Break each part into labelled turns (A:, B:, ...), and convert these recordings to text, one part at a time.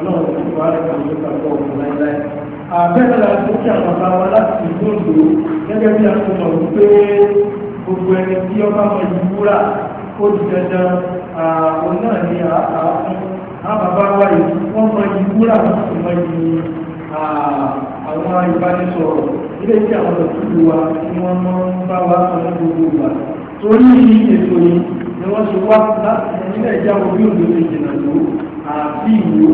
A: ọlọ́run ti wá ẹ̀ka ló ká pọ̀ ọ̀hún láíláí. àbẹ́rẹ́ la tó kí àbàbà wa láti ìgbóǹdò gẹ́gẹ́ bí àkómọ̀ wípé gbogbo ẹni tí ọba mọ ìwúrà ó di dandan òun náà ni àákàá fún àbàbà wa yìí wọ́n mọ ìwúrà wọ́n sì mọ ìyìn àwọn ìbánisọ̀rọ̀ ilé tí àwọn òṣèlú wa tí wọ́n mọ́ ń bá wa sọ ní gbogbo ìgbà torí ètò yìí ni wọ́n ṣe wá láti ilé ìjáwó bí òǹdó ti jìnnà lóò àbí ìlú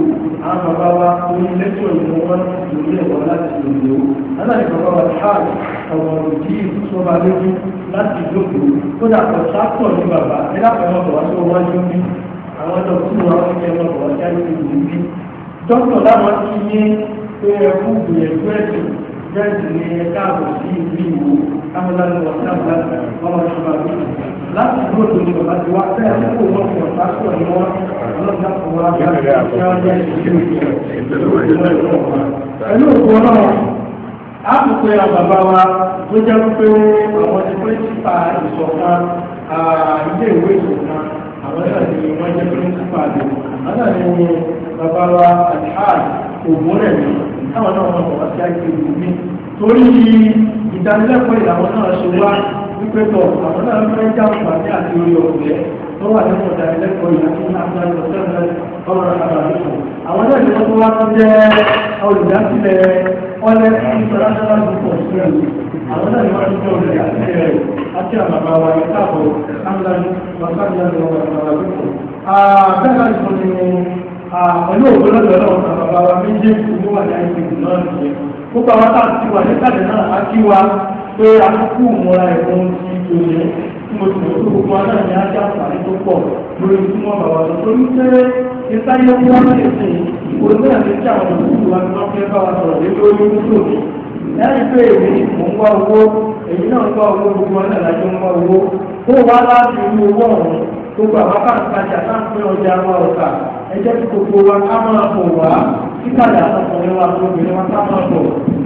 A: àwọn bàbá wa ní lẹ́tọ̀ ìlú wọn lórí ẹ̀wọ̀ láti ìlú aláì bàbá wa ṣáàlì ọ̀rọ̀ òjì ìtúsọ́ba lójú láti lóko kódà kò sápọ̀ ní bàbá ẹ lápẹ̀mọ́ bọ̀ wá tó wájú bí àwọn tó kú wa wọ́n jẹ́ mọ́ bọ̀ wá jáde ìlú bí dókítà láwọn ti ní pé ẹkú gbìyànjú ẹ̀sìn jẹ́ ìdílé káàbọ̀ sí ìlú ìwò kámọ́lá láti dúró tó ní bàbá ti wá fẹ́ àkókò wọn fún ọ̀pá sọ ní wọn lọ́jà fún wa bí wọ́n jẹ́ ìlú òkú náà a kò pe àbàbà wa tó jẹ́ pé àwọn ti pé sípà ìṣọ̀kan ilé ìwé ìṣọ̀kan àwọn náà ni wọ́n jẹ́ pé sípà lò àwọn náà ni bàbá wa àdìhàn ògùn rẹ̀ ni táwọn náà wọn kọ̀ wá sí àgbègbè mi torí ìdánilẹ́kọ̀ọ́ ìlànà náà ṣe wá wípé tọ̀ àwọn náà fẹ́ já òpàdé àti orí ọ̀gbẹ́ tó wà nínú ìdánilẹ́kọ̀ọ́ ìyàtí náà ọ̀rọ̀ àbàlùkù àwọn náà ti tọ́kọ́ wá tó jẹ́ olùdásílẹ̀ ọlẹ́ international group of friends àwọn náà ni wọ́n ti jẹ́ olùdásílẹ̀ rẹ̀ àti àbàbà wa ní káàbọ̀ amúlànà wàkàndínlẹ̀ ọ̀rọ̀ àbàlùkù. bẹ́ẹ̀ náà ìfọ̀ ni pẹ̀lú ògbólọ́dọ̀ náà àbàbà wa méjèèjì ló wà ní àìsàn náà nìyẹn gbogbo àwọn táà ti wà ní káàdì náà á kí wa pé àkókò ìmúra ẹ̀gbọ́n ti lòlẹ́ tí mo sì mọ̀ pé gbogbo aná ní ajá àǹfààní tó pọ̀ lórí tí wọ́n bá wà lọ torí pé ìsáyé tí wọ́n lè sìn ìwòye náà lè àwọn fẹ́ bá wa sọ̀rọ̀ lórí lẹ́yìn pé èmi mò ń wá owó náà ń wá owó gbogbo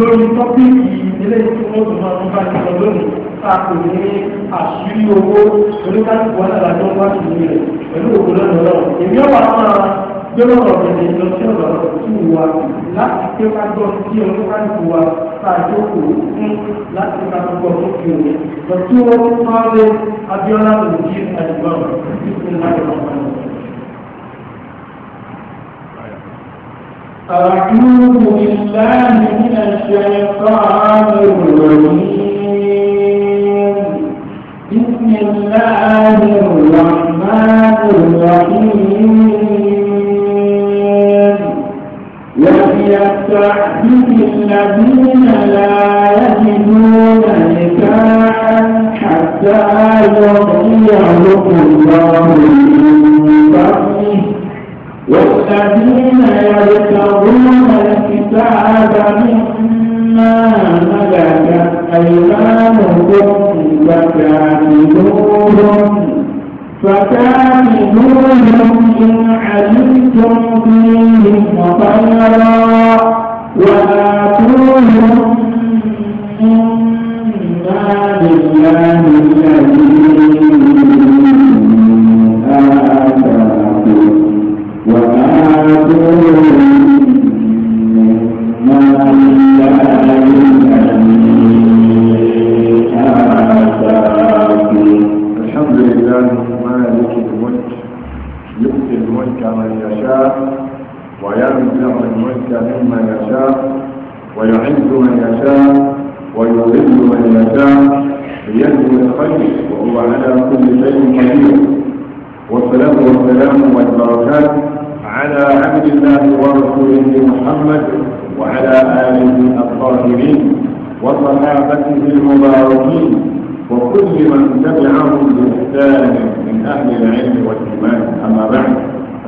A: lórí tọ́pìkì eléyìí tí wọ́n tún máa ń bá ti lọ lónìí tá a kò ní àṣírí owó oníkálukú wọn náà lájọ wá sí ilé rẹ̀ pẹ̀lú òkú lọ́nà lọ́wọ́ èmi ọ̀wà máa gbẹ́rọ̀ ọ̀gẹ̀dẹ̀ lọ sí ọ̀dọ̀ ọ̀tún wa láti pé ká gbọ́ sí oníkálukú wa tá a jókòó fún láti ká gbọ́ tó fi òní lọ́tún ó máa ń lé Abíọ́lá òjì àdìgbọ́n ìfúnná ìrọ̀lẹ́ أعوذ بالله من الشيطان الرجيم بسم الله الرحمن الرحيم وليستعبد الذين لا يجدون نكاحا حتى يرضيهم الله
B: والذين يبتغون الكتاب مما ملكت أيمانكم فكاملوهم فكاملوهم إن علمتم فيهم خيرا وآتوهم مما لله الذي
A: يشاء من يشاء ويعز من يشاء ويضل من يشاء بيده الخير وهو على كل شيء قدير والصلاة والسلام والبركات على عبد الله ورسوله محمد وعلى آله الطاهرين وصحابته المباركين وكل من تبعهم بإحسان من أهل العلم والإيمان أما بعد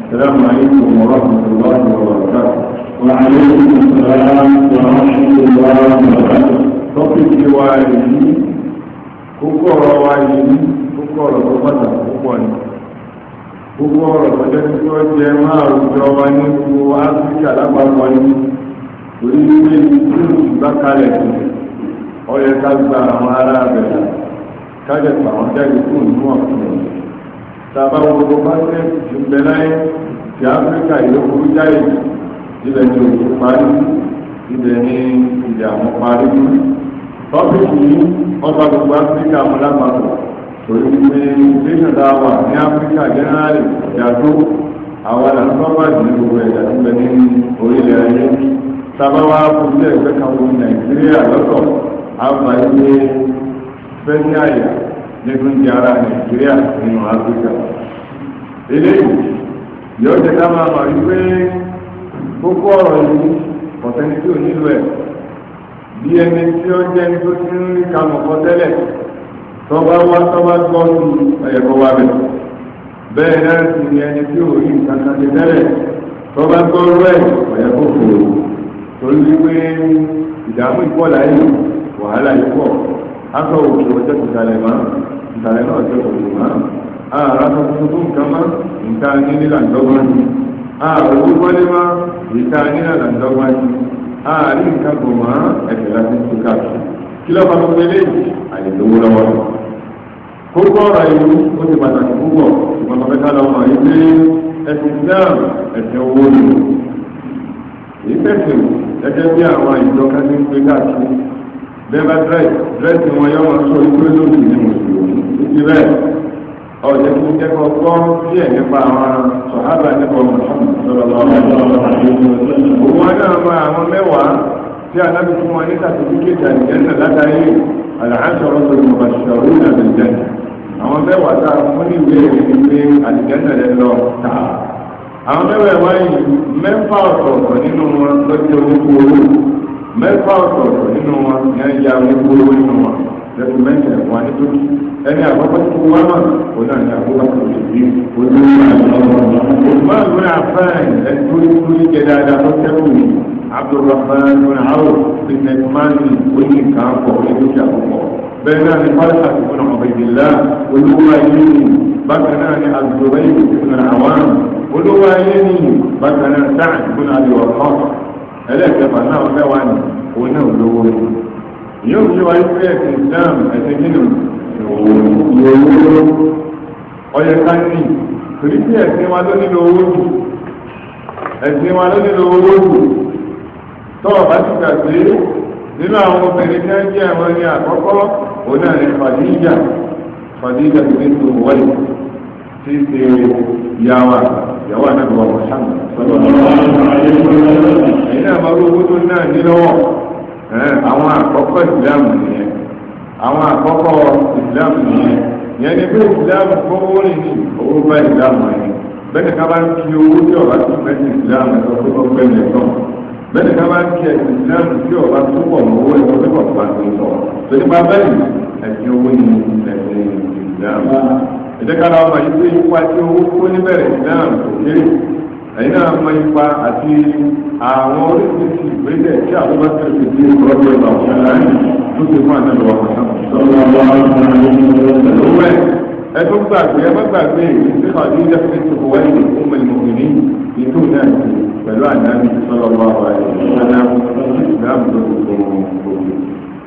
A: السلام عليكم ورحمة الله وبركاته وعليكم السلام ورحمة الله ó jẹ máa rújọ wa ní gbogbo áfíríkà tí ó ti bá tó ọ yẹ ká gba àwọn ará pa àwọn jáde tàbá gbogbo bá ti bẹ láyé ti áfíríkà ìlú burú jáde ibẹ̀ ni òkú parí ibẹ̀ ni ìdààmú parí tọ́pìkì yìí ọgbà gbogbo áfíríkà mọ́lápapọ̀ torí pé ìgbésẹ̀ tá a wà ní áfíríkà jẹ́nẹ́rálì ìdàdó àwọn àlùfáà ní gbogbo ẹ̀dá tó bẹ ní orílẹ̀ ayé sábàwá ẹgbẹ́ kan wo nàìjíríà lọ́tọ̀ àgbáyé ní àyà nínú ti ara nàìjíríà nínú áfíríkà eléyìí yóò jẹ ká máa mọ̀ wípé gbogbo ọ̀rọ̀ yìí ọ̀sẹ̀ni tí ò nílò ẹ̀ bí ẹni tí ó jẹ́ ní tó ti ń rí kanù kọ tẹ́lẹ̀ tọ́ba wá tọ́ba gbọ́ sí ẹ̀kọ́ wa bẹ̀ bẹ́ẹ̀ náà sì ni ẹni tí ò rí nǹkan kan ti tẹ́lẹ̀ tọ́ba gbọ́ rẹ̀ ọ̀yẹ́kọ̀ fòrò torí wípé ìdààmú ìpọ́lá yìí wàhálà yìí pọ̀ aṣọ òkè ọjọ́ ìsàlẹ̀ máa ìsàlẹ̀ náà ọjọ́ òkè máa àrà tuntun tó nǹkan máa nǹkan nílẹ̀ àjọgbọ́n ni àrùn ah, wọlé má ìta nínú àdàndọ́gba ah, ni àárín nǹkan kò má ẹ̀sẹ̀ láti tún káàkiri kí ló fà gbogbo eléyìí àyẹ̀dọ́wọ́ lọ́wọ́ lọ. kókó ọ̀rọ̀ ìlú ó ti pàtàkì púpọ̀ ṣùgbọ́n bàbá ká lọ́mọ ilé ẹ̀sìn Islam ẹ̀sìn owó ni èyí fẹ̀sìn gẹ́gẹ́ bí àwọn ìjọ ká ti ń gbé káàkiri bẹ́ẹ̀ bá dírẹ́sì wọn yọ wọn sọ ìgbélódì ní mùsùlùmí ọ̀jẹ̀ tó kẹ́kọ̀ọ́ gbọ́ díẹ̀ nípa àwọn sọ̀hábà nípa Muhammad òun wọn náà máa àwọn mẹ́wàá tí alábi fún wọn ní sàtìfíkẹ́tì àlìjẹ́nà látàrí àlàáṣọ̀rọ̀ tó lè mọ̀ ṣàrú ní àlìjẹ́nà àwọn mẹ́wàá tá a fún ní ìwé ìrìn pé àlìjẹ́nà rẹ lọ tà àwọn mẹ́wàá wáyé mẹ́fà ọ̀tọ̀ọ̀tọ̀ nínú wọn lọ́jọ́ oníkóró mẹ́fà ọ̀tọ̀ọ̀tọ̀ nínú wọn ní ẹ̀yà oníkóró nínú wọn rẹkumẹ́ntì ẹ̀fọn adétòkì ẹni àkọ́kọ́ tí wọ́n mọ̀ òun náà ní àbúkọ́ tó ti di olùmọ̀ ìwé àfáàn ẹni tó ní kúrú jẹ dáadáa tó tẹ́kù ní Abdulrahman ibn Awf bin Nagmani oní kan pọ̀ oní dúkìá púpọ̀ bẹ́ẹ̀ náà ní pálíkà tó fún ọmọ ìdílá olúwa ní òun náà olówó ni. yóò fi wáyé pé ẹ̀sìn Islam ẹ̀sìn kínú lówó ọyẹ káńtì torí pé ẹ̀sìn wa ló nílò owó jù ẹ̀sìn wa ló nílò owó jù tọ́wọ̀ bá ti gbà nínú àwọn obìnrin tí wọ́n jẹ́ àwọn ẹni àkọ́kọ́ òun náà ní fàdíjà fàdíjà tó wọlé tí í ṣe yàwá yàwá náà bọ̀ wọ́n sáà náà àwọn àkọ́kọ́ ìsìlámù nìyẹn àwọn àkọ́kọ́ ìsìlámù nìyẹn yẹn ni pé ìsìlámù kọ́wọ́ rìn ní owó bá ìsìlámù rìn bẹ́ẹ̀ni ká bá ń fi owó tí ọba tó fẹ́ ní ìsìlámù ẹ̀sọ́ tó mi tán bẹ́ẹ̀ni ká bá ń fi ẹ̀sìn ìsìlámù tí ọ̀rá tó pọ̀ mọ́ owó ẹ̀sọ́ tó pọ̀ bá tó tó nípa ẹ̀yin náà mọ ipa àti àwọn oríṣiríṣi ìgbésẹ̀ tí àwọn bá tẹ̀lé sí ìrọ́bì ọba ọ̀sán láàyè tó ti fún àtẹ̀lẹ̀ wà kọ̀ọ̀kan. lówẹ̀ ẹ tó gbàgbé ẹ má gbàgbé ìgbésẹ̀ pàdé ìjà fún ìṣòfò wáyé ní fún mẹlẹ́mọ̀gbìnrin ètò náà pẹ̀lú àdáni sọ́lọ́ bá wà ní ìsìlámù tó gbogbo òkè.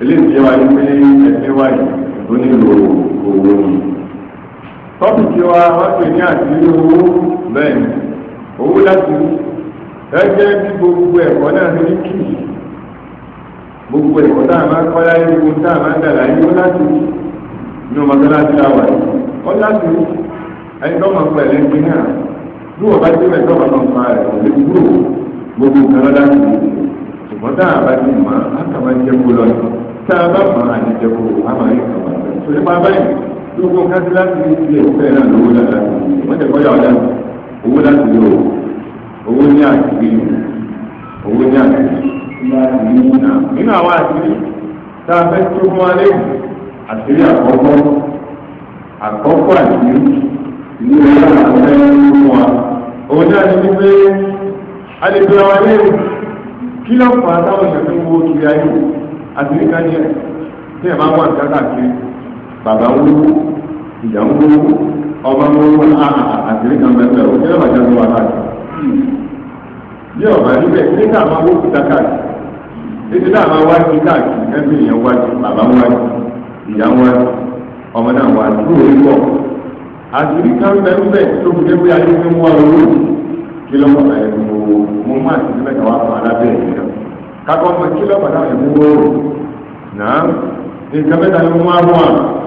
A: eléyìí yẹ wáyé pé ẹgbẹ́ wáyé ó nílò owó ni. tọ́pù tí wa wá pè ní àtìlú owó owó láti rí ẹgbẹ́ bí gbogbo ẹ̀kọ́ náà ní gbogbo ẹ̀kọ́ tá máa kọ́ láyé gbogbo a máa dà láyé ó láti rí ní ọmọ tó láti láwà yìí ó láti rí ẹni tó máa pẹ̀lú ẹgbẹ́ náà bí gbogbo nǹkan lọ́dá sí i ṣùgbọ́n tá a bá ti mọ̀ á kà máa jẹ́ kó a bá mọ̀ á ní jẹ́ kó máa owó láti lò owó ní àṣírí owó ní àṣírí nínú àwọn àṣírí tá a fẹ́ tó fún wa léwu àṣírí àkọ́kọ́ àkọ́kọ́ àṣírí ìlú ìlú àwọn ẹni fún wa pé a lè bẹ̀rẹ̀ wa léwu kí ló fà á táwọn ìṣẹ̀lẹ̀ ń wo kiri ayé àṣírí ká ní tí ẹ̀ máa wà ní bàbá ìyá ń ọba tó wọn aha àtìrí kan bẹ́ẹ̀ o kí ló bàjẹ́ ndị ọba níbẹ̀ ní ká máa wó kíta káàkiri títí náà máa wájú káàkiri ẹbí èèyàn wájú bàbá wájú ìyá wájú ọmọ náà wájú lórí bọ̀ àtìrí kan wa lórí kí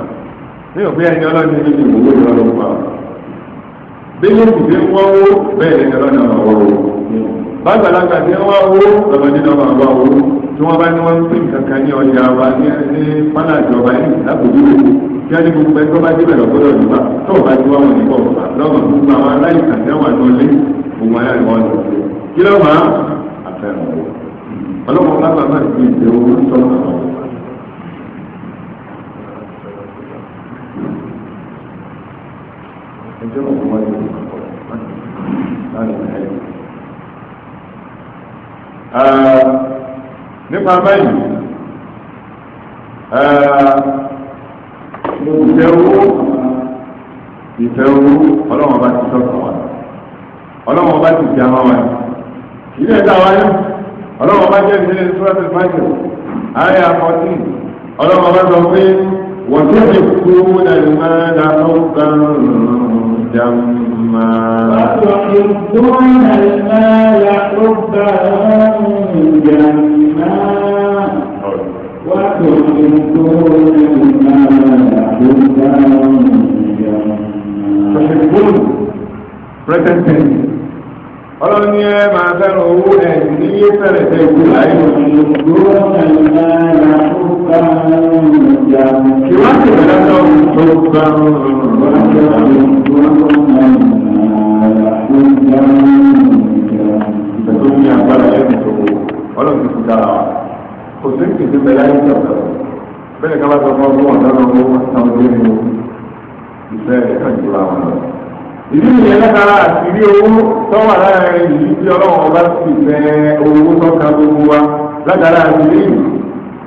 A: ní òpin ẹni ọlọ́run ní ìlú ìwúlò ọlọ́run pa bẹ́ẹ̀ kù sí wọ́n wó bẹ́ẹ̀ ni ọlọ́run náà wọ́n wó bàgbàlagbà tí wọ́n wó lọ́mọdé náà máa wá wó tí wọ́n bá ní wọ́n ń pè kankan ní ọjà wa ní pálá ìjọba yìí lábòjúwò kí wọ́n ní gbogbo ẹgbẹ́ bá débẹ̀ lọ́gbọ́dọ̀ nípa tó bá ti wọ́n ní bọ̀ọ̀fà lọ́wọ́ gbogbo àwọn aláìsàn tí wọ́n lọ lé gbogbo aláìsàn wọn Eh, nípa báyìí ìfẹ́ eh, owó ìfẹ́ owó ọlọ́wọ́n bá ti sọ̀tọ̀ wa ọlọ́wọ́n bá ti di àwọn wa ilé ẹ̀dá wa yẹn ọlọ́wọ́n bá jẹ́ ìdílé sọ́ọ́tì fáìlì àyà fọ́tì ọlọ́wọ́n bá sọ pé wọ́n tó ti kú náà ní máa dá ọ̀gá ọ̀gá. جما وتحبون المال حبا جما وتحبون المال حبا تحبون present tense ọlọ́ni ẹ máa fẹ́ràn owó ẹ̀ ní yé fẹ́rẹ̀ fẹ́ gbé láyé òṣèlú gbó ọ̀nà ọlọ́run ti fi dára wa kò sí kìsì bẹ̀rẹ̀ ayé ìjọba bẹ́ẹ̀ ká bá sọ fún ọdún ọ̀dọ́ náà owó ọ̀sán ojú ẹni o ìfẹ́ ẹ̀kan jù ra wọn lọ. ìdí nìyẹn látara àṣírí owó tó wà láàrin ìdí tí ọlọ́run ọba ti fẹ́ owó tó gbogbo wa látara àṣírí ìlú.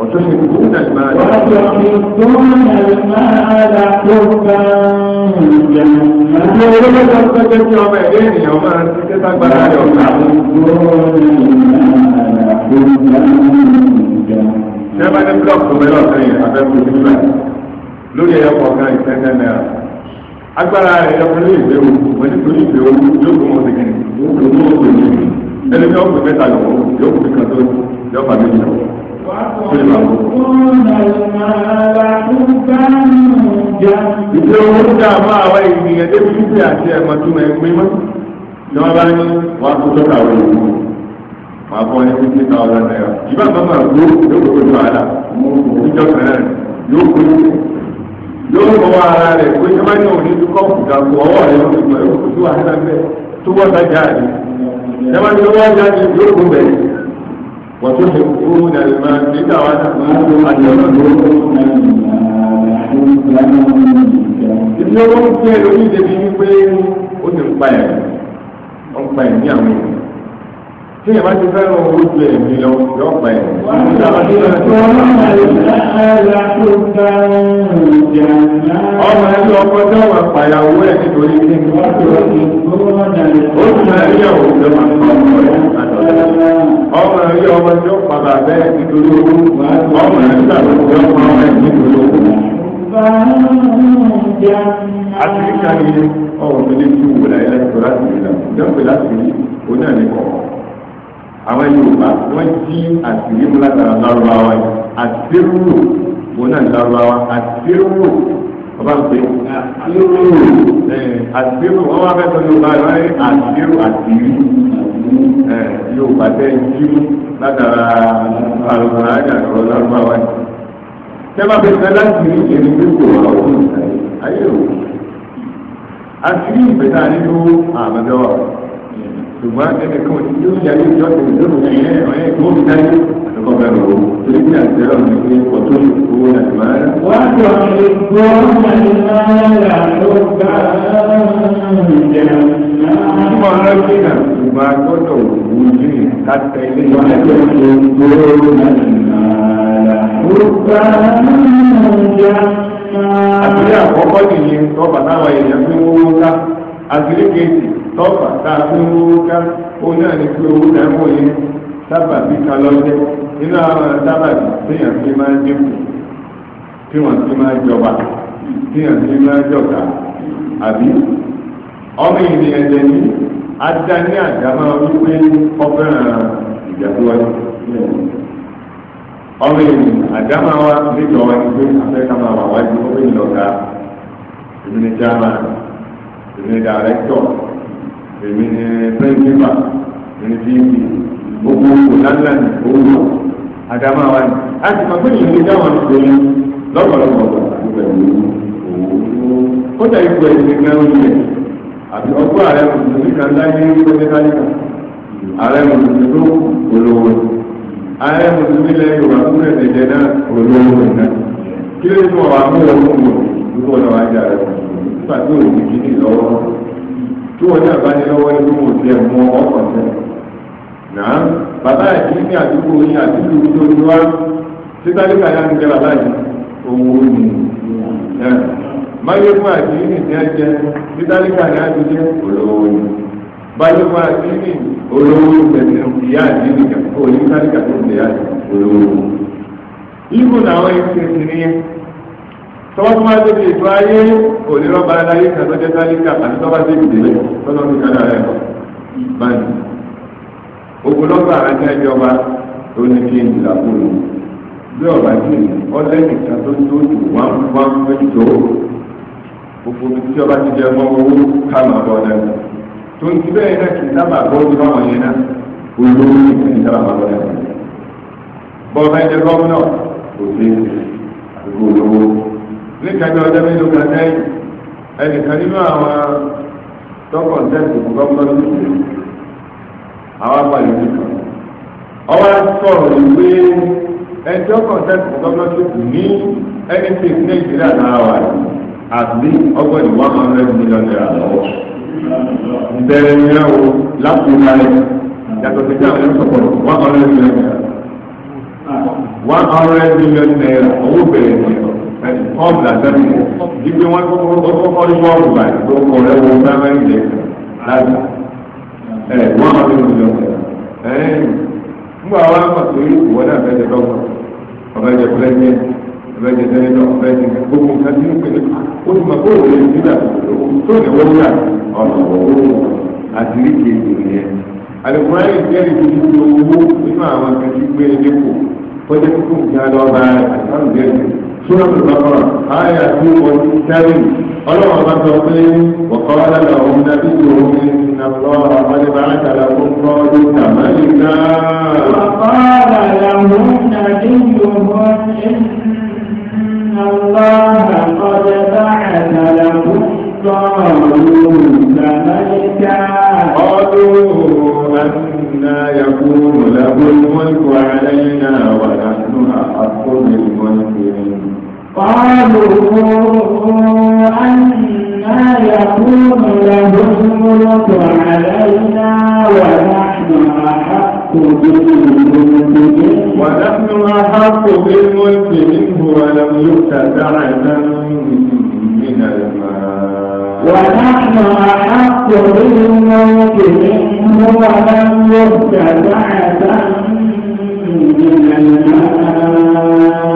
A: وتحبون المال وتحبون المال حبا Ìjọba ìjọba ìjọba tó jẹ́ kí ọmọ ẹ̀dẹ́ ènìyàn máa ń títí tágbára rẹ̀ ọ̀gá. Ṣé bá ní búlọ̀kù mẹ́lọ̀ sẹ́yìn abẹ́kù nígbà lórí ẹ̀yọ́ kọ̀ọ̀kan ìfẹ́ńdẹ́ náírà? Agbára rẹ̀ yọ fún ilé ìgbéwò, wọ́n pè mẹ́ta lọ́wọ́, yóò kún mi kan tó yọ fàmílì lọ́wọ́ ìdílé owó ń dá máa wá ènìyàn débi títí àti ẹ̀mọ́túnmọ̀ ẹ̀gbẹ́ mọ́ ni wọ́n bá ní wọ́n á tó tọ́ka wọ̀ èyí wọ́n á fọ́ ní fifty thousand naira ìbá bàbá gbó yóò kó tó ara níjọ́ kan náà yóò kó yóò fọwọ́ ara rẹ̀ pé ṣé wọ́n ní òní tó kọ́ọ̀kù dàgbò ọwọ́ rẹ̀ ló fi mọ̀ ẹ̀kú tó wà nílẹ̀ tó wọ́n sájà rẹ̀ ṣé wọ́n ní وتحبون المال إذا وأنا ìdí owó ń pẹ́ lórí ìdẹ́bí wípé ó ti ń pa ẹ̀ ń pa ẹ̀ ní àwọn èèyàn tí ìyẹn bá ti fẹ́ lọ owó ju ẹ̀mí lọ yọ pa ẹ̀. ọmọ ẹni ọkọ tí wọn pàyàwó ẹ nítorí kí ni. ó sì máa rí ọ̀hún tó máa ń pa ọmọ rẹ̀ ọmọ ẹni ọmọ tí ó pa bàbá ẹ nítorí owó ọmọ ẹni tàbí ọmọ ọmọ ẹ nítorí owó. àti kíkà ni ọ̀hún tó ní tí wò láyé láti kọ́ láti rí la ìjọba láti rí oní àná ìkọ̀ọ̀ àwọn yorùbá wọn jí àtìrímù látara lárúbáwá yìí àtìrúrò wọn náà lárúbáwá àtìrúrò ọba ń pè àtìrúrò àtìrúrò wọn wá fẹsọ yorùbá yìí wọn ní àtìrú àtìrí yorùbá tẹ jí látara àlùkòrò àjàkọrọ lárúbáwá yìí tẹ́lá fi fẹ́ láti rí ìrìn gbígbó àwọn ọmọ ìsàlẹ̀ ayé o àtìrí ìgbésà nínú àmọ́jọ́wọ́ ṣùgbọ́n ẹgbẹ́ kan tí yóò ṣe ayé ìjọ tẹ̀lé lóko ẹ̀yẹ ọ̀yẹ́ ìgbó mi dájú àtọ́kọ́ bẹ́ẹ̀ lò ó torí bí àti ẹ̀rọ mi pé pọ̀ tó lè owó náà ti máa rẹ̀. wọ́n jọ ìgbó náírà ló gbà jẹ́ Ìgbà lọ́jọ́ ìgbà ìgbà gbọ́dọ̀ wù ní ìtàtà àkọ́kọ́ nìyẹn tó bàtà àwọn èèyàn fi Àgbélé kejì tọ́pà tá a fi ń rówó ká ó náà ní pé owó náà wò yẹn sábà bí ká lọ́jẹ́ nínú àwọn sábà téèyàn fi máa ń dínkù fi máa ń jọba téèyàn fi máa ń jọ̀ka àbí ọmọ ènìyàn ajá ní wípé ọmọ ènìyàn wa níjọ wa ni pé afẹ́ ká máa wà wájú ọmọ ènìyàn ọ̀gá ìbínú jámà ìbínú èmi ni pẹ́ńtífà èmi ti ń gbogbo kòtánlá ní àdámà wa ni a ti máa gbẹ́yìn ní dáwọn lọ́pọ̀lọpọ̀ àgbẹ̀ kódà ikú ẹ̀ ti àti ààrẹ ní pẹ́ńtífà ààrẹ tó olówó ààrẹ lẹ́yìn ìwà náà olówó kí àwọn tí wọ́n náà bá ní lọ́wọ́ ní mímú ti ọkọ̀ tẹ̀. Nàá bàbá àti ní àdúgbò yín àti ìlú tó ní wá títàlíkà yá ń jẹ bàbá yìí owó ni. Máyọ̀mọ́ àti ní ìjẹ́ jẹ títàlíkà yá ti jẹ́ olówó ni. àti olówó ìyá àti ń tọ́wọ́ tó máa débi ètò ayé kò ní rọ́bà aláyé kan lọ́jọ́ tálíkà àti tọ́ba débi délé tọ́lọ́ ní kádà rẹ̀ lọ. báyìí ogunlọ́gbà alájá ìjọba tó ní kí n ìlà kúrò bí ọ̀rọ̀ àti ọlẹ́nìkan tó ń tó jù wọ́n wọ́n méjì tó gbogbo omi tí ọba ti jẹ mọ́ owó kánà ọ̀dọ́ lẹ́nu tó ń ti bẹ́ẹ̀ náà kì í sábà gbọ́ ní báwọn yẹn náà olówó ní sábà máa lọ lẹ́nu bọ́ọ̀ bá jẹ gọ́ọ̀nà kò sí àdúgbò níkàjọ ọjọ́ mélòó kan sẹ́yìn ẹnìkan nínú àwọn tọkọ̀ sẹ́ẹ̀tì gọ́ọ̀mọ́tò àwọn apàlẹ̀ nìkan ọwọ́ sọ̀rọ̀ wípé ẹjọ́ kan sẹ́ẹ̀tì gọ́ọ̀mọ́tò ní ẹni tí ìpínlẹ̀ Nàìjíríà náà wà ní àbí ọgbọ̀n ní one hundred million naira lọ́wọ́ bẹ̀rẹ̀ ìyẹn o láti ìlànà yàtọ̀ sí káwọn ẹ̀rọ sọ̀kọ̀ one hundred million naira one hundred million naira owó bẹ̀rẹ̀ ní ọ̀bù làtẹ́rù ìgbé wọn kọ́kọ́ báyìí tó láti ẹ̀ wọ́n ẹ̀ ńgbà wọn á náà fẹ́ jẹ ọ̀bẹ jẹ pẹ́lẹ́jẹ ọ̀bẹ jẹ ọ̀bẹ jẹ gbogbo nǹkan tí ó pèlè ó ti mọ̀ pé òun nígbà tó lè wọ́n gbà ọ̀nà owó nínú àwọn akẹ́kẹ́ سورة البقرة آية 2 قالوا فقال وقال لهم نبيهم إن الله قد بعث لكم طالوت ملكا وقال لهم
B: نبيهم إن
A: الله قد بعث لكم طالوت ملكا قالوا أنا يكون له الملك علينا ونحن أحق بالملك منه قالوا
B: أنا يكون له الملك علينا ونحن أحق
A: بالملك ونحن أحق بالملك منه ولم يؤت زعما من الماء ونحن أحق بالملك منه ولم يؤت زعما
B: من الماء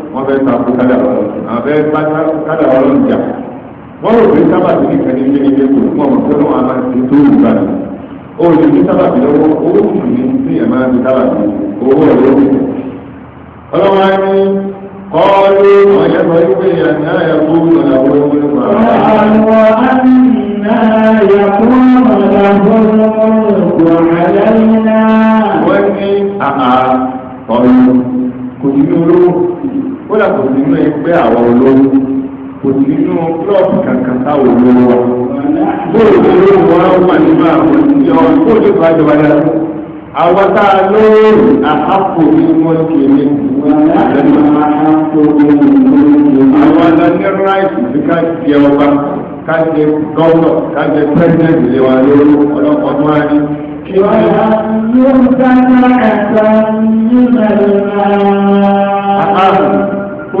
A: wọ́n fẹ́ ta fún kádà ọlọ́run àwọn fẹ́ bá kádà ọlọ́run jà wọ́n rò pé sábàbí nìkan ní ilé ilé kò fún ọmọ tó lọ́wọ́ àmà ti tó ìgbà rẹ̀ ó lè fi sábàbí lọ́wọ́ owó kùn ní sí ẹ̀ máa fi sábàbí owó ẹ̀ lọ́wọ́ ọlọ́wọ́ á ní kọ́ọ́lù ọ̀yẹ́ sọ wípé àná ẹ̀kú ìrànlọ́wọ́ ìgbà. ọ̀rọ̀ àná ẹ̀kú ìrànlọ́wọ́ ìgbà kódà kò sí inú ẹgbẹ́ àwọn olówó kò sí inú klọ́ọ̀bù kankan táwọn olówó wa bóòlù olówó wa wà nínú àwọn ìjọba bóòlù tó àjọba dára àwọn tá a lóòrù àhápò ní mọ́ọ̀kì ní àdánù àhápò ní mọ́ọ̀kì àwọn aláǹdí ráìtì tí ká jẹ ọba ká jẹ gọ́ọ̀nà ká jẹ pẹ́sidẹ̀ntì lé wa lórí ọlọ́pàá tó wá ní. Àwọn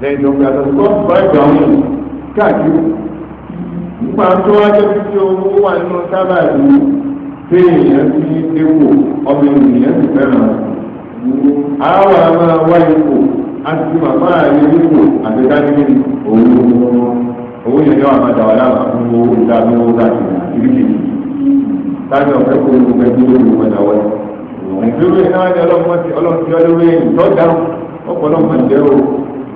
A: lẹ́yìn tó ń gbà tó ń gbọ́ ìgbà wọn káàkiri nípa tó wájú títí owó wà nínú sábà yìí tí èèyàn ti déwò ọmọ ènìyàn ti fẹ́ràn àwọn ipò àti màmá àyè àti òun yẹn yóò láwọn láti láti ọ̀fẹ́ kó ló fẹ́ kí ló ìdúró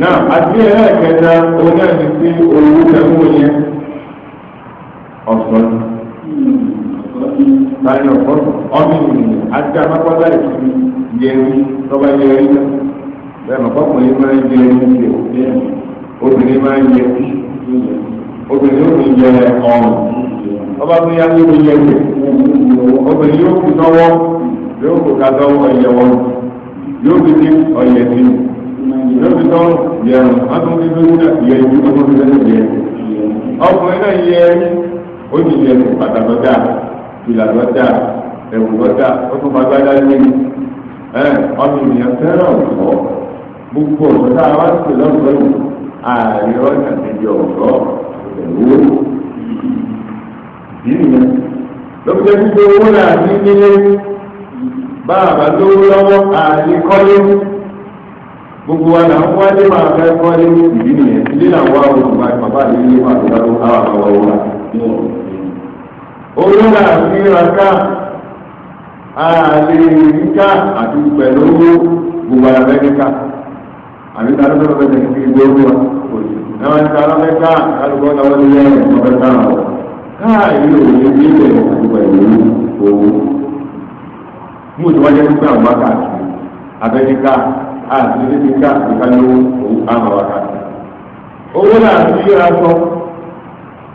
A: náà àti ẹlẹ́ẹ̀kẹta òun náà ti pé owó tẹ̀wọ́ yẹn ọ̀sán tani ọ̀pọ̀ ọmọ ènìyàn àti amápátá ìsinmi yẹri tọ́ba yẹri náà bẹ́ẹ̀ mọ̀kọ́kùnrin máa ń yẹri ṣe obìnrin máa ń yẹri obìnrin yóò fi yẹ ọrùn tọ́ba tó yá yóò fi yẹ ṣe obìnrin yóò fi sọ́wọ́ yóò fi kàdọ́ ọ̀yẹ̀wọ̀ yóò fi ní ọ̀yẹ̀ sí i. lóòótọ́ yẹ̀rùn ọdún nínú yẹ ìlú ọdún nínú yẹ. ọkùnrin náà yẹ ó ti yẹ pàtàkì ó tún bá ènìyàn fẹ́ràn gbogbo tá a wá sí ààrẹ ọjà ẹ̀wù owó náà ní nílé bá àbá lówó lọ́wọ́ gbogbo wa là ń wá lé máa fẹ́ kọ́ lé ní ìdí nìyẹn ilé là ń wá olùgbà bàbá mi ní wà lọ́wọ́ àwọn àwọn ọ̀rọ̀ wa. olóńgà fi ra ká àlè ríká àti pẹ̀lú gbogbo àlàbẹ́ríkà àbí tá a lọ́sọ̀rọ̀ bẹ́ẹ̀ ní kí gbogbo wa kò sí. náà ní ká lọ́fẹ́ ká kálukọ́ náà wọ́n ti yẹ ẹ̀ lọ́fẹ́ ká ọ̀ káàyè òye ní ilẹ̀ àti pẹ̀lú owó. mú ìtọ́wájẹ́ nígbà wọn bá káàkiri ndị níbi ká àtìká lówó òun àmọ̀ ndị owó náà ti ndị sọ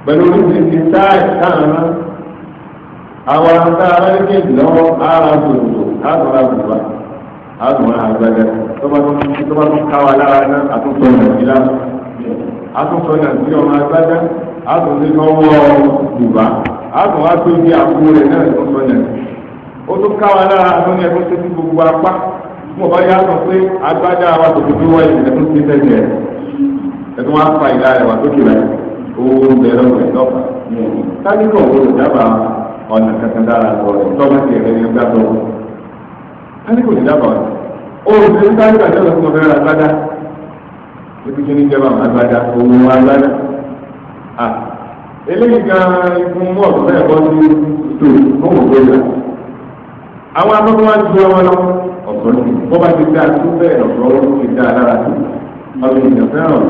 A: pẹ̀lú oríṣiríṣi ndị káàmá àwọn ará ndị ndị ara tòótò ndị bùbá àtúnra àgbàdà ndị bá tún káwa ndị na ndị nàìjíríà ndị ndị ndị ndị ndị gbogbo mo bá yá sọ pé agbádá wa tó fi wáyé ẹ̀tún ti tẹ̀lé ẹ̀ ẹ̀tún wá fa ìlà rẹ̀ wá sókè rẹ̀ owó ń bẹ lọ́wọ́ ẹ̀ lọ́pàá sáníkọ̀ wo ló dábàá ọ̀nà kankan dára lọ rẹ̀ tọ́wọ́ ti ẹ̀rẹ́ yẹn gbàgbọ́ sáníkọ̀ ló dábàá ọ̀nà òun ti ń sáníkọ̀ àti ọ̀nà tó fẹ́ ra agbádá ebi tí ní jẹba agbádá owó agbádá à eléyìí gan ikun mú ọ̀dọ́ fẹ́ bọ́ sí tòun fún òkúta àwọn akọ́kọ́ wá ju ọmọ lọ́wọ́ ọ̀sọ́ ni wọ́n bá ti dá tó bẹ́ẹ̀ lọ́sọ̀ ó ti dá lára sí ọ̀sọ̀ èèyàn fẹ́ràn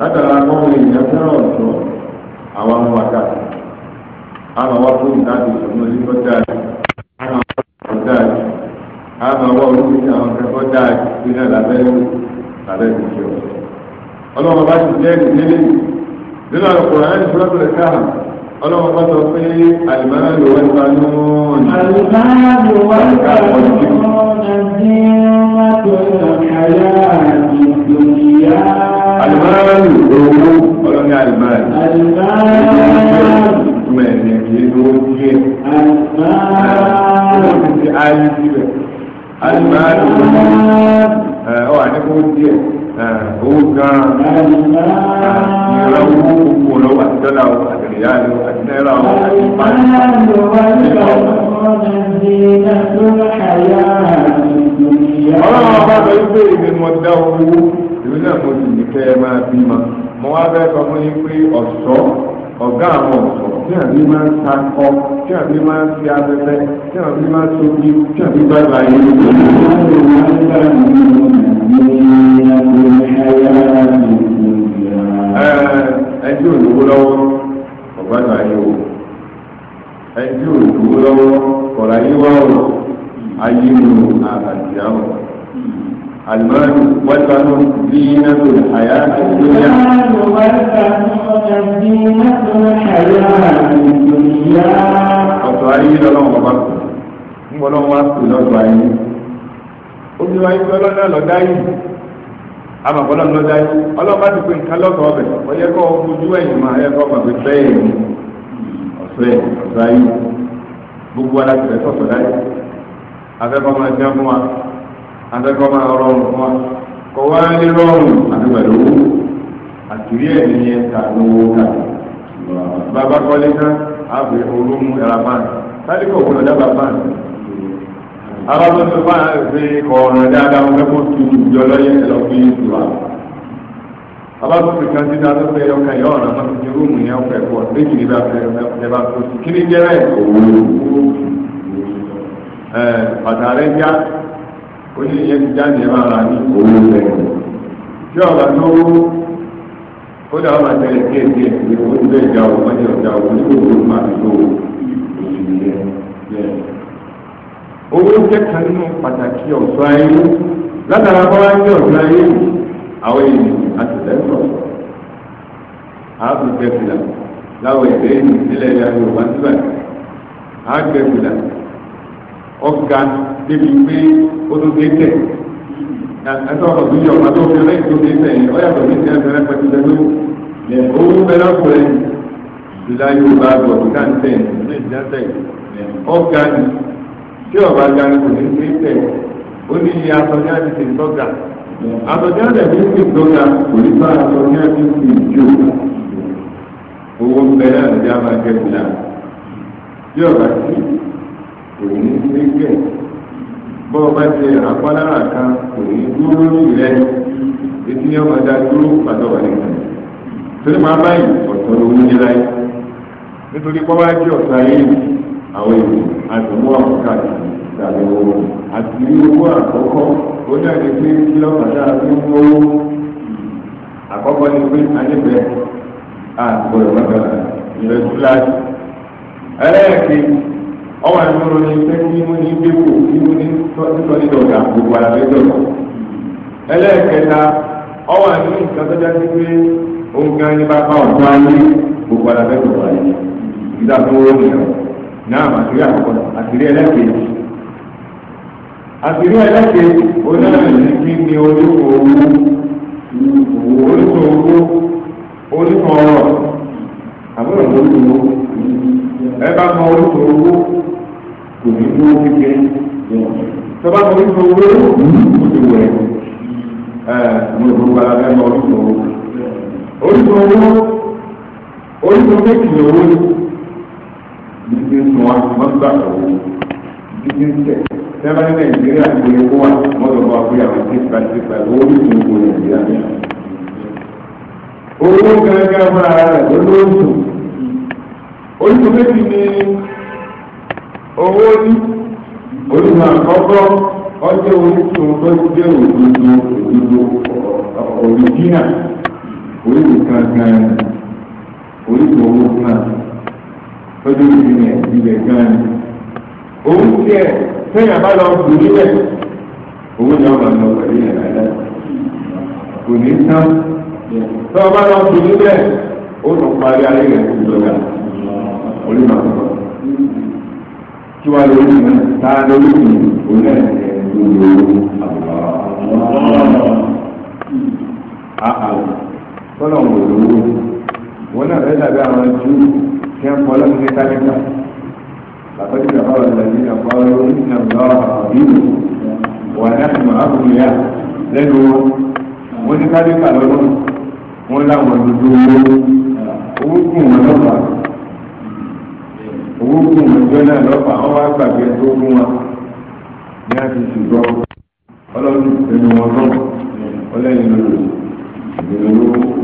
A: látara àwọn èèyàn fẹ́ràn àwọn àgbà àwọn àwọn dáadé àwọn àwọn dáadé àwọn àwọn àwọn akẹ́kọ̀ọ́ dáadé lábẹ́ lábẹ́ ọlọ́run bá ti jẹ́ ìdílé nínú àlùkò ọlọ́run bá sọ pé àlùmáàlù wọn ta ní wọn. àlùmáàlù wọn ta ní wọn ní mọ́tò ìrìnàjò ìdòmíyá. àlùmáàlù owó ọlọ́run àlùmáàlù. àlùmáàlù ìtumọ̀ ẹ̀mí kìí lówó díẹ̀. àlùmáàlù ti ayé síbẹ̀. àlùmáàlù ọ̀ àníkó díẹ̀. Eh, owó gan ìrọ̀ owó gbogbo lọ́wọ́ àti dọ́là o àti rìyá o àti náírà o àti pàṣẹ. ọlọ́run ọba sọ wípé èmi mo dá owó ìwé náà mo sì ní kẹ́ ẹ máa bímọ mo wá fẹ́ sọ fún yín pé ọ̀ṣọ́ ọ̀gá àwọn ọ̀sọ̀ tí àbí máa ń ta ọ tí àbí máa ń fi abẹ́fẹ́ tí àbí máa ń sobi tí àbí bá ba yẹn. ẹjọ́ òdòwó lọ́wọ́ ọ̀gbá ìgbà yẹn o ẹjọ́ òdòwó lọ́wọ́ kọ̀ọ̀rọ̀ ayé wá ayé mu àbàjá o. المال والبنون زينة الحياة الدنيا المال والبنون زينة الحياة الدنيا ọ̀tọ̀ ayé lọ́lọ́wọ́ bàbá kù ń bọ́ lọ́wọ́ àpò lọ́dọ̀ ayé obìnrin ayé pé ọlọ́dọ̀ ti pè nǹkan ọbẹ̀ kọ́ ojú ẹ̀yìn máa yẹ kọ́ bẹ́ẹ̀ ni ọ̀sẹ̀ ọ̀sẹ̀ ayé gbogbo láyé máa fún wa afẹ́kọ́ máa fún wa kò wá rọrùn àti owó àtìrí ẹ̀ nìyẹn ta lówó ká bàbá kọ́lé tán àbẹ olómú ẹ̀rà pan sálíkò òkú lọ dábàá fi kọ̀ọ̀rọ̀ dáadáa wọn tu lọ fi ọkàn yọ ọ̀nà yẹn ọkọ̀ ẹ̀kọ́ méjì ní bá bá tó kí ni rẹ̀ ó ní ìyẹn ti jáde máa ra ní owó bẹ́ẹ̀ tí ọ̀gá tó ó dà ọ̀gá tẹ̀lé kéèké ní owó tó bẹ́ẹ̀ já owó mọ́jẹ́ ọ̀já owó ní owó tó máa fi tó owó jẹ́ kan nínú pàtàkì ọ̀ṣọ́ ayé látara bá wá ń jẹ́ ọ̀ṣọ́ ayé àwọn ènìyàn àti lẹ́sọ̀ọ́ àbùkẹ́ fìlà láwọn èdè ìlú débi pé o tó dé tẹ̀ ẹtọ́ ọ̀pọ̀ tó yọ ọ̀pá tó fi ọlẹ́yìn tó dé tẹ̀ ọ yàtọ̀ ní ìṣẹ́ ẹ̀fẹ́ rẹpẹtẹ lẹ́nu owó ni tí ga ni kò ní dé ní iye kò ní bá owó ní bọ́ ọba ti àpálára kan kò ní dúró ní ìrẹ́ etí ní ọmọ ẹja dúró pàtó wà ní ìrẹ́ torí máa báyìí ọ̀tọ̀ ló ń yé láyé nítorí pọ́wá jẹ́ ọ̀tọ̀ ayé àwọn èèyàn àti owó àkọ́kọ́ àti ìdàgbé owó àti owó àkọ́kọ́ ó ní àgbẹ̀ pé kí lọ́kàtà àti owó àkọ́kọ́ ni pé alẹ́bẹ̀ẹ́ àgbọ̀dọ̀ mọ́tò ìrẹsùláṣì ẹlẹ́ẹ̀kejì ọwọ́ àti mọ́rọ́ ní pé kí wọ́n ní gbé kò kí wọ́n ní sọ ní dọ̀gà gbogbo àlàyé dọ̀gà. ẹlẹ́ẹ̀kẹta ọwọ́ àti nǹkan tó jáde pé ó ń gan ní bàbá ọ̀tún ayé gbogbo àlàyé dọ̀gà yìí ìdá tó wọ́n mi rẹ̀ náà àtìrí àkọ́kọ́ àtìrí ẹlẹ́kẹ̀ẹ́jì. àtìrí ẹlẹ́kẹ̀ẹ́jì onáàlì kí ni olóko owó olóko owó olóko ọ̀rọ̀ kò ní kú kékeré tọ́ba tó ní tó wúlò ó ti wẹ̀ ẹ̀ mo ò gbogbo ara fẹ́ mọ orísun owó orísun owó orísun méjì ni owó ni títí ń sun wa wọ́n gbà owó títí ń tẹ̀ sẹ́fà ní nàìjíríà ti wọlé kó wa wọ́n lọ bá wọlé àwọn tí ìgbà tí ìgbà owó ní kò wọ nàìjíríà ní. owó gángan fúnra rẹ̀ ló lóòótọ́ orísun méjì ni. owó ní onímọ̀ àkọ́kọ́ ọjọ́ orísun tó jẹ́ òdodo òdodo òrìjínà orísun kankan orísun owó kan tọ́jú ìrìnà ìbẹ̀ gan ni. òun tiẹ̀ sẹ́yìn bá lọ bù owó ni ọba lọ pẹ̀lú ìyẹn láìláì kò ní tán tọ́ ọba lọ ó lọ parí ayé rẹ̀ àkọ́kọ́. kí wàá lórí ìmọ̀ tá a lórí ìmọ̀ òun náà ẹ̀ ló lo àwòrán. tọ́lọ̀ ń wò lówó wọn náà fẹ́ dàbí àwọn jù kí wọ́n kọ́ lọ́sí ní tábìlà làbẹ́jì bàbá wà lẹ́yìn ní àpá lórí ìmọ̀ lọ́wọ́ àbílù wà láti mọ̀ àkùnrin yá lẹ́nu wọn ní tábìlà lọ́dún wọn láwọn dúdú owó kùn wọn lọ́pàá owó kù lọ́jọ́ náà lọ́pàá wọ́n wá gbàgbé tó fún wa ní àti ṣùgbọ́ ọlọ́run ẹnu wọn náà ọlẹ́yìn lòlò ìgbèrò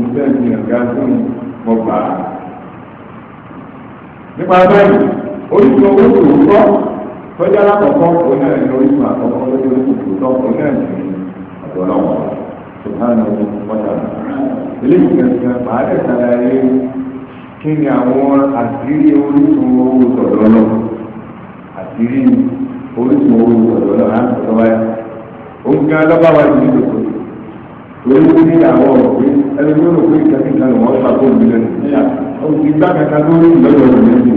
A: ìgbẹ́sìn ọ̀gá tó ń nípa bẹ́ẹ̀ oríṣi owó tó ń gbọ́ tọ́jà lákọ̀ọ́kọ́ òun náà oríṣi àkọ́kọ́ lórí oríṣi tó tọ́ òun náà ní ọ̀dọ́ lọ́wọ́ sùpánù wọ́tà. eléyìí kẹsàn-án pàálẹ̀ sára yé kí ni àwọn àṣírí orísun owó sọ̀dọ̀ lọ àṣírí orísun owó sọ̀dọ̀ lọ láti sọ̀dọ̀ wáyà oúnjẹ lọ́ba wa ti lè tó torí ó ní àwọn òfin ẹni tó rò pé ìkàtí kan lò wọ́n fà kó mi lẹ́nu òfin gbá kankan tó rí lọ́dọ̀ rẹ̀ lẹ́nu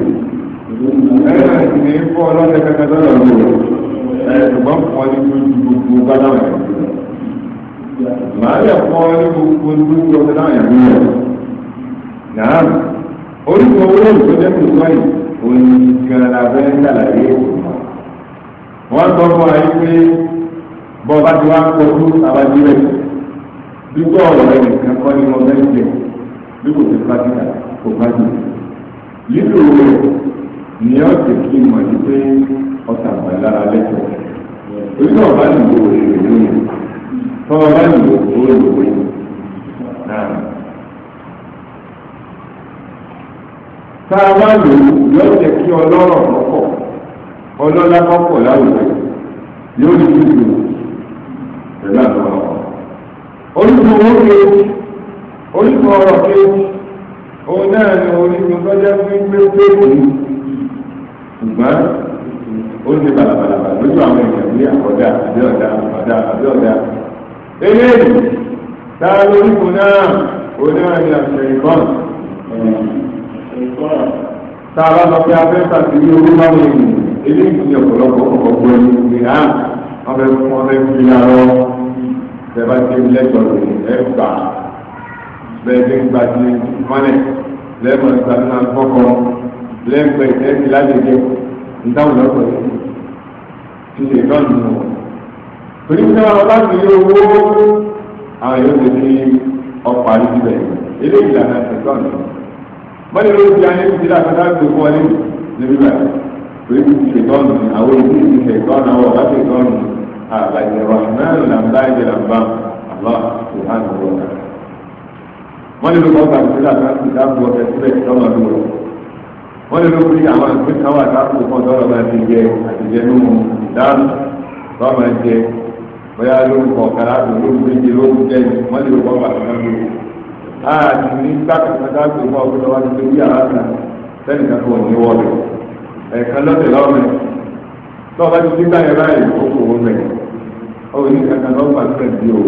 A: ẹ̀rọ ẹ̀sì ní fọ́ ọlọ́dẹ kankan tó lọ lò ẹ̀ ṣùgbọ́n fọ́ ní gbogbo gbádáwà yẹn màá yẹ fọ́ ní gbogbo gbogbo ọ̀sẹ̀ náà orúkọ olóòrùn tó dẹ́kun sọ yìí òní gan-an abẹ́rẹ́ ṣàlàyé wọ́n gbọ́ fún wa yìí pé bọ́ọ̀bá ti wá ń kojú abájúrẹ́ dúpọ̀ ọ̀rọ̀ rẹ̀ nìkan kọ́ ni wọ́n bẹ́ẹ̀ jẹ bí kò sí pàtìkà kò bá jù lílo rẹ̀ ni ó ti kí mọ̀ ní pé ọ̀tà àgbàlára lẹ́kọ̀ọ́ orí náà bá nìgbò rẹ̀ lóyún tọ́ ọ bá nìgbò rẹ̀ lóyún náà. tá a bá lò ó yóò jẹ́ kí ọlọ́rọ̀ lọ́pọ̀ ọlọ́lá lọ́pọ̀ láwùjọ yóò ní kí lò pẹ̀lú àlọ́ orísun owó kejì orísun ọ̀rọ̀ kejì òun náà ni orísun sọ́jà fún gbé pépù ṣùgbọ́n ó ti bàlàbàlàbà lójú àwọn èèyàn ní àkọ́dá àbíọ̀dá àbàdá àbíọ̀dá eléyìí tá a lórísun náà òun náà ni àṣẹ ìbọn tá a bá sọ pé abẹ́fà ti rí owó bá wọn ènìyàn eléyìí ní ọ̀pọ̀lọpọ̀ ọ̀pọ̀ ẹni ní hàn wọ́n fẹ́ fún wọn fẹ́ fi arọ bẹ́ẹ̀ bá ti lẹ́tọ̀ọ́ lè ẹ̀ gbà bẹ́ẹ̀ ti ń gba ti mọ́lẹ̀ lẹ́ẹ̀mọ̀ ìgbà tó náà kọ́kọ́ lẹ́ẹ̀pẹ̀ ẹ̀ẹ́dì lálejò ìdáhùn lọ́pọ̀ yìí ti lè lọ́nù wọn. torí pé wọn bá ti rí owó àwọn yóò ti fi ọkọ̀ àrídìbẹ̀ bọ́lẹ̀ ló di ayé ìdílé àtàtà tó wọlé níbí báyìí torí kò ṣe tọ́nù ní àwọn ìdí ìdí ṣe tọ́nù àwọn ọ̀gá ṣe tọ́nù àgbàjẹ rahman lamba ẹ̀jẹ̀ lamba àlọ́ ìhàn ìwọ̀nà. bọ́lẹ̀ ló kọ́ gbàgbé sílẹ̀ àtàtà tó dáàbò ọ̀fẹ́ sílẹ̀ tọ́nù ọdún rẹ̀. bọ́lẹ̀ ló fi àwọn ìpín káwà dáàbò kan tọ́nù ọba ti jẹ àtijẹ́ àti ní gbàkàtà gbé fún ọgbẹ́ lọ́wọ́ ti torí yàrá kan sẹ́ni kan kò ní wọ́ọ̀lù ẹ̀ẹ̀kan lọ́sẹ̀ lọ́mẹ̀ tó ọba ti gbígbà yẹn báyìí ó kò wọ́n mẹ̀ ó ní kankan lọ́wọ́ bá tẹ̀ sí o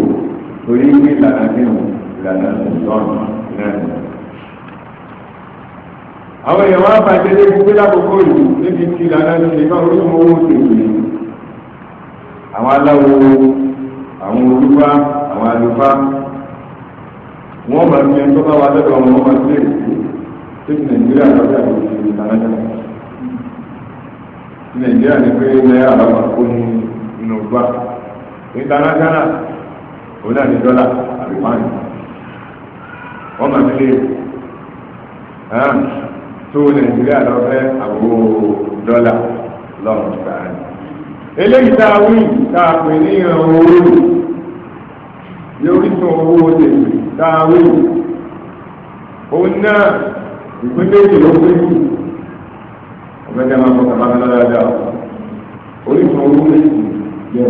A: torí gbé ìlànà nínú ìlànà ìtọ́nù náà. àwọn èèyàn wá bàjẹ́ lé gbígbé lákòókò ìlú níbi tí ìlànà ìṣẹ̀lẹ̀ náà ó mú owó tètè àwọn aláwo àwọn olúwa àwọn àlùfáà wọ́n bá ní ẹni tó bá wà lọ́dọ̀ wọn wọ́n máa gbé èkó tó ti nàìjíríà lọ́dọ̀ àti ìlú ìlànà ti nàìjíríà ní pé náírà lọ́wọ́ kó ní inú gbà ìtànájánà òun náà ní dọ́là àbí pààyàn wọ́n máa gbé èkó tó nàìjíríà lọ fẹ́ àbò dọ́là lọ́rùn gbà ní. eléyìí tá a wí tá a pè ní ìrànwọ́ orí ní orísun owó tèmi dáwé òun náà ìpín méjì ló pé kù ọ̀gbẹ́ni àwọn akọ̀kọ̀ bá lọ́dọ̀ dáadáa orísun owó méjì yẹ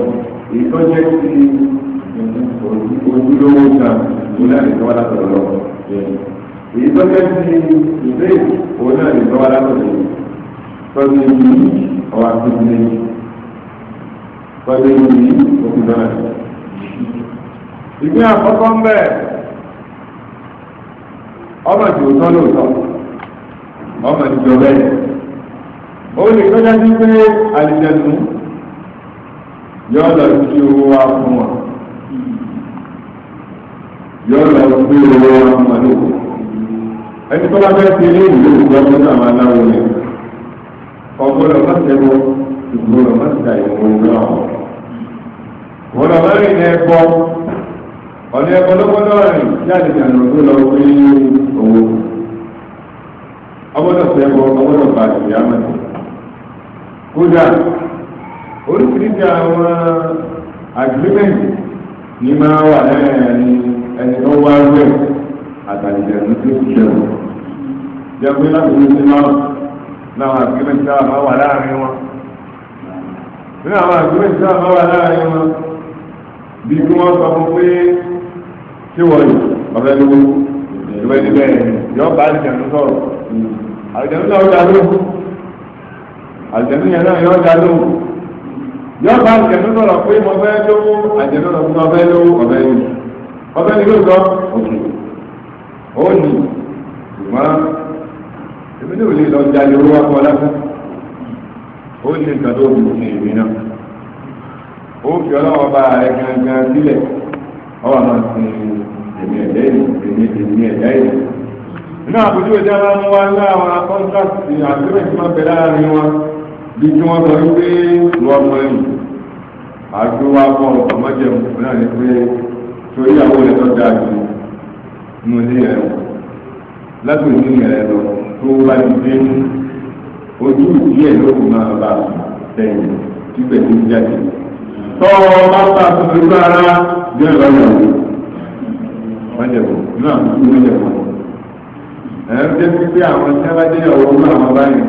A: ìtọ́jẹ́ ti ojúlówó kan òun náà nìkan wá látọ̀dọ̀ lọ́wọ́ ìtọ́jẹ́ ti ìdè òun náà nìkan wá látọ̀dọ̀ tọ́jú ọ̀wá tuntun lẹ́yìn tọ́jú ìlú òkú náà. ìwé àkọ́kọ́ ń bẹ̀ ọmọ ìjò tọ́ lóòótọ́ ọmọ ìjọ bẹ́ẹ̀ ó lè tọ́já sí pé àlìjẹ̀nù yọ lọ sí owó wa fún wọn yọ lọ sí owó wa fún wọn ẹni tó bá fẹ́ ti tó àwọn rìn ọ̀nà ẹ̀kọ́lọ́gbọ́dọ̀ ya jáde jàǹdà tó lọ wí owó ọgbọ́dọ̀ sẹ́kọ ọgbọ́dọ̀ bá ti yá mẹ́ta kódà oríṣiríṣi àwọn agreement ní máa wà lẹ́yìn ẹni tó wá rẹ̀ àtàlìjẹ̀nu tó ti jẹun jẹun láti wọ́n ti máa agreement tá a máa wà láàrin wọn nínú àwọn agreement a máa wà láàrin wọn bí kí wọ́n sọ fún pé tí wọ́n yìí ọ̀fẹ́ lówó ìwé níbẹ̀ yọ bá àlùjẹ̀nu sọ̀rọ̀ àlùjẹ̀nu náà dá lóhùn àlùjẹ̀nu yẹn náà yọ dá lóhùn yọ bá àlùjẹ̀nu sọ̀rọ̀ pé mo fẹ́ lówó àlùjẹ̀nu náà fún ọfẹ́ lówó ọfẹ́ yìí ọfẹ́ ni lóòótọ́ òkè ó nì ṣùgbọ́n èmi ní òlè lọ jalè owó akọ lásán ó ní nǹkan tó kù ní èmi náà ó fi ọlọ́wọ́ bá rẹ̀ gangan sílẹ̀ ọwọ́ àwọn àti èmi ẹ̀dá èmi èmi ẹ̀dá èmi. nínú àbújú ìjà máa ń wá láwọn akọ́ńtàkì àgbẹ̀rẹ̀ máa bẹ̀ láàrin wọn bí kí wọ́n sọ wípé ìwọ ọmọ ẹ̀yìn àti wọ́n akọ ọmọjẹun náà ni pé torí àwọn olùtọ́ dáa ju inú ilé ẹ̀ láti òní ìrẹ̀ lọ tó bá ti dé ojú ìdílé ló májẹ̀bọ̀ inú àwọn tó májẹ̀bọ̀ ẹ̀ ń jẹ́ pípé àwọn tí wọ́n bá jẹ́ ìyàwó ọmọ àwọn báyìí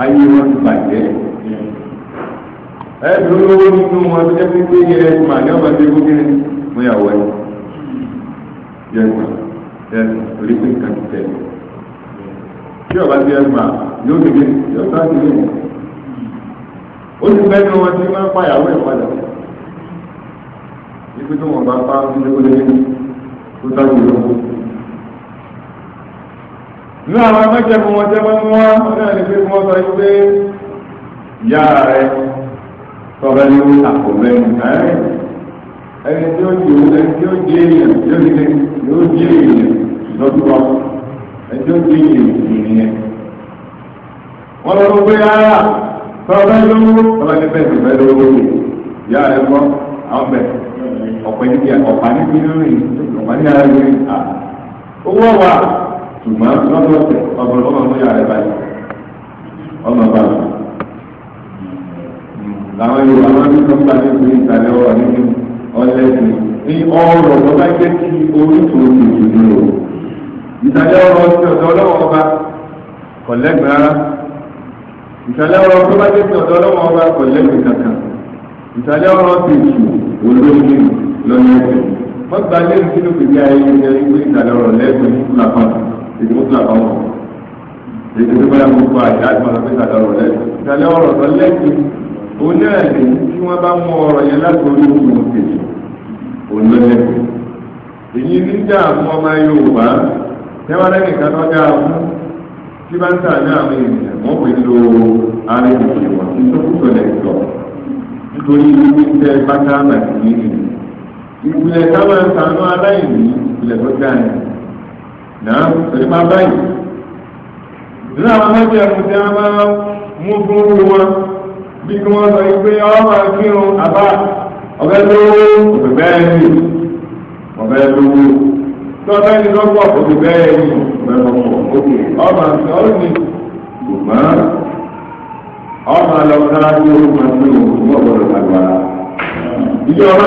A: ayé wọn ti bàjẹ́ ẹ̀ ló lówó nínú wọn tó jẹ́ pípé yẹ ẹ̀ mà ní ọmọ tó gbé mú ìyàwó ẹ̀ yẹ mà ẹ̀ torí pé nǹkan ti tẹ̀ tí ọba ti ẹ̀ mà yóò ti gbé yóò tó àti gbé ó ti bẹ́ẹ̀ ni wọn ti máa ń pa ìyàwó ẹ̀ padà ìpínlẹ̀ wọn bá pa ń lé wọlé nínú tó tọ́jú lówó. ní àwọn amájẹmú wọn jẹ́ wọn wá wọn náà ní pé wọ́n sọ pé ìyá rẹ tọ́bẹ̀ ní àpò mẹ́rin ẹ̀rẹ́ ẹni tí ó di òun ẹni tí ó di èèyàn tí ó di èèyàn tí ó di èèyàn lọ́dún wọn ẹni tí ó di èèyàn nìyẹn. wọ́n lọ gbé ara tọ́bẹ̀ lówó tọ́bẹ̀ ní bẹ́ẹ̀ tọ́bẹ̀ lówó ìyá rẹ kọ́ àwọn bẹ̀rẹ̀ ọ̀pẹ̀ níbi ọ̀pá níbi lórí wọn ní ara ìwé à owó wa ṣùgbọ́n lọ́sọ̀ọ̀sẹ̀ ọmọ ọmọ ọmọ yàrá ẹ̀ báyìí ọmọ bá mi. làwọn yorùbá máa ń sọ nípa ní ìlú ìsàlẹ̀ ọ̀rọ̀ nínú ọlẹ́sìn ní ọ̀rọ̀ tó bá jẹ́ kí orísun tuntun ní o. ìsàlẹ̀ ọ̀rọ̀ ti ọ̀dọ̀ ọlọ́wọ́ ọba kọ̀lẹ́gbẹ̀ rárá. ìsàlẹ̀ ọ̀rọ̀ tó bá jẹ́ kí ọ̀dọ̀ ọlọ́wọ́ ọba kọ̀lẹ́gbẹ̀ kankan. ìsàlẹ̀ ọ̀rọ̀ ti tù olóyún lọ́nà ẹ̀sìn wọ́n gba ilé ìdílé òkèlè ayé ìjẹ ìwé ìdàlẹ́ ọ̀rọ̀ lẹ́gbẹ̀ẹ́ ní kúlà kan èdè mọ́tò àbá wọn. èdè tó báyà gbogbo àyà àti wọn fẹ́ ìdàlẹ́ ọ̀rọ̀ lẹ́gbẹ̀ẹ́. ìdàlẹ́ ọ̀rọ̀ tó lẹ́gbẹ̀ẹ́ òun náà lè tí wọ́n bá mú ọ̀rọ̀ yẹn láti orí òkú òkè òun ló lẹ́gbẹ̀ẹ́. èyí ní dá àwọn ọmọ Yorùbá tẹ́wọ́n lẹ́nìkan tó dáa fún tí bá ń tà ní àwọn ènìyàn wọ́n pè lo ara ìdìbò wọn nítorí tó ìpìlẹ̀ káwọn ẹ̀sánú aláìní ìpìlẹ̀ tó dáa ni náà torí máa báyìí nínú àwọn mẹ́jọ ẹ̀mú tí wọ́n máa mú fún wú wọn bí kí wọ́n sọ pé ọ máa kírun àbá ọ̀fẹ́ lówó òfìfẹ́ ẹ̀yìn ọ̀fẹ́ lówó tọ́fẹ́ ní lọ́pọ̀ òfìfẹ́ ẹ̀yìn ọ̀fẹ́ lọ́pọ̀ òkè ọ̀rọ̀ máa fi ọ̀rọ̀ mi máa lọ sára sí orúkọ sí òkú ìjọba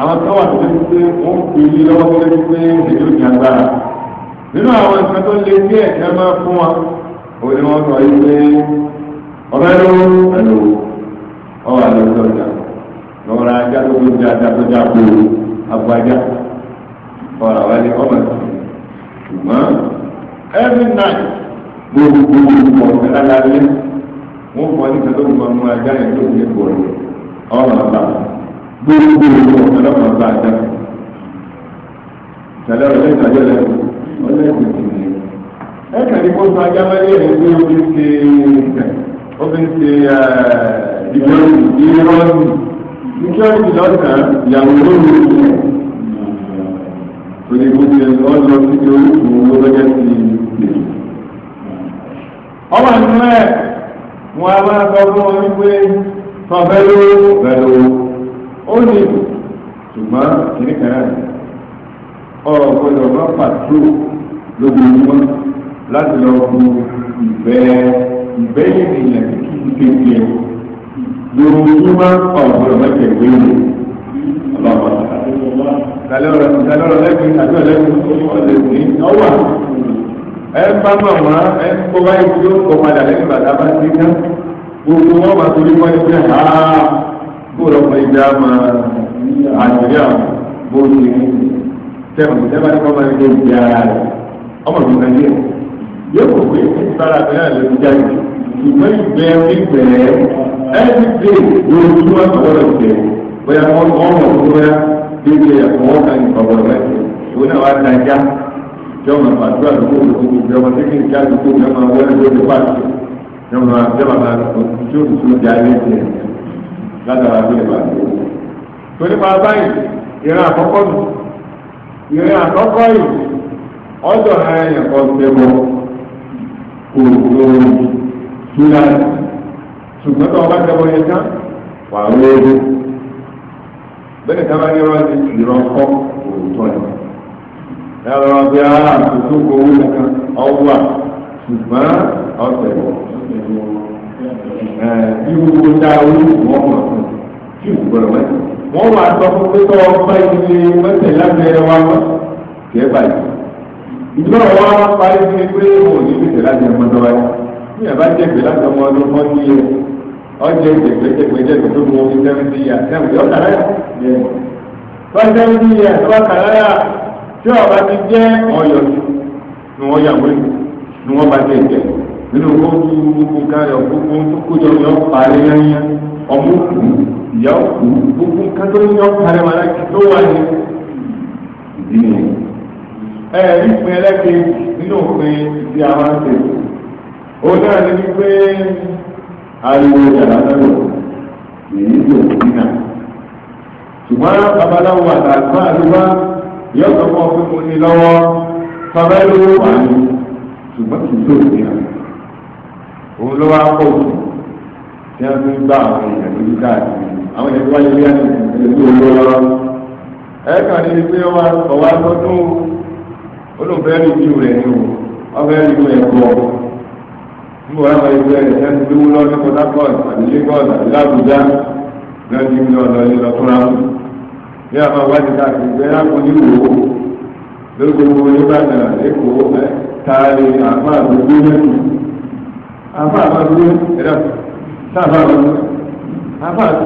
A: àwọn tó wà lórí pé wọ́n fi ní lọ́wọ́ lórí pé èyí ò ní agbára nínú àwọn nǹkan tó lé ní ẹ̀ka máa fún wa ó ní wọ́n sọ yìí pé ọ̀rẹ́ ló ẹ̀lò ọ̀wà lọ́sọ̀ ọjà lọ́wọ́ra ajá tó ajá tó ọmọ ṣùgbọ́n every night gbogbo lálẹ́ ní ajá yẹn tó ń gbogbo ìwọ ọlọ́pàá bá a dáhùn ìtàlẹ́ ọ̀rẹ́ ìtàjọ́ lẹ́nu ẹ kàní kó sọ ajá mẹ́lẹ́ rẹ̀ pé ó fi ń ṣe ó fi ń ṣe lọ́sàn-án ìyàwó lóru òní lọ sí ti owó lọ́jọ́ ọmọ wọn a máa sọ fún ọ wípé ó lè ṣùgbọ́n kìnìún kan náà ọ̀rọ̀ gbọ́dọ̀ máa pàtó lójoojúmọ́ láti lọ bu ìfẹ́ ìfẹ́ ènìyàn kí kí n ṣe tiẹ̀ lójoojúmọ́ ọ̀rọ̀ gbọ́dọ̀ máa tẹ̀ wé wò ọlọ́wọ́. Dalẹ́rọ̀ dalẹ́rọ̀ lẹ́gbẹ̀ẹ́ àti ọ̀lẹ́gbẹ̀ẹ́ ọ̀lẹ́ ní ọwà. Ẹ bá mọ̀ wọ́n ẹ kó báyìí tí ó kọ̀ padà lẹ́yìn bàtà bá ti ká. Gbogbo wọn bá torí wọ́n ti fẹ́ hàá bóòlù ọmọ ìgbà máa àjọyọ̀ àwọn bóòlù ìrìn tẹ̀wọ̀n tẹ́wọ́n ní kọ́mọ ìgbà ìgbà ara rẹ̀ ọmọ mi kan yẹ yóò kó pé ìbára mi náà lè jáde ìgbẹ́ ìgbẹ́ ìgbẹ́ ẹni dé lórí tí wọ́n sọ̀rọ̀ ìgbẹ́ bóyá wọ́n kọ́ ọ̀rọ̀ tó bóyá bí ìgbẹ́ ẹ̀kọ́ wọn kan ìkọ̀bọ̀ rẹ̀ ìwé náà wá dájá jọmọ àdúrà lóko lóko ìjọba tí kì í já lóko ìjọba wọlé lórí pàṣẹ jọmọ àdúrà lóko tí ó tún jáde ìgbẹ́ látara bí ẹ̀ bá dé. torí pa báyìí ìran àkọ́kọ́ nù ìran àkọ́kọ́ yìí ọjọ́ ara yẹn kọ́ sẹ́wọ́ kò tó túlá ṣùgbọ́n tó o bá sẹ́wọ́ yẹn tán wà á wéwé bẹ́ẹ̀ ni sábà ní ọ̀rọ̀ ti ìran kọ́ òótọ́ ni ẹ̀rọ ọ̀gbẹ́ ara àtúntò owó nìkan ọwọ́ à ṣùgbọ́n ọ̀sẹ̀ wọ̀ irú dá orí wọn mọ̀ kí n gbọ́dọ̀ wọ́n ti. wọ́n wà sọ fún pé tọ́ ọba ìdílé mẹ́tẹ̀ lábẹ́ wa mọ̀ kí ẹ báyìí. ìjọ wa pa ìdílé pé òun ní mẹ́tẹ̀ láti ẹ̀mọ́ tọ́ wáyé. bí ẹ̀ jẹ̀gbẹ́ láti ọmọ ọdún fún ọdún yẹn ọjọ́ ìjẹ̀gbẹ́ jẹ̀gbẹ́ jẹ̀gbẹ́ tó mú omi sẹ́fìtì yà sẹ́fìtì ọ̀tà yà sọ́kà láyà yà nínú gbogbo nǹkan rẹ̀ gbogbo tó kójọ ni wọ́n parí lẹ́yìn ọmọ òkú ìyá òkú gbogbo nǹkan tó ní wọ́n parí wọn láti tó wà ní ìdí nìyẹn. ẹ ẹ ìpín ẹlẹ́kẹ̀ẹ́ nínú òpin tí a máa ń tẹ̀ ó náà ní wípé ariwo yàrá lọ́wọ́ èyí tó kí náà. ṣùgbọ́n babaláwo àtàgbà àdúgbà yóò sọ fún ọ lọ́wọ́ fàbẹ́lú wà ní ṣùgbọ́n kì tó kí náà. òun ló wá pọ̀ jù tí wọ́n fi ń àwọn èèyàn lórí káàkiri àwọn èèyàn wáyé bí wọ́n ti lọ́wọ́. ẹ kàn ní pé olùfẹ́ ju rẹ̀ o ọfẹ́ rí ju ẹ̀kọ́ níbo wọn máa gbé ẹ̀rẹ̀ sẹ́ni lówó lọ ní Port Harcourt àti Lagos àti Abuja náà ti ń lọ lọ a máa wájú káàkiri pé láàpọ̀ ní ìwò lórí gbogbo afa àbábíyé ẹ̀dá tá a bá wà lọ afa ti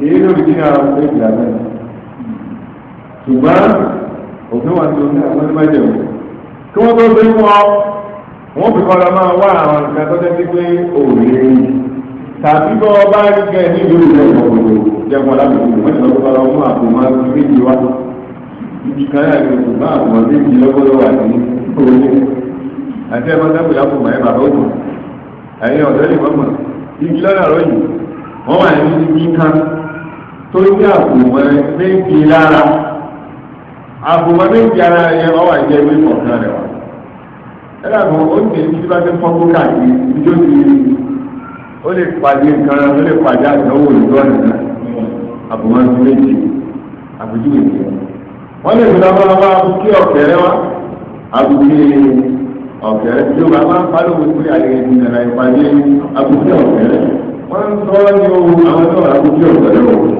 A: kìí lórí kí ara ọ̀sẹ̀ ìgbà bẹ́ẹ̀. ṣùgbọ́n òfin wà ní oṣù àgbọ̀nìmọ̀jẹ̀ o kí wọ́n tó fi wọ́ wọ́n fi kọ́ra máa wá àwọn nǹkan tó tẹ́tí pé tàbí bọ́ gẹ̀ ní ìlú ọmọ àpò máa fi méjì wá ibi kan ní oṣù máa wọ̀ méjì ní àti mọ̀ ẹ̀ bàbá torí pé àbùmọ̀ méjì lára àbùmọ̀ méjì ara rẹ̀ ọwọ́ àjẹ́ ìwé kọ̀ọ̀kan rẹ̀ wá ẹ̀rọ àbùmọ̀ ó tí bá ti fọ́nkú káàkiri ibi ti rí ó lè pàdé nǹkan ó lè pàdé àdánwò ìlú ọ̀nà àbùmọ̀ ti méjì àbújú ìdí wọ́n lè gbọ́dọ̀ bá wá kí ọ̀kẹ́rẹ́ wá àbújú tí bá ń ìpàdé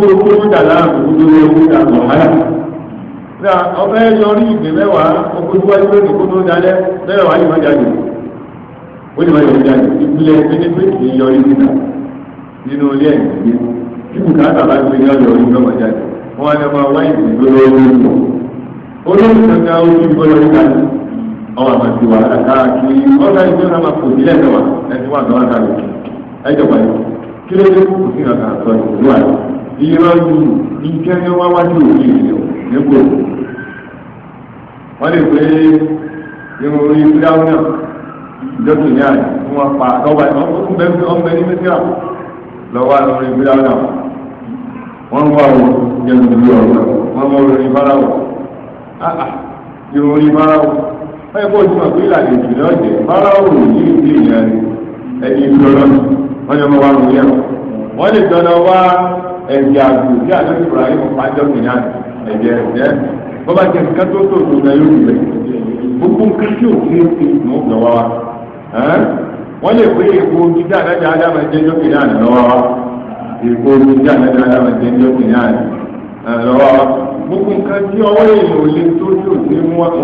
A: kó o tó dà láàmú lórí ewu ọbẹ̀ yọrí mẹ́wàá lónìí kó tó bẹ́ẹ̀ wáyé jáde. Ó lè jáde. pínpín yọrí níta nínú ilé Kíkù káàtà bá jáde. wáyé ìgbé lórí kankan ó níta ti wà káàkiri ìrọ̀lù ìkẹ́ ní wọ́n wájú òní ìlú nípò wọ́n lè pé irun orí fúláwù ìjọ́sìn ní àná fún wọn pa lọ́wọ́ ń ọmọ ẹni lọ́wọ́ àwọn wọ́n ń wá wọn wọ́n mọ̀ pé ìlànà ọ̀jẹ̀ yìí ìyá rẹ̀ ẹni wọ́n lè gbọ́dọ̀ wá ẹ̀jẹ̀ àgbò bí àlọ́ Ibrahim pàjọ́mù yá ẹ̀jẹ̀ ẹ̀jẹ̀ bọ́bá jẹ́ tó tó náà yóò gbogbo nǹkan tí ò wọ́n lè pé jẹ́ náà lọ́wọ́ wa jẹ́ náà lọ́wọ́ wa gbogbo nǹkan tí ọwọ́ èèyàn ò lè tó tó ní mú wá tó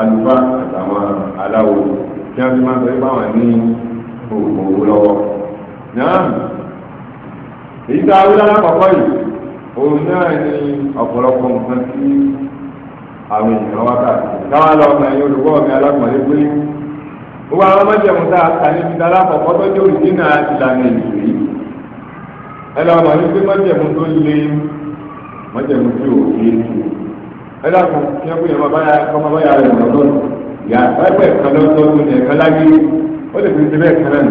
A: àwọn àtàwọn náà èyí tá a wí lára pàpọ̀ yìí òun náà ni ọ̀pọ̀lọpọ̀ nǹkan tí àwọn èèyàn wá kà táwọn lọ ọmọ olùkọ́ mi alákùnrin pé gbogbo àwọn ọmọdéwọ̀n tá a kà níbi tá a ìlànà ìlú yìí ẹ ní pé tó lé tí ò fi ẹ kí ẹ ọmọ báyà rẹ̀ ẹgbẹ́ kan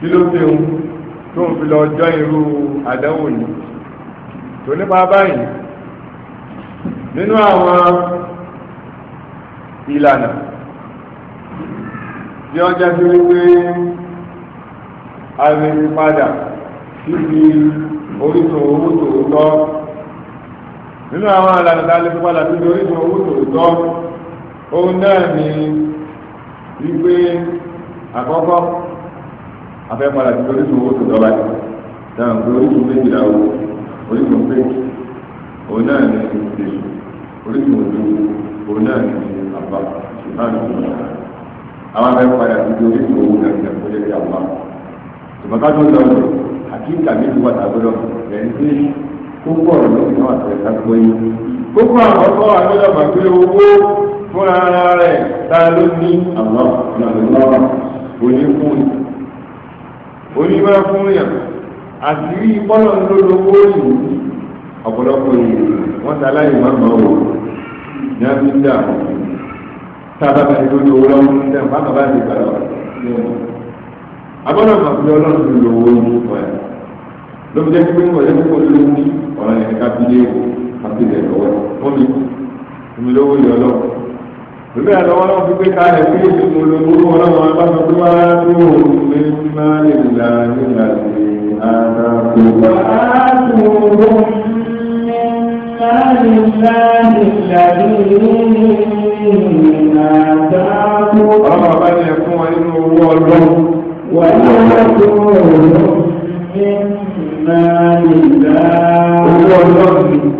A: kí ló fi ń tó ń fi lọ jọ irú àdánwò yìí tó nípa báyìí nínú àwọn ìlànà tí wọ́n jẹ́ sí wípé a lè padà síbi orísun owó tòótọ́ nínú àwọn ìlànà tá a lè fi padà síbi orísun owó tòótọ́ òun náà ni wípé àkọ́kọ́ afẹ́ padà sí orísun owó tó dọ́là yìí dáhùn pé orísun méjìlá owó orísun péjì òun náà ní èṣù orísun òdu òun náà ní àbá ṣùgbọ́n àdúgbò náà àwọn afẹ́ padà sí orísun owó náà ní ẹ̀kọ́ lẹ́yìn àbá ṣùgbọ́n ká tó lọ rẹ̀ àti ìkàmì tó wà tábìlọ̀ rẹ̀ ń gbé kókó ọ̀rọ̀ lórí náà àtẹ̀sà pé kókó àwọn ọkọ̀ àgbẹ̀dọ̀ bàgbé owó fúnra rẹ̀ ta ló ní àwọn ọ̀nà lọ́wọ́ oníkùn onímọ̀ fún yàn àti rí bọ́lọ̀ ń lólo owó ìlú ọ̀pọ̀lọpọ̀ ìlú wọ́n ta láyé má mọ́ o ní a ti dà tábà bá ti lólo owó lọ́wọ́ ní dẹ́n bákan bá ti gbà lọ. abọ́dọ̀ mọ̀ pé ọlọ́run lólo owó ìlú fún ẹ̀ ló jẹ́ pé kò yẹ kó lólo ní ọ̀rọ̀ yẹn ká fi lé o ká fi lè lọ́wọ́ fún mi ìmìlówó yọ lọ́wọ́. Bébí àlọ́ wọn náà fi gbé kalẹ̀ bí èsì mo lo owó wọn náà wọn bá sọ pé wọ́n á tó òun máa lè là nígbà tí ara kò bá. Wàá tó òun mi máa lè là nígbà tí ara kò bá. Ọlọ́run bá ní ẹ̀fún wọn nínú owó ọdún. Wàá tó òun mi máa lè là. Owó ọdún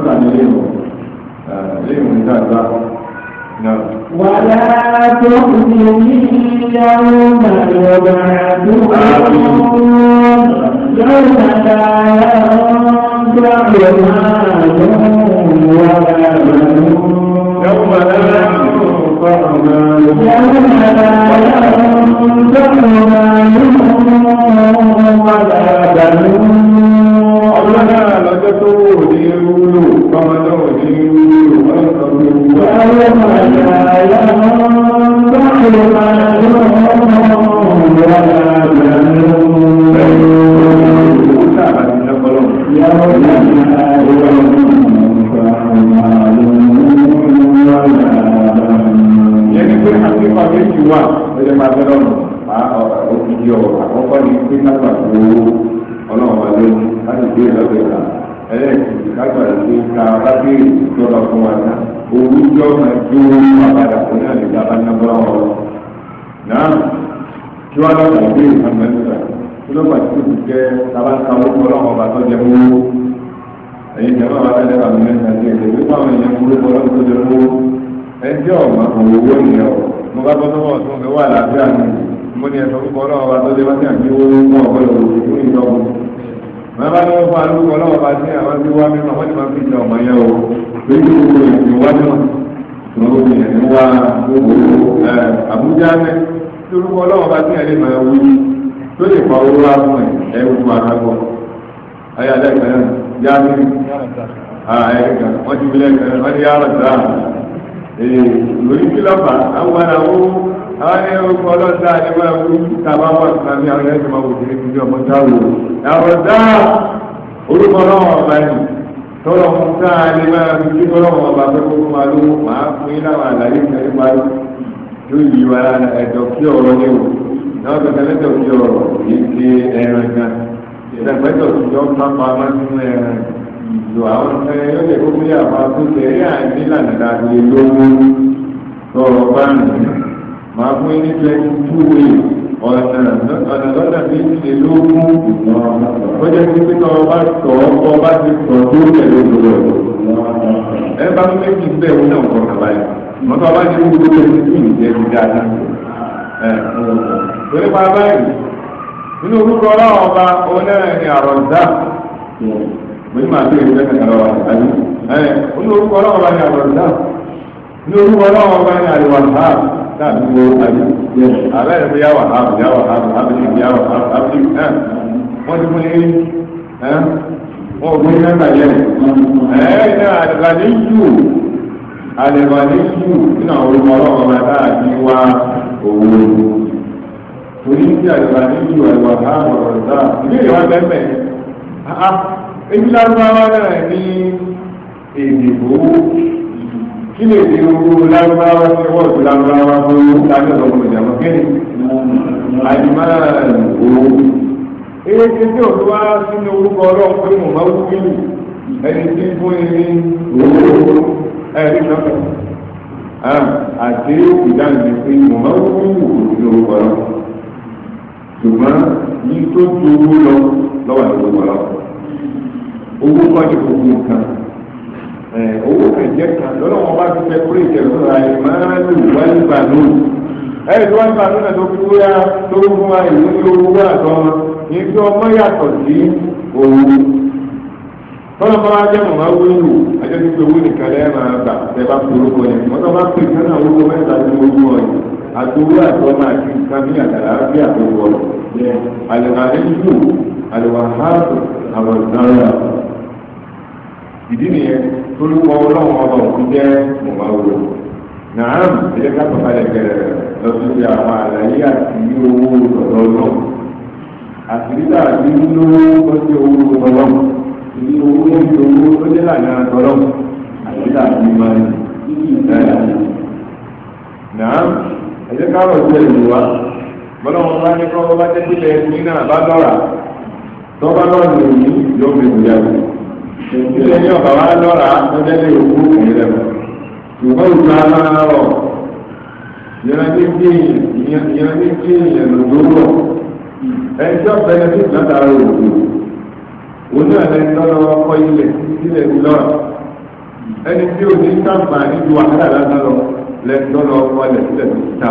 A: kata ni leo. Leo ni dah dah. Wala
B: tuhmini yawma yubatuhun Yawma la yanfa'u malum wala banun Yawma la yanfa'u
A: malum wala banun Allah la lakatuhu wúlò báwọn náà ò ní wúlò wọn kà ló wúlò. báwo máa yà yà báwo máa yọ wà lábẹ́ Yàrá ìyá ìwé ọ̀gá àlùmọ́ ọ̀gá àlùmọ́. Yẹ́nì pé àti pàmẹ́jì wà lọ́jọ́ máa fẹ́ lọ́nà òkìdí ọ̀rọ̀ àkọ́kọ́ ni pé ká gbàgbọ́ ọlọ́run wa lórí láti gbé ìlọ́gbẹ̀ẹ́ kan ẹlẹ́yìn kágbà ló ta lábẹ́rẹ́ ìjọba fún wa ná owó jọ máa jó àbàdà fún náà lè dábàá náà bá wọn lọ. náà kí wọ́n lọ́wọ́ ìwé ìfàmì ẹ̀ńtà kí ló pàṣẹ tó ti jẹ́ tábà ká owó ọlọ́wọ́ bá tọ́jú owó. ẹ̀yin jẹ́ máa wá lẹ́lẹ́ àmì ẹ̀ńtà ní èdè wípé àwọn èèyàn kúrò bọ́ lọ́wọ́ tọ́jú owó. ẹjọ́ ọ̀gbà kò owó ìyẹn o mo bá bọ́ sọ́wọ́ tó ń wà láàbíà mi màá bá lọ́wọ́ fún alúgbò ọlọ́wọ́ bá sí àwọn tí wá mímọ́ wọ́n ti máa fi jẹ ọmọ yẹn o lórí gbogbo ìlú wá náà gbogbo ìlú wá gbogbo Àbújá ní lórúkọ ọlọ́wọ́ bá sí ẹni máa wú tó lè pa owó wá fún ẹ ẹ wú ara gbọ́ ayé alẹ́ kan náà yá sí ẹ kan wọ́n ti fi lẹ́kan wọ́n ti yára sáà lórí kí lọ́pàá àwọn ará owó àwọn ní orúkọ ọlọ́dà ni wọ́n kú tàbá wà sàmì àwọn ẹ̀rọ ìjọba òjì ní ìdílé ọmọ dáwò àwọn dá orúkọ ọlọ́wọ́ ọba ni tọ́lọ̀ ń sá ni máa fi kí ọlọ́wọ́ ọba pé kókó máa ló máa fún yín láwọn àlàyé kẹrin máa ló yóò yí wa ẹ̀dọ̀ kí ọ̀rọ̀ ní o náà bá nù. máa fún ní twenty way ọ̀nà ọ̀nà lọ́nà méjìlé lógún ó jẹ́ kí pé tọ̀ ọ́ bá ti tọ̀ tó tẹ̀lé bá mọ́tò ọba ti wúlò tí ì jẹ́ ti torí pa báyìí nínú orúkọ ọba mo ní màá ìgbẹ́ nínú orúkọ ọba dàdúgbò àbí aláìní yà wà hàbù yà wà hàbù abdul yà wà hàbù abdul ẹ wọ́n ti fún yín ẹ wọ́n gbé yín náà yẹ ẹ ẹ ní àlẹ́bàní yù àlẹ́bàní yù nínú àwọn olùkọ́ ọlọ́wọ́ máa dá àbí wá òwò torí ti àlẹ́bàní yù àlẹ́wà ha ọ̀rọ̀ dá ilé kí lè fi gbogbo lárúbáwá tí wọ́n ti lárúbáwá fún un láti ọ̀dọ̀ ọmọ ìjàmọ́ kẹ́ni àdìmáà òwò. eré tí tí òtún wá sínú orúkọ ọlọ́run pé mo máa wú wílì ẹni tí fún ẹni òwò ẹni sọ́kẹ̀. àti ìdánilẹ̀ pé mo máa wú wílì òwò sínú orúkọ ọlọ́run. ṣùgbọ́n yìí tó ju owó lọ lọ́wọ́ àti orúkọ ọlọ́run. owó kọ́ ni gbogbo nǹkan. Eh, owó kẹjẹ kan lọ́nà wọn bá ti fẹ́ kúrè ìjẹ̀lú àìmáàlù wálìbànú ẹ̀yìn tó wálìbànú náà tó fi wúyà tó fún wa ìlú ní owó ní tí ọmọ yàtọ̀ sí òun tọ́lá bá wá jẹ́ màmá wíwù owó nìkan lẹ́yìn máa gbà tẹ́ bá fi orúkọ yẹn wọ́n tó bá pè sánà owó mẹ́ta ọ̀yìn àti ìdí nìyẹn tolúkọ ọlọ́run ọba òkú jẹ́ mọ̀máwòrò nàám ẹ̀jẹ̀ ká sọ̀kalẹ̀ gẹ̀rẹ̀ lọ́sùn ti àwọn àlàyé àti owó ọ̀dọ́ ọlọ́run àtìrídà àti nílò ó ti owó ìdí owó ti owó ó dé lànà ọlọ́run àtìrídà àti máa ní ìdáyà ẹ̀jẹ̀ sí ẹ̀lú wa bá ní kọ́ bá tẹ́tí náà bá tọ́ ilé ní ọ̀gá wa lọ́ra lọ́jọ́ ní òkú òkùnrin lẹ́nu ìwọ́n ìgbà máa rọ̀ ìyẹn ní bí ìyẹn ní bí ìyẹn lòdòdò ẹni tí ọ̀bẹ ní bí ìgbà tara òkú òun náà lẹ́ni lọ́lọ́ ọkọ ilẹ̀ ilẹ̀ ti lọ́ra ẹni tí ò ní sáǹpà níbi wàhálà lásán lọ lẹ́ni lọ́lọ́ ọkọ ilẹ̀ sílẹ̀ tó ti ta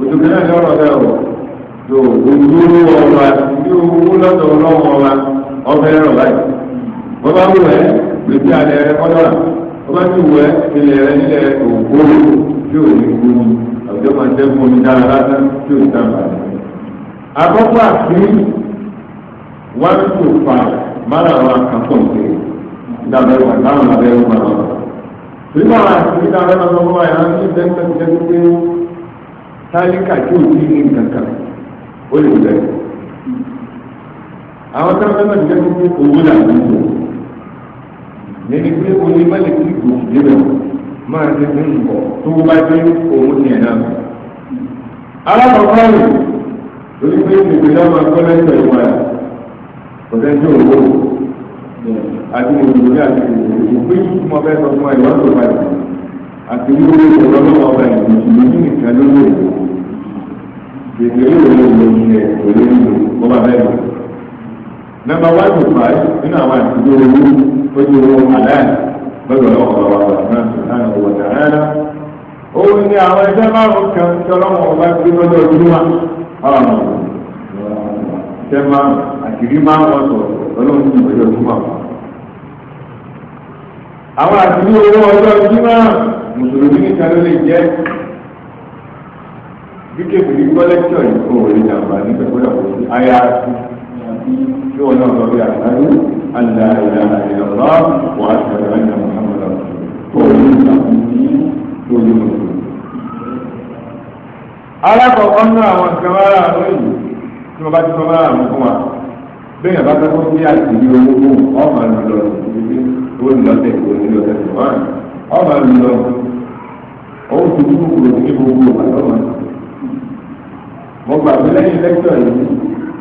A: òtòkè náà ní ọ̀rọ̀ bẹ́ẹ̀ o tó òdúró ọba tí owó lọ́dọ̀ ọlọ́wọ́ ọba ọbẹ̀ rọ̀ báyìí. bọ́bá wù ẹ́ gbèsè alẹ́ rẹ kọ́dọ̀rà bọ́bá sì wù ẹ́ ilẹ̀ rẹ nílẹ̀ òkúrò tí ò ní kú ni àwùjọ máa ń dẹ́kun omi dára lásán tí ò ní dáàbà rẹ̀. àkọ́kọ́ one two five dábẹ́ wà láwọn abẹ́ nígbà wà sí dábẹ́ ní tí ò ní yẹni pé o ní má lè fi gòkè débẹ̀ o máa ṣe fún nǹkan tó o bá dé òun tiẹ̀ náà. alákọ̀ọ́kọ́ rẹ̀ lórí pé ìgbè náà máa kọ́ lẹ́sẹ̀ ìwà rẹ̀ kò sẹ́ńtì òwò àti òwò ní àti òwò pé mo fẹ́ sọ fún ẹ̀wọ́n tó bá yẹ àti ìlú ìlú nìkan ló lè wò. Gbèsè yóò lè wò ní ẹ̀ kò lè lọ nọ́mbà wá tó fà á nínú àwọn àtijọ́ owó ó ti wo àdáyà lọ́dọ̀ ọlọ́wọ́ bàbá wa náà sùnánà owó tààrà ó ní àwọn ẹgbẹ́ márùn-ún kan tí ọlọ́wọ́ ọba gbé lọ́dọ̀ ojúmọ́ àwọn ẹgbẹ́ márùn-ún àkìrí márùn-ún ọ̀sọ̀ ọlọ́wọ́ ti lọ́dọ̀ ojúmọ́ àwọn àtijọ́ owó ọjọ́ ojúmọ́ mùsùlùmí nìkan ló lè jẹ́ bí kébìrì gbọ́lẹ́tọ̀ yìí kò wọlé jàǹbá nígbà gbọ́dọ̀ kò sí ayára sí yóò náà sọ pé àtàlù àlà ìlà ìlọ́lá wà á ṣẹlẹ̀ ẹ̀yà Muhammadu tó ní ìsàkùn ní tó ní mọ̀tò. alákọ̀ọ́kọ́ náà àwọn ìsìnkàmára àwọn èyí tí wọ́n bá ti sọ mára àwọn fún wa bẹ́ẹ̀ yàrá tó kọ́ sí àtìlú owó ọmọ lọ owó lọ́tẹ̀ owó lọ́tẹ̀ ọmọ lọ owó tó kúkúrò ní gbogbo àlọ́ wọn. mo gbàgbé lẹ́yìn lẹ́kítọ̀ yìí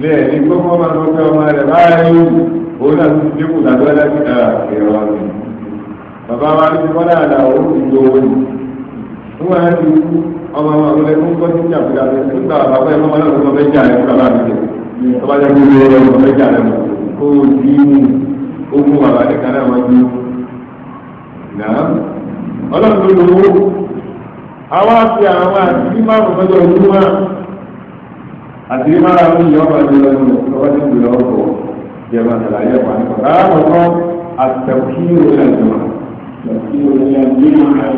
A: lé ẹni gbogbo ọmọ tó fẹ́ ọmọ rẹ̀ báyìí náà èrò bàbá wa ti kọ́ náà là ó ti kú ọmọ ọmọ ọmọ kọ́ sí bàbá náà ló fẹ́ jà bàbá mi jẹ bàbá fẹ́ jà kó o bàbá ọlọ́run ló àwa fi àwọn àti bí àti rí mára mú ìyọ́ bá jẹ́ lọ́wọ́ lọ́wọ́ tí ìgbìlọ̀ ọ̀pọ̀ jẹba àtàlàyé ẹ̀kọ́ nípa alákọ̀ọ́kọ́ àtẹ̀kíyò ìlàjọmọ̀ àtẹ̀kíyò ìlàjọmọ̀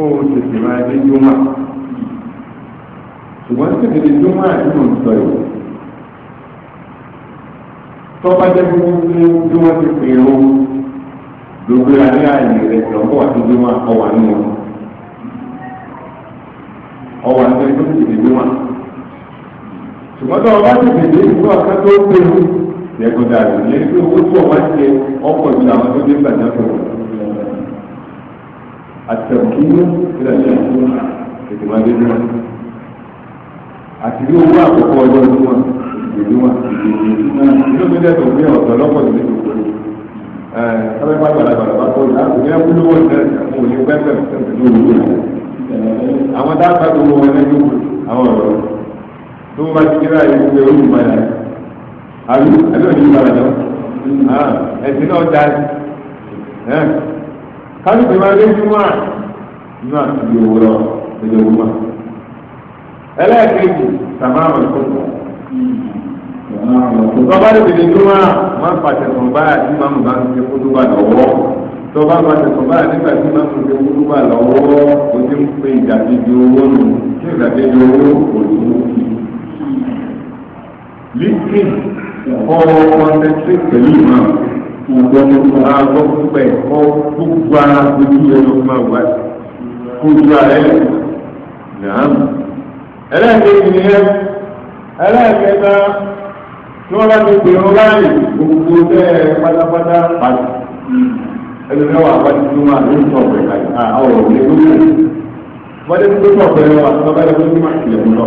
A: ó tètè máa dé jọmọ̀ ṣùgbọ́n tètè dé jọmọ̀ àti mò ń sọ yìí tọ́ba jẹ́ gbogbo tí wọ́n ti pè ó gbogbo àní àyè rẹ̀ lọ́kọ̀ wà tó jọmọ̀ ọ̀wà nínú ọ̀wà nínú tó tètè jọmọ̀ ṣùgbọ́n tó ọba ti bèbè ìlú ọ̀kan tó ń pèrú lẹ́kọ̀ọ́ dàrú yẹn pé owó tí ọba ti ọkọ̀ ju àwọn tó dé gbàdá tó wọ̀. àtẹ̀kùnú ìlà ìṣàkóso ètò máa dé wọn. àti bí owó àkọ́kọ́ ọjọ́ ìlú wọn ìlú wọn ìlú mi dẹ̀ tó gbé ọ̀dọ́ lọ́pọ̀ ìlú tó kọ́ sábẹ́ bá gbàlagbàlà bá tó yà àgùnbí àwọn ọ̀rọ̀ tó bá ti kíra yìí pé ó ń padà àbí àbí òní padà lọ hmm. ah, ẹ̀sìn náà dá kájú pé máa lé júmọ́ à nínú àtúndì owó lọ lójó júmọ́ ẹlẹ́ẹ̀kejì sàmá àwọn ìkókò
B: hmm. tọ́ba lè tètè júmọ́ à
A: wọ́n pàṣẹ báyà tí màmú bá ń ṣe kótó bá lọ́wọ́ tọ́ba pàṣẹ fún báyà nígbà tí màmú ṣe kótó bá lọ́wọ́ ó ti ń pè ìdàkejì owó nù kí ìdàkejì owó kò tó kì í linkedin ọ̀rọ̀ concentrate pẹ̀lú ìmọ̀ ògbọ́n àgbọ̀ púpẹ̀ kọ́ gbogbo ara ojú ẹnu máa wá kó ojú ara ẹ̀ nàám. ẹlẹ́ẹ̀kejì ni ẹ ẹlẹ́ẹ̀kẹta tí wọ́n bá ti pè wọ́n báyìí gbogbo bẹ́ẹ̀ pátápátá pàdé ẹni náà wà pàdé tó máa ló ń tọ̀ pẹ̀ káyà ọ̀rọ̀ ní gbogbo. wọ́n dé tó tọ̀ pẹ̀ wà sọ́kàlẹ̀ tó máa tilẹ̀ mú lọ.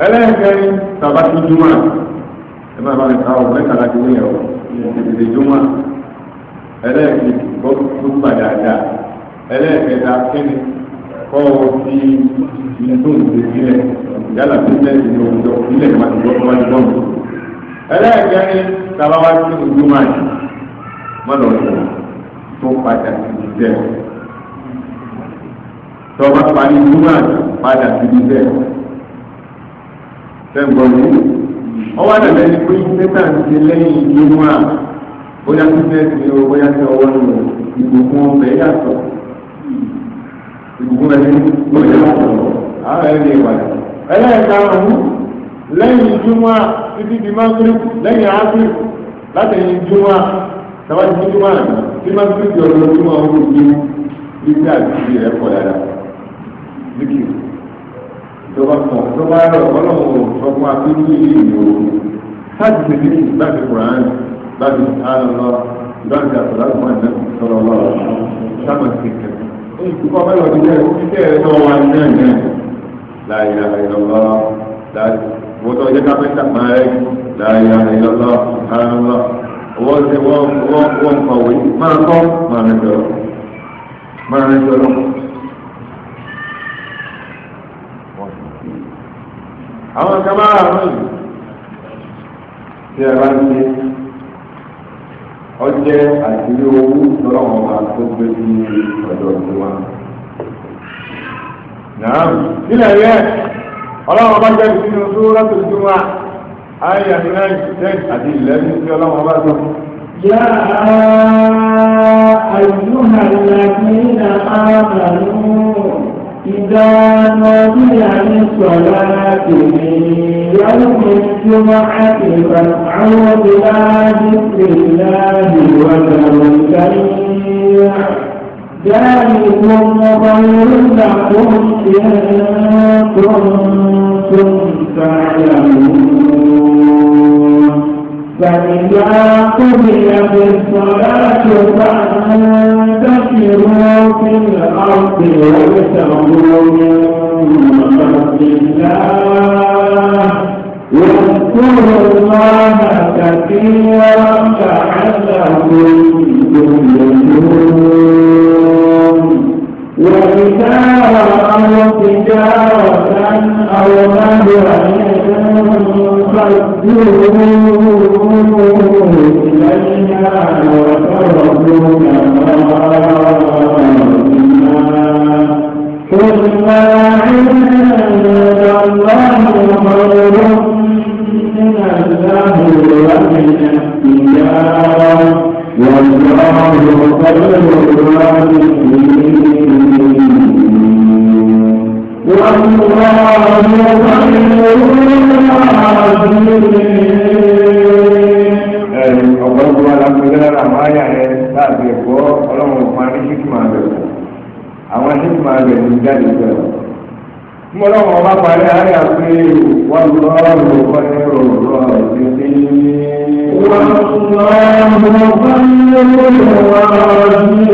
A: ẹlẹ́ẹ̀kẹ́rin tàbá ti júmọ̀ ẹ bá bá mi ká ọ mẹ́ta láti wí ẹ̀ ọ́ ìdìbò júmọ̀ ẹlẹ́ẹ̀kẹ́ kọ́ tó padà dà ẹlẹ́ẹ̀kẹta kẹ́ni kọ́ ọ fi ìtò ìdèkílẹ̀ yálà tó tẹ̀sí ní òwúrọ̀ ilẹ̀ ìwádìí gbọ́dọ̀ wájú bọ́ọ̀lù ẹlẹ́ẹ̀kẹ́rin tàbá wá sí ìjúmọ̀ mọ́lọ́ọ̀lù tó padà ti jẹ́ tọba parí padà síbi bẹ́ẹ̀ sẹ́ǹgbọ́n mi ọwọ́ àdàbẹ́ ni pé sẹ́tà ń ṣe lẹ́yìn júmọ̀ bóyá tí o bóyá tí ọwọ́ nù ìbùkún ọbẹ̀ yàtọ̀ ìbùkún ẹni ló yàtọ̀ ààrẹ lè wà ẹlẹ́ẹ̀karùn-ún lẹ́yìn júmọ̀ títí di lẹ́yìn látẹ̀yìn tí ti zikir tó bá kàn tó bá rọ ọlọ́run sọ fún wa pé kí ilé ìlú o sáàtì ṣe zikir láti kùrán láti sàn lọ láti àtàlà fún àná sọ̀rọ̀ ọlọ́run sáàmà kékeré. ìkọ́ mẹ́lọ̀ ti jẹ́ ìkíkẹ́ ẹ̀ náà wà ní náà náà láyé àìlọ́lọ́ láyé wọ́n tó yẹ kápẹ́ńtà máa rẹ̀ láyé àìlọ́lọ́ àìlọ́lọ́ wọ́n ti wọ́n wọ́n kọ̀wé máa kọ́ máa rẹ̀ jọ̀rọ̀ máa rẹ̀ jọ̀rọ̀. àwọn nǹkan máa rà mọ́ yìí tí a bá ń ṣe ọjẹ́ àtìlé owó lọ́wọ́ ọba tó gbé sí ọ̀dọ̀ tó wà. Nàá nílẹ̀ yẹ ọlọ́wọ́ ọba jẹ́ ìsinmi tó láti dùn wá ayé àti jẹ́ àti ìlẹ́yìn tí ọlọ́wọ́ ọba tó. Yá àyùhàn làbí nà ámàlú. إذا نودي للصلاة من يوم الجمعة فاسعوا إلى ذكر الله وذروا البيع ذلكم خير لكم إن كنتم تعلمون فإذا قضيت الصلاة فانتشروا رب ويستغفرون من خلق الله واذكروا الله كثيرا لعلهم يهتدون
B: وإذا رأوا تجارة أو نهوا إليها وتركوك قل ما عند الله خير من الله ومن التجارة والله خير الرازقين والله خير الرازقين.
A: ọ̀pọ̀lọpọ̀ alágbèéká àwọn àyà ẹ̀ láti ẹ̀kọ́ ọlọ́run fún arísíkì máa bẹ̀rù àwọn nígbà rẹ̀ ní jáde pẹ̀lú. mo lọ́wọ́ ọba parí àárẹ̀ àpé wọ́n lọ́ ọ̀rọ̀ wọn ní ọ̀rọ̀ ọ̀rọ̀ títí. wọ́n lọ́ ọ̀rọ̀ wọn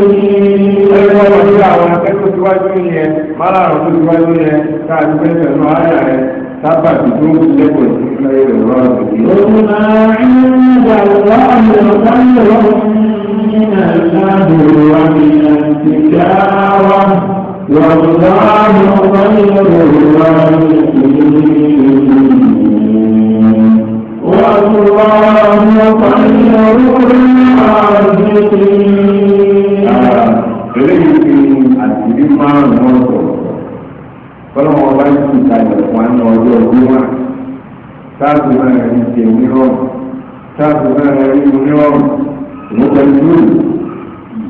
A: ní àwọn akẹ́kọ̀ọ́ síwájú yẹn márààrún tó síwájú yẹn káàdì pẹ̀lú ẹ̀rọ àárẹ̀ rẹ̀ sábà tí tó ń lẹ́kọ̀ọ́ sí ilé ìrọ̀rùn. òun náà ń gbà wọ́n من الأمر ومن التجارة والله خير الرازقين والله خير الرازقين eléyìí fi àtìrí márùn-ún wọn sọ̀rọ̀ fọlọ́mọ ọba yìí ti kalẹ̀ fún àná ọjọ́ ọdún wa táàbù náà rí jẹun ní táàbù náà rí mu ní mọ̀gbẹ́ndúró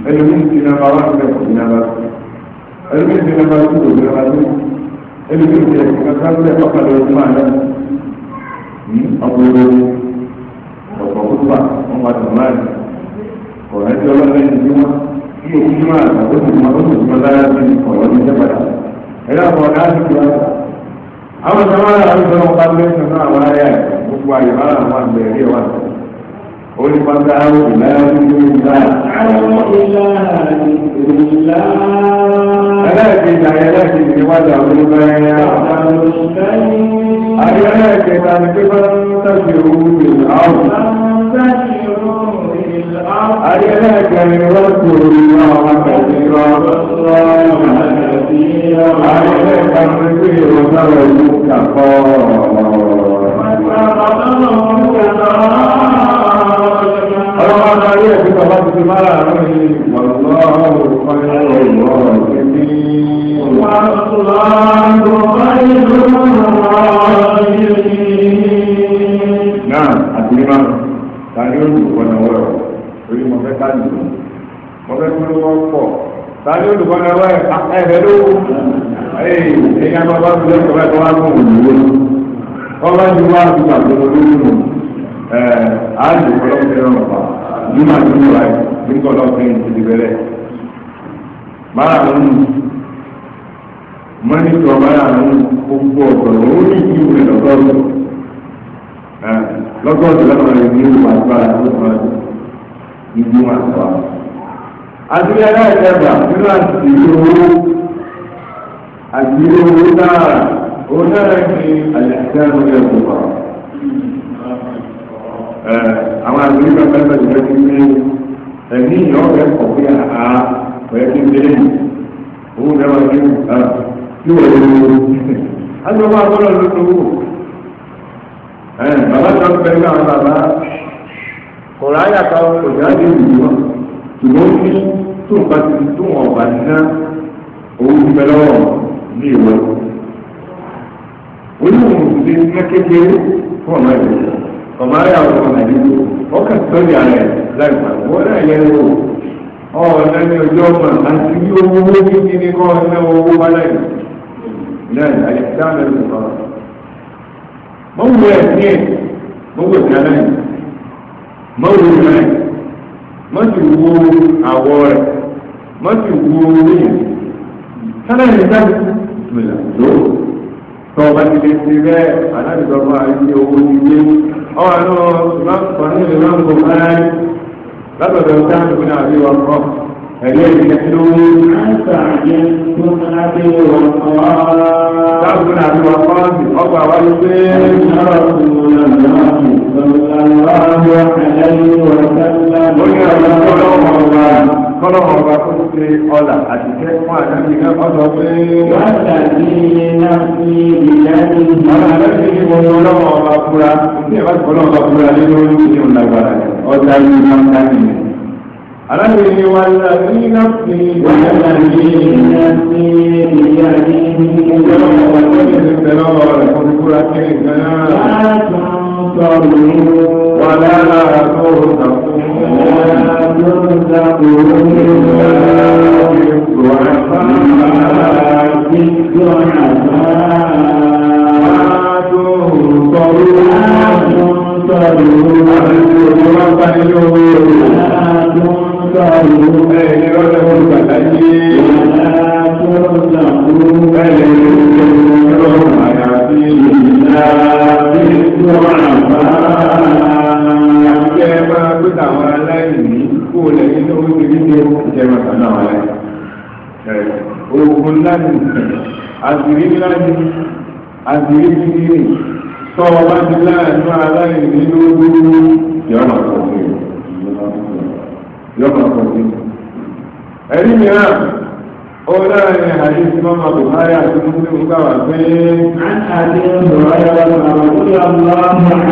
A: ẹlòmíì ti nàbà wá sílẹ̀ kò nàbà tó ẹlòmíì ti nàbà tó kò nàbà tó ẹlòmíì ti ẹ̀sìn kankan lẹ̀ ọ̀kadà ọdún àná ọ̀gbọ̀n ọ̀gbọ̀n kúpa ọmọ àtàmáàlì na ẹ̀jẹ̀ ọlọ́run ẹ̀jẹ̀ wọn kí èyí ní máa tó tó tó tó tó lára sí قل فتاه إله إلا ألاكي تعالاتي من وضع البيع ألاكي تعالاتي فانتشروا في الأرض
B: ألاك من رسول الله كثيرا ألاك من كثير وترجوك فارا وترجوك فارا ọ̀rọ̀ máa àti
A: ní máa ta ni ó lùkọ́ náà juma juma wa nígbà ọlọ́sìn ti di bẹ̀rẹ̀ mara àwọn mọ́nítọ̀ mara àwọn gbogbo ọ̀gọ̀rọ̀ ó ní kí wọ́n lọ́gọ́rùn lọ́gọ́rùn lọ́nà rẹ̀ ní ìwà agbára tó kàn án ní juma sọ àwọn. àdúgbò aláìsẹ̀gbà nínú àti owó àti owó náírà owó náírà ní àlẹ́ àti àwọn ẹ̀kọ́ kan.
B: àwọn àgbèrè bàbá ẹgbẹ́ ìjọba
A: ti gbé ẹ̀mí ìyá gbé owó agbọ́dọ̀ ló tó wò bàbá tó ń bẹ ní àwọn bàbá ṣùgbọ́n tó bá ti tó wọn bá ti ná owó ti bẹ lọ́wọ́ ní ìwọ ní kékeré fún ọ̀nà ọmọ ayé na ọmọ ọ ọkà sọ́jà rẹ̀ láì pàdé wọ́n náà ma wò ọ̀ọ́nà ní àti bí owó owó kíkí ní kọ́ ọ̀nà owó bá láì náà àyè dáná ló kọ́. mọ̀wù ẹ̀ ní ẹ̀ mọ̀wù ẹ̀ dáná ẹ̀ mọ̀wù rẹ̀ mọ̀tì wo àwọ̀ tó tọ́ ti lè ti àyè owó ti ọwọ́ àlọ́ ìmáàmù ìmáàmù bùkárí látọ̀dọ̀ sáàmù ìbùnà àbí wa kọ́ ẹ̀rí ẹ̀rí ẹ̀dọ́ sáàmù ìbùnà àbí wa kọ́ ọgbà wa ló pé ó ní àwọn ọlọ́wọ́ ọgbà kọ́lọ́mù ọba tó ń pe ọlà àti kẹ́kọ̀ọ́ àdáni ká ọ̀sọ̀ pé. wọ́n tàbí iná sí ìlànà ìlú. àwọn àlọ́sí ni wọ́n kọ́lọ́mù ọba fúra ní ẹ̀fà kọ́lọ́mù ọba fúra nínú oríṣiríṣi ìlàgbára ọ̀tá yìí máa ń dá nìyẹn. ni wọ́n tàbí iná sí wọ́n tàbí iná sí ìlànà ìlú. kọ́lọ́mù ọba tó ń pe ọlà àti kẹ́kọ̀ọ́ àdáni ká ولا ترزقون إلا بالضعفاء Thank you àwọn aláìní kó o lẹ́yìn tó ń tẹ̀lé ní ìjẹun àtàwọn àwọn aláìní. oògùn ńlá ni àṣírí ńlá ni àṣírí ti rí tọ́ ọ bá ti láàánú aláìní lógún yọ̀ọ̀nà kọ̀ọ̀kan yọ̀ọ̀nà kọ̀ọ̀kan. ẹ̀rí mìíràn. Ọlọ́run àyè tí wọ́n máa bùkún ayé àti Mùsùlùmí gbà wá pé. Àti ọ̀rọ̀ ayára sọ̀rọ̀ lórí àwọn ọmọ àti ọmọ.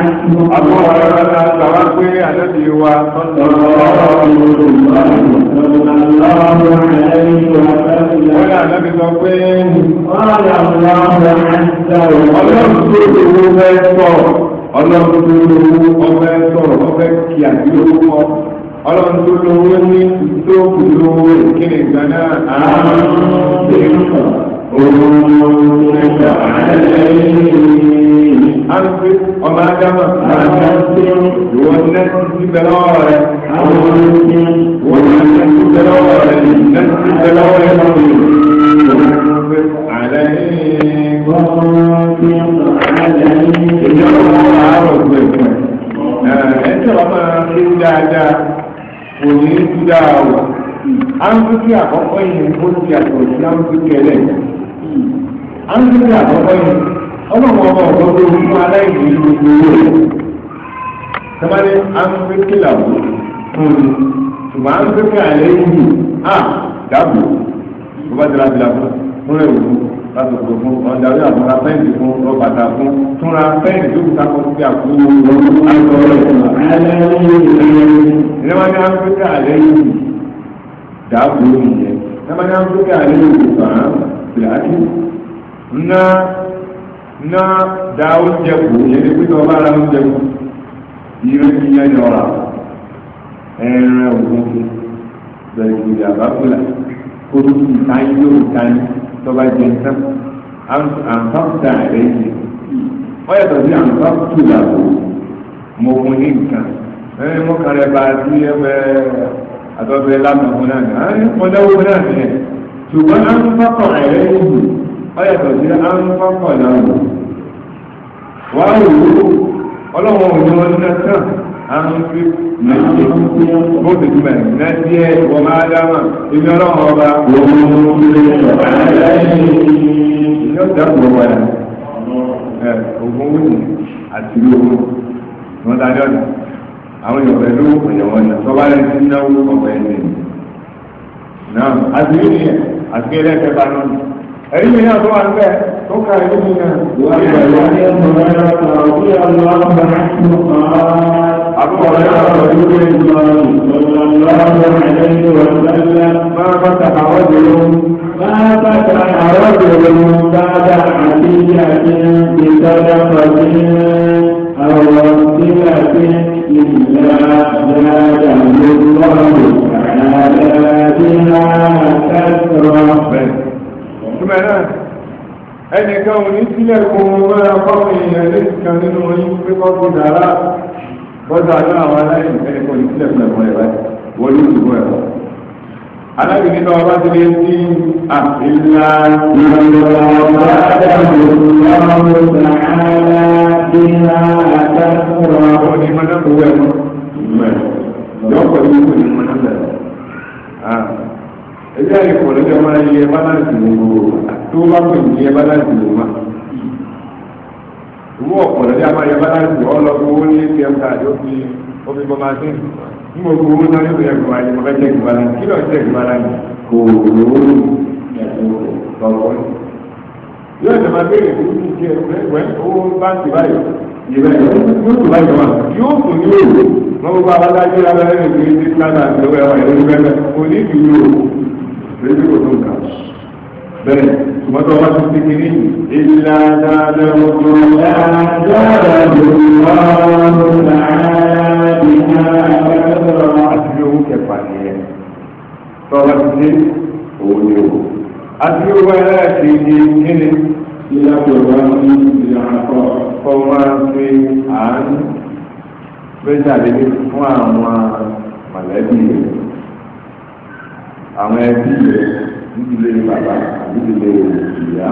A: Àwọn ọ̀rọ̀ ọ̀la gbà wá pé àdébí wa. Ọ̀sọ̀rọ̀ Yorùbá ọ̀sọ̀rọ̀ Ọ̀là àdébí sọ pé. Ọ̀là ọ̀la ọ̀la ọ̀lọ́run tó lówó fẹ́ sọ̀rọ̀ ọlọ́run tó lówó ọfẹ́ sọ̀rọ̀ ọfẹ́ kí àdúgbò kọ́. ọlọ́run tó lówó ní tó kù lówó ìkíni ìgbà náà àárọ̀ Àǹfẹ́ ọmọ Ádámà, àǹfẹ́ ìwọ̀n náà ti bẹ̀rẹ̀ ọ̀rọ̀ rẹ̀, àwọn ọ̀rọ̀ ìwọ̀n náà ti bẹ̀rẹ̀ ọ̀rọ̀ rẹ̀, náà ti bẹ̀rẹ̀ ọ̀rọ̀ rẹ̀ lọ́wọ́ rẹ̀. Àǹfẹ́ àlàyé wọ́n ti àlàyé. Ìjọba ọmọ àárọ̀ gbẹ̀gbẹ̀. Ẹ̀ẹ́dẹ̀ ọmọ akéwú dáadáa. kò ní a, kú dára o arúgbókè àkọ́kọ́ yìí ó ti àtọ̀ sí arúgbókè ẹlẹ́yìn yìí ọlọ́run ọmọ ọ̀gbọ́n aláìní gbogbo owó làwọn fún un yìí lásìkò fún ọ̀dàrí àwọn afẹ́ǹdì fún ọ̀bàtà fún túnra afẹ́ǹdì tó kùtà kọ́ sí àkókò ọ̀rọ̀ àìsàn ọ̀rọ̀ ìfúnra. ìrẹ́wọ̀n ní áfíríkà àlẹ́ yìí dàbò nìyẹn ìrẹ́wọ̀n ní áfíríkà àlẹ́ yìí fàá fìlàkì ná ná da oúnjẹ kù yẹn ní pípẹ́ ọba ara oúnjẹ kù ìrẹ́kì yẹn ni ọ̀rà ẹ̀rẹ̀ ògùn bẹ̀rẹ̀ ìgbìyàbá fúlà kó tó ti ta yín lóhùn ta yín. tọ́ba jẹ tán àǹfààfà rẹ̀ yìí wọ́n yàtọ̀ sí àǹfààfù làbò mo fún ní nǹkan ẹ mọ kàn rẹ bá a sí ẹgbẹ àtọ́fẹ́ lánàá fún náà náà ẹ mọ dáwọ́ fún náà nìyẹn ṣùgbọ́n yìí wọ́n yàtọ̀ sí wò ó ọlọ́wọ́n ò ní wọn ní àǹtí nàìjíríà ó ti túmọ̀ ẹ̀ nàìjíríà wọ́n máa dáhùn ìní ọlọ́run ọba ìní ọjà kúrò wà ní ẹ àwọn èèyàn pẹ̀lú ọ̀yẹ̀wọ̀n ọ̀nà tọ́ba rẹ̀ ti náwó ọ̀pẹ̀ ẹ̀ náà àti ìlú àti ẹlẹ́kẹ̀ẹ́ bá náà ẹ̀rí mi náà tó wà níbẹ̀ tó ka ẹ̀rí mi náà. wọ́n yà wá ní ọmọ náà kàwé bí ọlọ́ ọmọ náà tó kàn án. àbúrò rẹ̀ náà lọ sí ilé ìgbà ọ̀lọ́ọ̀lọ́ ẹ̀dẹ́gbẹ̀ wọ̀lọ́lá. máa bá tàkà wọ́n dèrò. máa bá tàkà wọ́n dèrò dáadáa àti àti ìtọ́jà pàdé àwọn sílẹ̀ àti ìlà dáadáa lọ́wọ́ àdáadáa kẹ́kọ̀ọ́ túmẹ̀ náà ẹnìkan ò ní sílẹ̀ kó wọn máa fáwọn èèyàn lẹ́sìkan nínú oyún pé kọ́ fi dàrá bọ́sà ní àwọn aláìní ẹnìkan ò ní sílẹ̀ fún ẹ̀kọ́ ẹ̀wá wọ́n ní ìdúgbò ẹ̀kọ́. aláìní nípa ọba ti lè sí àfihàn ìrànlọ́wọ́ àtàkùn ọ̀rọ̀ ìmọ̀lẹ́kùn wẹ̀ mọ́. yọ̀ọ́kọ̀ yìí kò ní mọ̀ náà ẹgbẹ́ àyẹ̀kọ́ lọ́jọ́ máa ń yẹ báláǹsì gbogbo tó bá pè ní yẹ báláǹsì gbogbo ìwọ ọ̀pọ̀ lọ́jọ́ máa yẹ báláǹsì ọlọ́gbọ́ owó ní atm card ó fi ó fi bọ́ máa ṣe ń gbogbo owó náà yóò yẹ kó ayé mo fẹ́ jẹ́ kí báláǹsì kí lọ́ọ́ jẹ́ kí báláǹsì kò lówó lọ́wọ́ yóò tẹ̀ máa béèrè fún mi jẹ́ ìwé owó báńkì báyìí ìwé yóò tó báyìí wá yóò tó ní òwò wọn gbogbo abájáde abẹ́rẹ́ nìkan ní sábà ìjọba ẹ̀wọ̀n ìlú bẹ́ẹ̀ kò ní ìlú lórí kò tó nǹkan bẹ́ẹ̀ tòmọ́tò ọmọ tó ti kiri ìlà dáadáa lọ́wọ́ dáadáa lọ́wọ́ dáadáa lọ́wọ́ àti owó kẹfà nìyẹn tọ́lá ti dé òun ni o àti owó aláàṣẹ ìdí kíni ìyàtọ̀ wá sí ìyàtọ̀ fọwọ́ pé àánú pé jáde fún àwọn mọ̀lẹ́bí àwọn ẹbí rẹ nídìílé bàbá nídìílé ìyá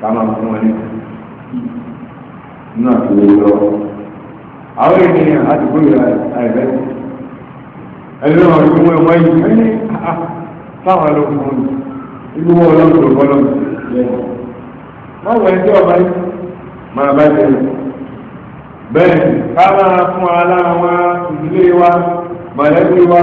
A: ká máa fún wọn ní nínú àtúwò lọ. àwọn ènìyàn láti gbóyè àìbẹ́ ẹni náà ló mú ẹwọ́n yìí ẹni ah, ah, táwọn ló fún un ibi wọn lọ́dún ló bọ́ lọ́dún. wọ́n wọ ẹjọ́ ọba yìí máa bá bẹ́ẹ̀ ká máa fún ìdílé wa mọ̀lẹ́bí wa.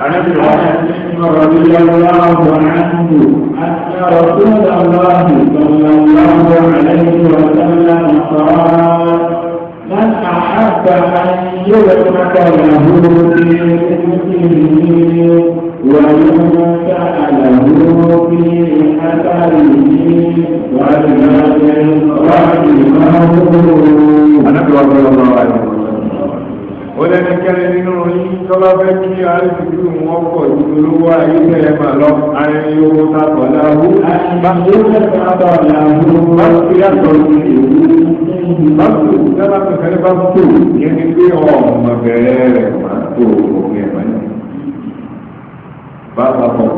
A: عن رضي الله عنه أن رسول الله صلى الله عليه وسلم قال من أحب أن يدرك له في أمته وإن سأله في أثره وليجد رحمه. أنا رضي الله عنه ó lẹ́nikẹ́ni nínú yín tọ́lá fẹ́ kí àrídìdì wọn pọ̀ ju olówó ayé tẹ̀lé mà lọ arìnrìn owó tàbọ̀ làwù. báṣu tàbọ̀ làwù. báṣu yàtọ̀ sí ìlú. báṣu sábà kankan bá tó yẹn ni pé ọmọ bẹ̀rẹ̀ rẹ̀ máa tó òkè ẹ̀ máa ní. bá a bá bọ̀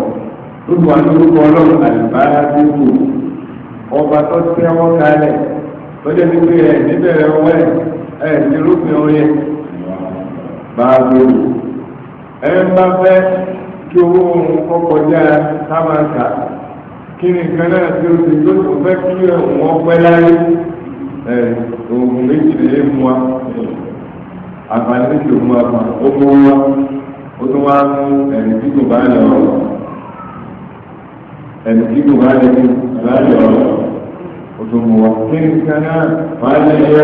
A: lóko àti lóko ọlọ́run àlùbáyà tó kù ọba tó tẹ́wọ́ kalẹ̀ tọ́jú ẹni pé ẹ̀ níbẹ̀rẹ̀ ọwọ́ ẹ̀ ẹ̀ ní rúbin orin báàbíwò ẹ bá fẹ́ kí owó òun kọ́kọ́ já sábàkà kí ni nǹkan náà tí ó ti tó tó fẹ́ kí òun ọpẹ́ láyé ẹ oògùn méjìlél mu wa méjì òun wa kan ó mú wa ó tún wá mú ẹ̀rí tí kò bá lọ ẹ̀rí tí kò bá ووفقنا واجعل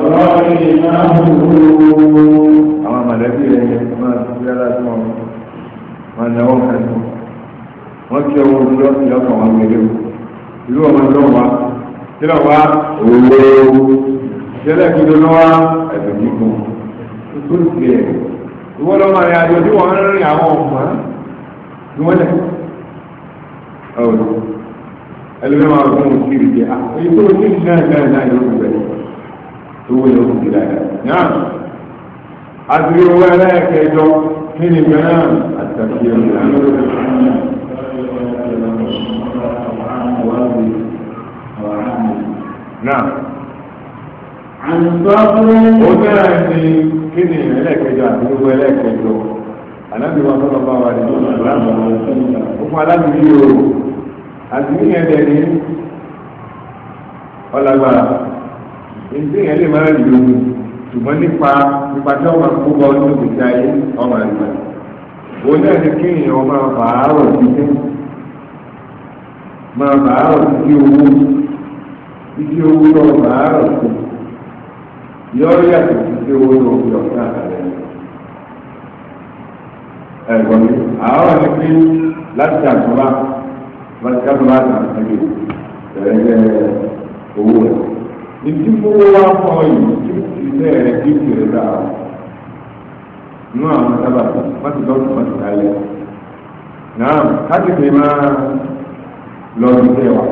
A: رأيناه أما ملكي لك ما سجلت ما نوم عنه wọ́n ti ọwọ́ ojú lọ́sí lọ́kàn wọn gbélé o ìlú ọmọ ìlú wa sílẹ̀ wa òwò ìṣẹ̀lẹ̀ gbogbo lọ́wọ́ ẹ̀dùn nígbò tó ti ẹ̀ ìwọ́n lọ́mọ rẹ̀ àjọ tí wọ́n ń rìn àwọn ọ̀pọ̀ ẹ̀ ni wọ́n lẹ̀ ọ̀rọ̀ ẹlẹ́mẹ́ máa fún un kiri jẹ́ àyè tó ní náà náà náà yóò fi bẹ̀rẹ̀ tó wọ́n yóò fi dáadáa. náà àti owó ẹlẹ́ẹ̀kẹjọ kí ni bẹ́ẹ̀ náà àtàkì ẹ̀rọ ìlànà náà. Àǹtọ́kùnrin. Ó náà ni kí ni ẹlẹ́ẹ̀kẹjọ àti owó ẹlẹ́ẹ̀kẹjọ. Àlábìwá tó lọ bá wa ní ìlú Àlámọ̀. Ó fún alábìwí yóò àdìmí yẹn dẹ̀ ní ọlágbára èdè yẹn lè máa rí ohun ṣùgbọ́n nípa nípa tí ọmọ kó bọ́ ní òkè tí ayé ọmọ àgbà òun náà ní kí èèyàn ọmọ bàárọ̀ títí máa bàárọ̀ títí owó títí owó lọ bàárọ̀ tó yọ̀ọ́ yàtọ̀ títí owó lọ fi ọ̀sán àtàlẹ́ ẹ̀gbọ́n mi àwọn ẹni pé láti àtúbà káfí máa tàn síbi ẹ̀ẹ́dẹ́ owó rẹ̀. Ìdí fowó wá fún ọ yìí tí ilé rẹ̀ kí kiri dà ó. Inú àwọn sábà wọ́n ti dọ́kítà wọ́n ti dálẹ̀. Náà káàkiri máa lọ sí ilé wa.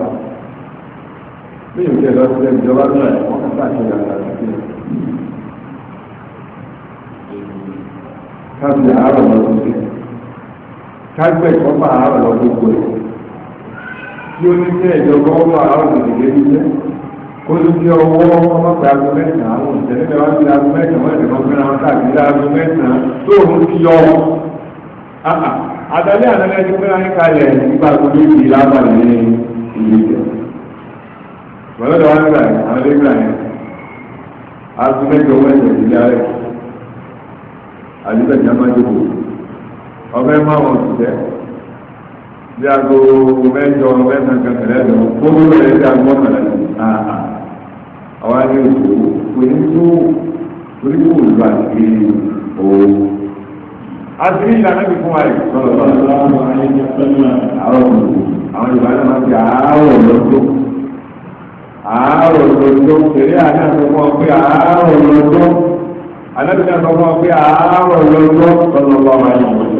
A: Bí gbogbo ẹ̀ tí ó ní sí ẹ̀jọ̀gbọ́n ó máa ń rìn lé níṣẹ́ ó ní sí ọwọ́ ọlọ́pàá aago mẹ́sàn-án àwọn ìtẹ́lẹ́fẹ́ wá sí aago mẹ́sàn-án wọ́n ìdìbò fẹ́ra wọn káàkiri aago mẹ́sàn-án tó òun ti yọ ọ́ àtàlẹ́ àtàlẹ́ ti fẹ́ra ní kalẹ̀ nípa gbogbo ìdí lábàlẹ̀ ní ìlú ìjẹ́ pẹ̀lú àwọn ìgbà yẹn àwọn ìgbà yẹn aago mẹ́jọ mẹ́jọ ìdílé alẹ́ àdìgbẹ̀jẹ̀ máa jókòó ọbẹ̀ máa wọn bí aago mẹ́jọ mẹ́ta kẹsìlẹ lọ gbogbo rẹ bí aago mọ́kànlá lọ àà àwọn àti òkú onígbò onígbò olú àti òwò. àti ìlànà bí fún wa yìí. àwọn àwọn Yorùbá náà máa fi àárọ̀ lọ́dún
B: àárọ̀ lọ́dún kèrè àti àtọ́kọ́ pé àárọ̀ lọ́dún
A: àdàbí àtọ́kọ́ pé àárọ̀ lọ́dún tọ́lọ́lọ́ máa yọ̀ wọ́n.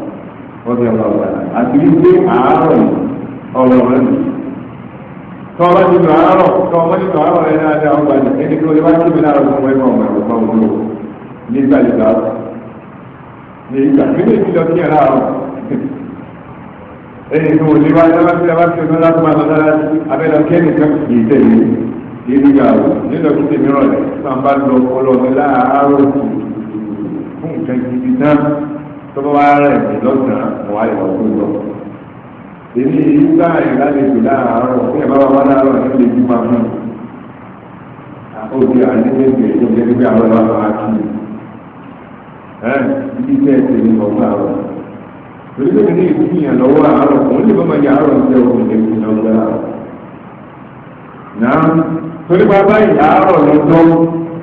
A: ọdún ọba ọba àti wípé àárọ̀ yìí ọ̀rọ̀ rẹ̀ nù. tọ́ ọba ti lọ àárọ̀ tọ́ ọba ti lọ àárọ̀ rẹ̀ náà dá ọba ní ẹni tó lè wá síbi láàárọ̀ fún ẹgbẹ́ ọmọ ẹ̀rọ ọgbà òwúrò nígbà ìgbà ìgbà kílè ti lọ kí ẹ láàárọ̀. ẹni tó lè wá sábà sí abá sí ọlọ́lá tó máa lọ sára sí abẹ́lọ kí ẹnì kan kì í tẹ̀lé nígbà nílò kí tèmi rọ̀ lẹ̀ sàǹbà lọ ọlọ́ọ̀ tó bá wá rẹ̀ mí lọ́sàn-án mo wá ìwà tó lọ. èmi yìí gbá ìlàlejò láàárọ̀ fún ìbá wa wá láàárọ̀ ní ilé ìgbìmọ̀ fún òbí àdébẹ̀bẹ̀ tó jẹ́ pé àwọn ọba máa kí i. ẹ ibi tẹ́ ẹ tẹ̀lé mọ̀ fún àárọ̀. torí pé mi ní ìfúnyàn lọ́wọ́ àárọ̀ òun lè bá máa yẹ àárọ̀ ń jẹ́ òun lè fi lọ́gbà àárọ̀. náà torí pa báyìí àárọ̀ lọ́jọ́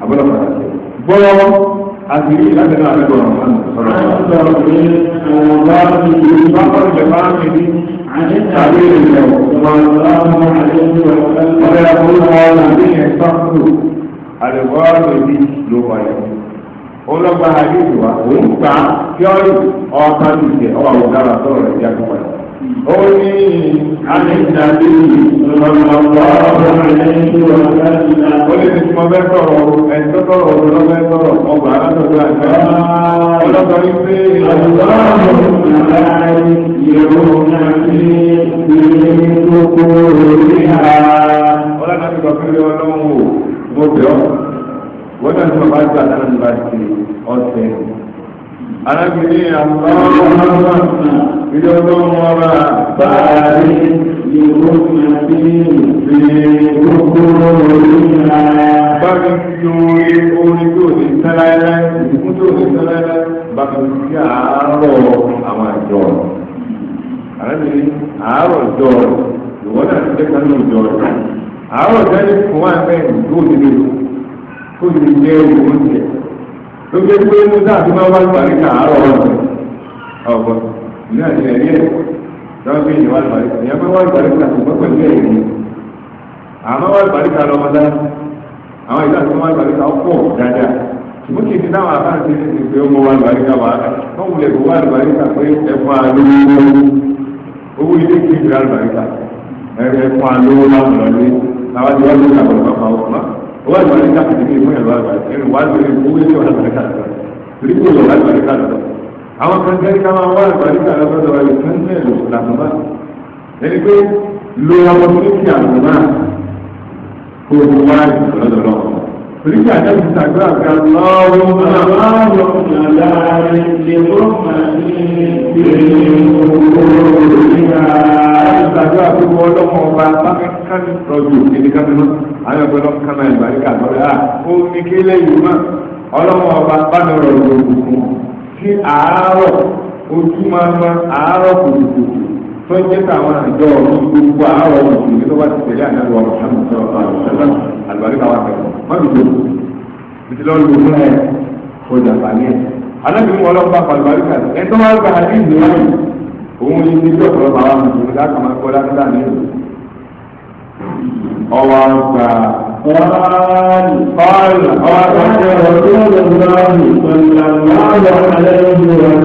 A: àbọ̀lọ̀ pàtàkì gbọ́ àti rí ìlànà àdúgbò ọ̀rọ̀ Tàbí ìrìnlẹ̀ ọ̀gbọ̀n ọ̀rọ̀ ọ̀rẹ́ àbúrò ọ̀rọ̀ àbí ẹ̀sọ́kù àdìgbò ọ̀rọ̀ ìdí ló wáyé. Olọ́gbà àdìgbò wa, òun gbà kí ọ̀rọ̀ ọ̀ọ́ká lùjẹ̀ ọ̀rọ̀ dára sọ̀rọ̀ ìjà tó wáyé ó ní àlejàdé ìrànlọ́wọ́ ó lè ní mo fẹ́ sọ̀rọ̀ ẹ̀tọ́ sọ̀rọ̀ ọ̀rọ̀ fẹ́ sọ̀rọ̀ ọgbà alátọ̀dọ̀ àjọ ọlọ́sọ wípé Wọ́n náà tí wọ́n bá gbà náà ń bá ti ọ̀sẹ̀ arábìnrin àwọn ọmọ ilé ọlọ́run ọba báyìí ni ó àti ìrìn gbogbo orí ara. ti orí orí tó lè sáláyá ìdíkún tó lè sáláyá báyìí ti àárọ̀ àwọn àjọ arábìnrin àárọ̀ jọ ìwọ́n ní òjò àárọ̀ jẹ́ fún wa bẹ́ẹ̀ tó tó ló gbé pé musa àti máa wá lùbárí kà á rọ̀ ọ̀rọ̀ ọ̀bọ̀ ní àti ẹ̀rí ẹ̀ lọ́wọ́ bí ìyẹn wá lùbárí kà ìyẹn máa wá lùbárí kà kò pẹ́pẹ́ ní ẹ̀rí àmọ́ wá lùbárí kà lọ́mọ dá àwọn ìgbà tó wá lùbárí kà ó pọ̀ dáadáa ṣùgbọ́n kì í ti dáhùn àbáǹtí ní ti pé ó mọ wá lùbárí kà wá wọ́n wulẹ̀ kó wá lùbárí kà pé ẹ̀fọ́ alówó owó ilé kì í ti rà lùbárí kà ẹ̀fọ́ alówó láwùjọ wọ́n wà ní káàkiri ní ìfún ìlú àgbà ẹni wà lórí owó ilé wà lórí káàkiri torí kò lọ láti lórí káàkiri àwọn kan kẹ́rì ká máa wà lórí káàkiri lọ́dọ̀ wáyé kẹ́ńtẹ́ lò làtúmá ẹni pé lo àwọn tó ti àtúmá kò ní wá lọ́dọ̀ lọ. torí kí àjẹ́ ti sàgbé àgbà lọ́wọ́ máa lọ láàrin lè mọ́ màá ní ìgbéyàwó ìgbéyàwó gbàdúrà tó wọ ọlọ́mọ ọba bámi kánú rọjò níbi kánú náà àwọn ẹgbẹ́ ọlọ́mọ kánú àìbáríkà lọ́rẹ́ à ó ní kí lẹ́yìn mọ́ ọlọ́mọ ọba bámi rọjò òkùnkùn sí àárọ̀ ojúmọ́ àárọ̀ kùtùkùtù tó ń jẹ́ táwọn àjọ ọ̀run gbogbo àárọ̀ òkùnkùn ní tó bá ti tẹ̀lé àná lọ́wọ́ sánú sọ̀rọ̀ àlùbáríkà wà pẹ̀lú mọ́ òun yìí ní bí ọ̀pọ̀lọpọ̀ àwọn mùsùlùmí láti máa kọ́ láti dàní ìlú. ọwọ́ àgbà fáàlì fáàlì ọwọ́ àgbà jẹ́ ọ̀dọ́ ìlànà ìlànà àlẹ́yìn ìwọ̀n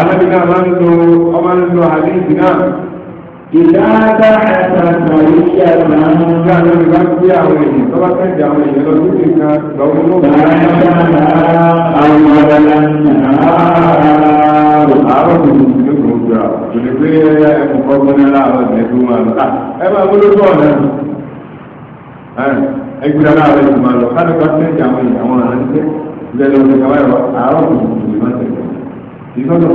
A: alábi náà máa ń lo ọmọ ń lo àdéhùn náà. ìdá bá àtàkà ìyá náà. ìyá náà ní bá gbé àwọn èèyàn tó bá kẹ́jọ àwọn èèyàn lọ sí ìka lọ́wọ́ lọ́wọ́. àwọn ọ̀dọ́ àwọn ọ̀dọ́ gbà kò ní pé ẹmu kọ́gbọ́n láàárọ̀ ìgbẹ́ tó máa lọ ẹ máa mú lójú ọ̀nà ẹ gbìdá láàárọ̀ ìgbẹ́ máa lọ káàdì kan tẹ̀ ẹ̀ àwọn ìyàwó rẹ̀ ń tẹ́ ilẹ̀ lọ́sẹ̀ kàwáyọ̀ àárọ̀ kò ní ìgbìmọ̀ tẹ̀ ìsọ́dọ̀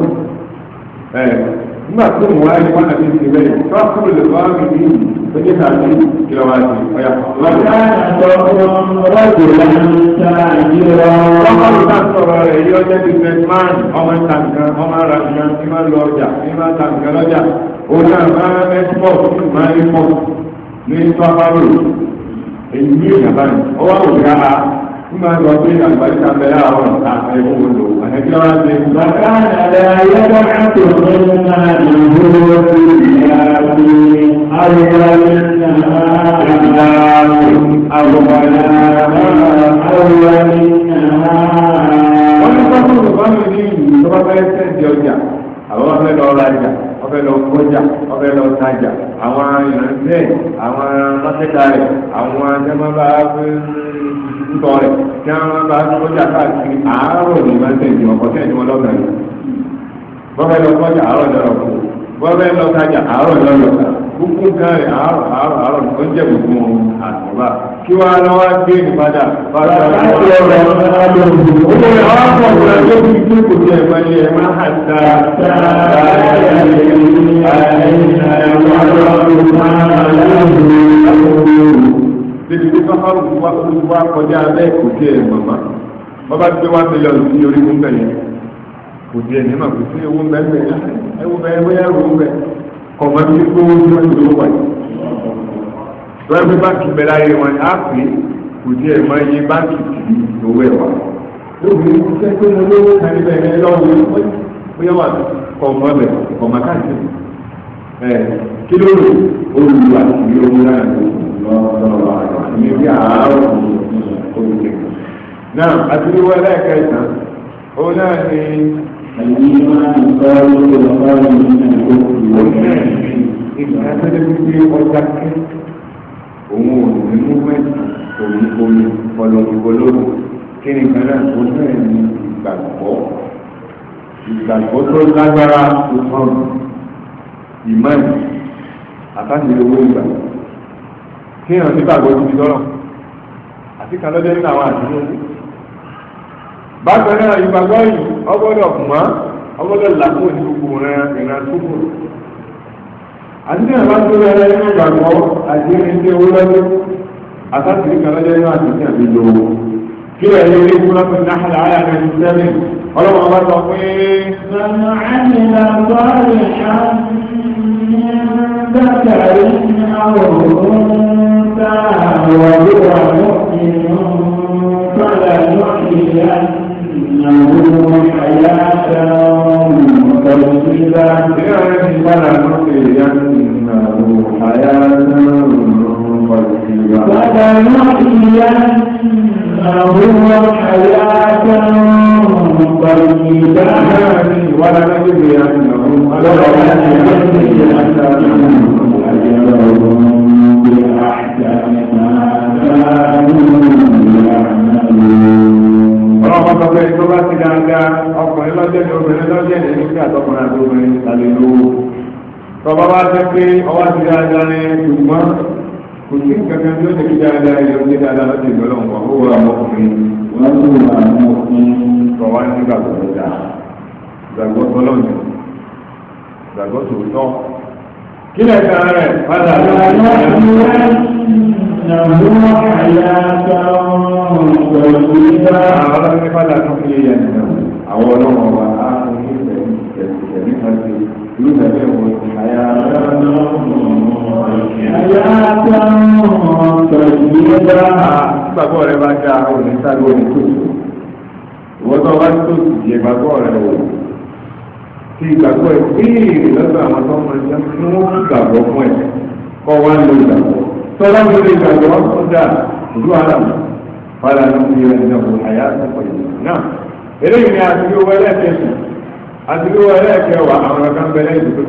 A: nígbà tó mọ̀ wáyé wọn àti ti bẹ́ẹ̀ tó àkúrò lè wá mi ní ojú tàbí ìlọ́wájú ọ̀yà. Wàtá àtọ̀kùn rọ́jò lẹ́nta ìyíra. Ọmọ mi ká sọ̀rọ̀ rẹ̀ yí ọjọ́ bíi Bẹ́tmán, ọmọ tàǹkan, ọmọ àràǹkà, ní máa lọ ọjà, ní máa tàǹkan lọ́jà. Òun náà máa ẹ́sìpọ̀ máa ń pọ̀ ní Tọ́párò. Èyí ní ìyàbá ni, ọwọ́ àwòrán nígbà tó wọ́n gbé àgbàríkà bẹ̀rẹ̀ àwọn ọ̀tá ẹ̀wọ̀ olò àtẹ̀kí wọn ṣe. bàbá àdàlẹ́ ayẹ́dọ́ àtò nínú náà ìlú ti ìyá mi awùwalẹ̀ náà ìlà mi awùwalẹ̀ náà awùwalẹ̀ náà. wọ́n ní kọ́kọ́ tó bá mi ní ìlú tó bá fẹ́ sẹ́ǹdì ọjà àwọn ọ̀fẹ́ lọ rajà àwọn ìrántí rẹ̀ àwọn tẹ́mọ́ bá ńtọ́ rẹ̀ tí wọ́n bá sọ́jà káàkiri àárọ̀ ní máa ń tẹ̀lé ọkọ̀ tẹ̀lé wọn lọ́gàá yìí bọ́fẹ́ lọ sọ́jà àárọ̀ ní ọkọ̀ bọ́fẹ́ lọ sọ́jà àárọ̀ ní ọkọ̀ kúkú kan rẹ̀ àárọ̀ àárọ̀ àárọ̀ tó ń jẹ̀bù wọn àtúbà kí wọ́n á lọ́wọ́ gbé ní padà bàbá rẹ̀ wọ́n lọ́wọ́ rẹ̀ wọ́n lọ́wọ́ rẹ̀ wọ́n lọ́wọ́ rẹ̀ wọ́n lọ́wọ́ rẹ̀ wọ́n lọ́wọ́ rẹ̀ débi tó sáfárù wá wá kọjá alẹ́ kò jẹ́ ẹ̀ mọ̀mọ́ bàbá gbé wá sí yọrù sí orí wọn bẹ̀yẹ kò jẹ́ ẹ̀ mọ̀ kò sí ewu ń bẹ́ẹ̀ bẹ́ẹ̀ ah, ewu bẹ́ẹ̀ wọ́n yẹ ewu bẹ́ẹ̀ kọ̀ mọ́ bí kó wọ́n tó ló wà yìí. lọ́wọ́ bí báńkì bẹ̀rẹ̀ ayé wọn á pè é kò jẹ́ ẹ̀ mọ́ iye báńkì tì kí ló lò olùlù àti omi náà lọ́wọ́ ní bí àárọ̀ olùkẹ́. náà àtúndínwó ẹlẹ́ẹ̀kẹsàn-án ó náà ní. ẹ̀yin máa ń sọ ọ́ lórí ọ̀pá ìlú náà ó fi wọ́n náà ní ìgbàlódé wípé ọjà kí òun ò ní múvẹ́ǹtì òun omi ọlọ́gbọ́lọ́gbọ́ kí ni kan náà ó bẹ̀rẹ̀ ní ìgbàgbọ́ ìgbàgbọ́ tó lágbára tó sọ̀rọ̀. ìmọ̀ọ́nì àtàkì iwe ti di lọ́rọ̀ àti àwọn àdúgbò bákan náà ìgbàgbọ́ yìí ní gbogbo ìran ìran tó kù àti ní àbá tó rẹ̀ nínú ìgbàgbọ́ àti owó lọ́dún àti ní ọlọ́wọ́n bá sọ pé.
B: ذكر أو أنثى وهو مؤمن
A: فلنحيينه حياة طيبة فلنحيينه حياة طيبة
B: فلنحيينه حياة بالميزان ولنجزينهم أجرهم أجرهم بأحسن ما كانوا
A: يعملون ọlọ́wọ́ sọ pé tó bá ti dáadáa ọkùnrin lọ́jọ́ ni obìnrin lọ́jọ́ ni nígbà tọkùnrin àti obìnrin tàbí lówó tọba bá fẹ́ pé ọwọ́ ti dáadáa ní ṣùgbọ́n kò sí kankan tí ó ti dáadáa yẹ ó ti dáadáa lọ́jọ́ ìgbọ́lọ́wọ́ ó wọ àwọn ọkùnrin. wọ́n tún wà ní ọkùnrin kọ wá ní gbàgbọ́ tó dáa gbàgbọ́ tó lọ́nà gbàgbọ́ tó tọ́ kí lè ka rẹ̀ padà lọ. Nàbó àyà sáwọn pẹ̀lú ìgbà. Àwọn ọlọ́run padà tún fi yẹn nà. Àwọn ọlọ́run ọba á fún ní ìfẹ̀mí kan sí. Ìlú ìfẹ̀mí ìwọ̀n àyà sáwọn pẹ̀lú ìgbà. Gbàgbọ́ rẹ̀ bá dáa, òní sáré òní tó tó wọ́n tó bá tó sì yẹ gbàgbọ́ rẹ̀ wò tí ìgbàgbọ́ ẹ̀ béèrè lọ́dọ̀ àwọn tó máa jẹ́ kí wọ́n fi gbàgbọ́ fún ẹ̀ kọ́ wá lo ìgbàgbọ́ tọ́lá mi lè gbàgbọ́ wọn tó dáa ìlú ara mi padà ló ń yẹ ẹ̀jẹ̀ wò àyà sọ̀kọ̀ ìlú náà eléyìí ni àti owó ẹlẹ́ẹ̀kẹsì àti owó ẹlẹ́ẹ̀kẹwàá àwọn ọ̀gá ń bẹ lẹ́yìn tó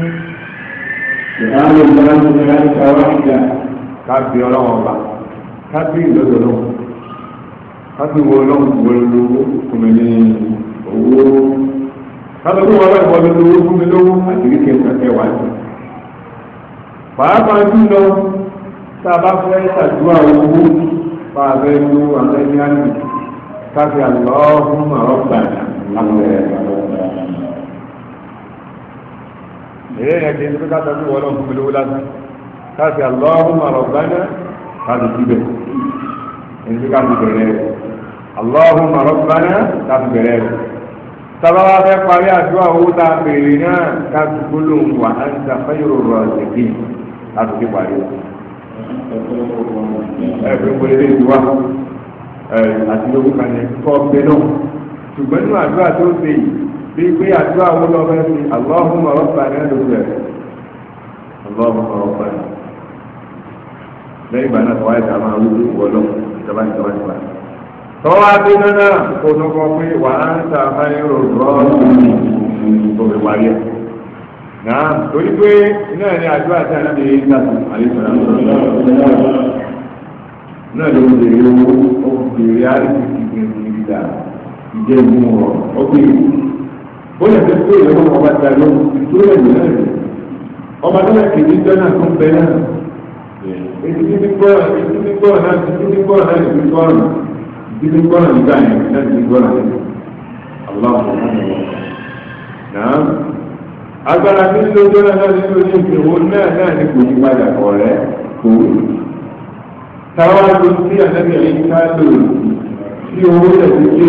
A: fi ìdáhùn ìgbàlá tó ní láti ta wá ọlọ́wọ́ ọba kábí wo owó fún mi owó èyí yẹn kì í ṣe pé ká sọ pé wọ́n lọ fún mi lówó lásán káàsì Allahumma rabbana káàsì síbẹ̀ èyí pé káàsì bẹ̀rẹ̀ rẹ̀ Allahumma rabbana káàsì bẹ̀rẹ̀ rẹ̀ sábàbá fẹ́ owó tá a náà káàsì gbólóhùn wà á ń ta fẹ́yìrò rọ̀ láti fi parí o. ẹ fi wọlé àti lóko kan ní kọ́ bẹ́ẹ̀ náà ṣùgbọ́n nínú tó ń ṣe yìí bíi pé àdúrà wo lọ bẹ́ẹ̀ fi Allahumma rabbana lórí rẹ̀ Allahumma rabbana lẹ́yìn ìgbà náà tọ́wá ìta máa ìjọba ìjọba ìjọba. tọ́wá bí nánà kò tó kọ pé wà á ń ta wáyé. torí pé náà ni àdúrà tí a àlejò náà. náà ló ń bèrè owó ó bèrè àrísìkì ìjẹ́ ó lè fẹ́ kó ìyẹn wọn ọba ta lóhùn ìtúró ẹ̀mí náà rẹ̀ ọba náà kì í jẹ́ náà fún bẹ́ẹ̀ náà ètí títí gbọ́ra ètí títí gbọ́ra náà títí títí gbọ́ra náà títí gbọ́ra náà títí gbọ́ra nígbà yẹn náà títí gbọ́ra náà aláwọ̀ agbára tí ń lójó náà náà nínú ojú náà náà ní kò ní padà ọ̀rẹ́ kò táwa ló sí àtẹ́kẹ̀lé ká lò sí owó tẹ̀síké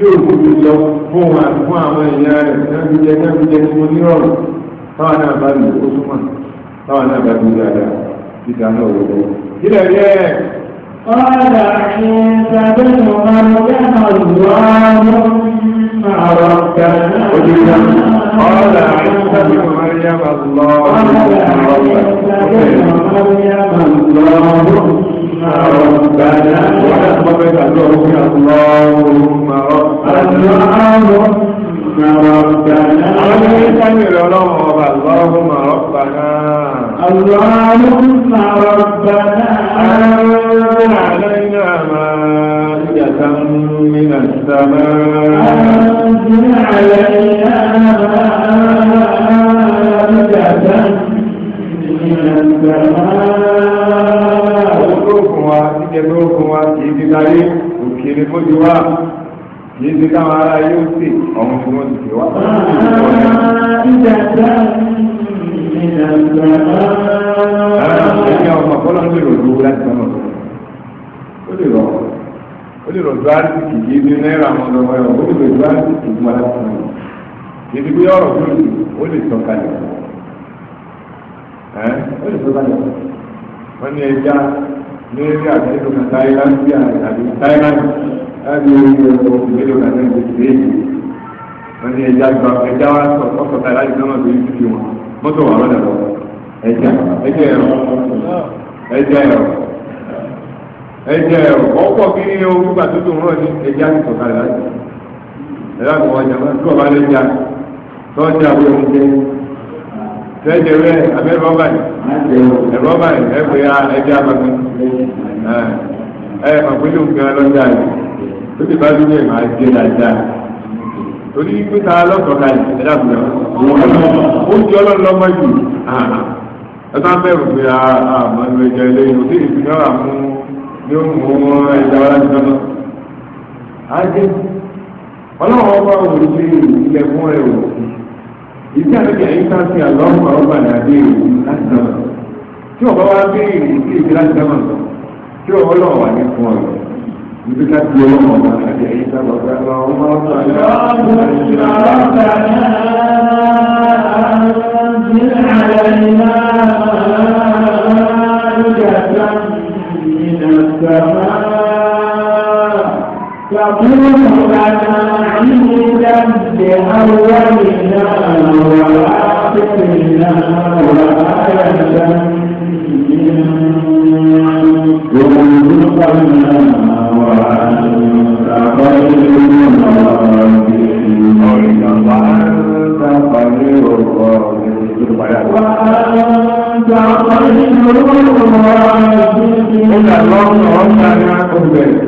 A: tí òkú ti lọ fún wa fún àwọn èèyàn rẹ̀ náàbí jẹ náàbí jẹ tí mo ní ọ̀rọ̀ táwọn náà bá lè ó súnmọ́ táwọn náà bá lè dáadáa títà náà wò lọ. kílẹ̀ yẹ. ọ̀là ìṣàbẹ̀
B: tó máa ń yá àlùwá ló ń àrọ̀ gàdá. òjijì
A: ọ̀là ìṣàbẹ̀ tó máa ń yá àlùwá ló ń àrọ̀ gàdá. ọ̀là ìṣàbẹ̀ tó máa ń yá àlùwá ló ń àrọ̀ gàdá. ربنا اللهم ربنا اللهم ربنا اللهم ربنا أنزل علينا مائدة من السماء أنزل علينا مائدة من السماء títẹ̀gbẹ́ ogun wa kì í ti darí òkèèrè fójú wa kì í ti káwọn ará yóò sè ọ̀hún tí wọ́n ti sè wá. ẹ̀yin ọmọ kọ́lọ́ ń lè rò lówó láti sọ́nà ó lè rọ̀ ó lè rọ̀ ju àrísìkì kì í náírà wọn lọ́wọ́ ẹ̀ ó lè rọ̀ ju àrísìkì wọn láti sọ́nà kì í ti bí ọ̀rọ̀ tó lù ó lè sọ kalẹ̀ ó lè sọ kalẹ̀ wọ́n ní ẹja lórí àtẹ́lò kan táìláńdì àti táìláńdì láti orí ọ̀pọ̀ ìgbélò kan náà ti dé èyí wọ́n ní ẹja gba ẹja wá sọ ọkọ̀ táìláńdì náà lórí títí wọn mọ́tò wà lọ́dà lọ ẹja ẹja ẹ̀rọ ẹja ẹ̀rọ ẹja ẹ̀rọ ọ̀pọ̀ kí ni o gbígbà tó tó ń rọ̀ ní ẹja tẹ́jẹ̀ wẹ́ abẹ́ rọ́bà yìí rọ́bà yìí ẹ pé ẹjẹ́ abakun ẹ ẹ màgbélé òkè yìí ó ti bá máa jẹ́ torí yìí ó bẹ̀rù pé òtí ìpínlẹ̀ wà mú láti ajé ọlọ́run ọba òwò ṣe rẹ̀ òkú. ìdí àti àyíká sí àlọ́ọ̀pọ̀ ọgbà ìdàdé ìlú láti dáná tí ọba wa béèrè sí ìdí láti dáná lọ tí ọba náà wà ní fún ọ lọ níbi ká ti ọlọ́mọ ọba àti àyíká bàbá ọba ọba ọba ọba.
B: يقول لنا عيدا لأولنا وآخرنا وآية وارزقنا وأنت خير الراحمين
A: وأنت خير الراحمين وأنت خير الراحمين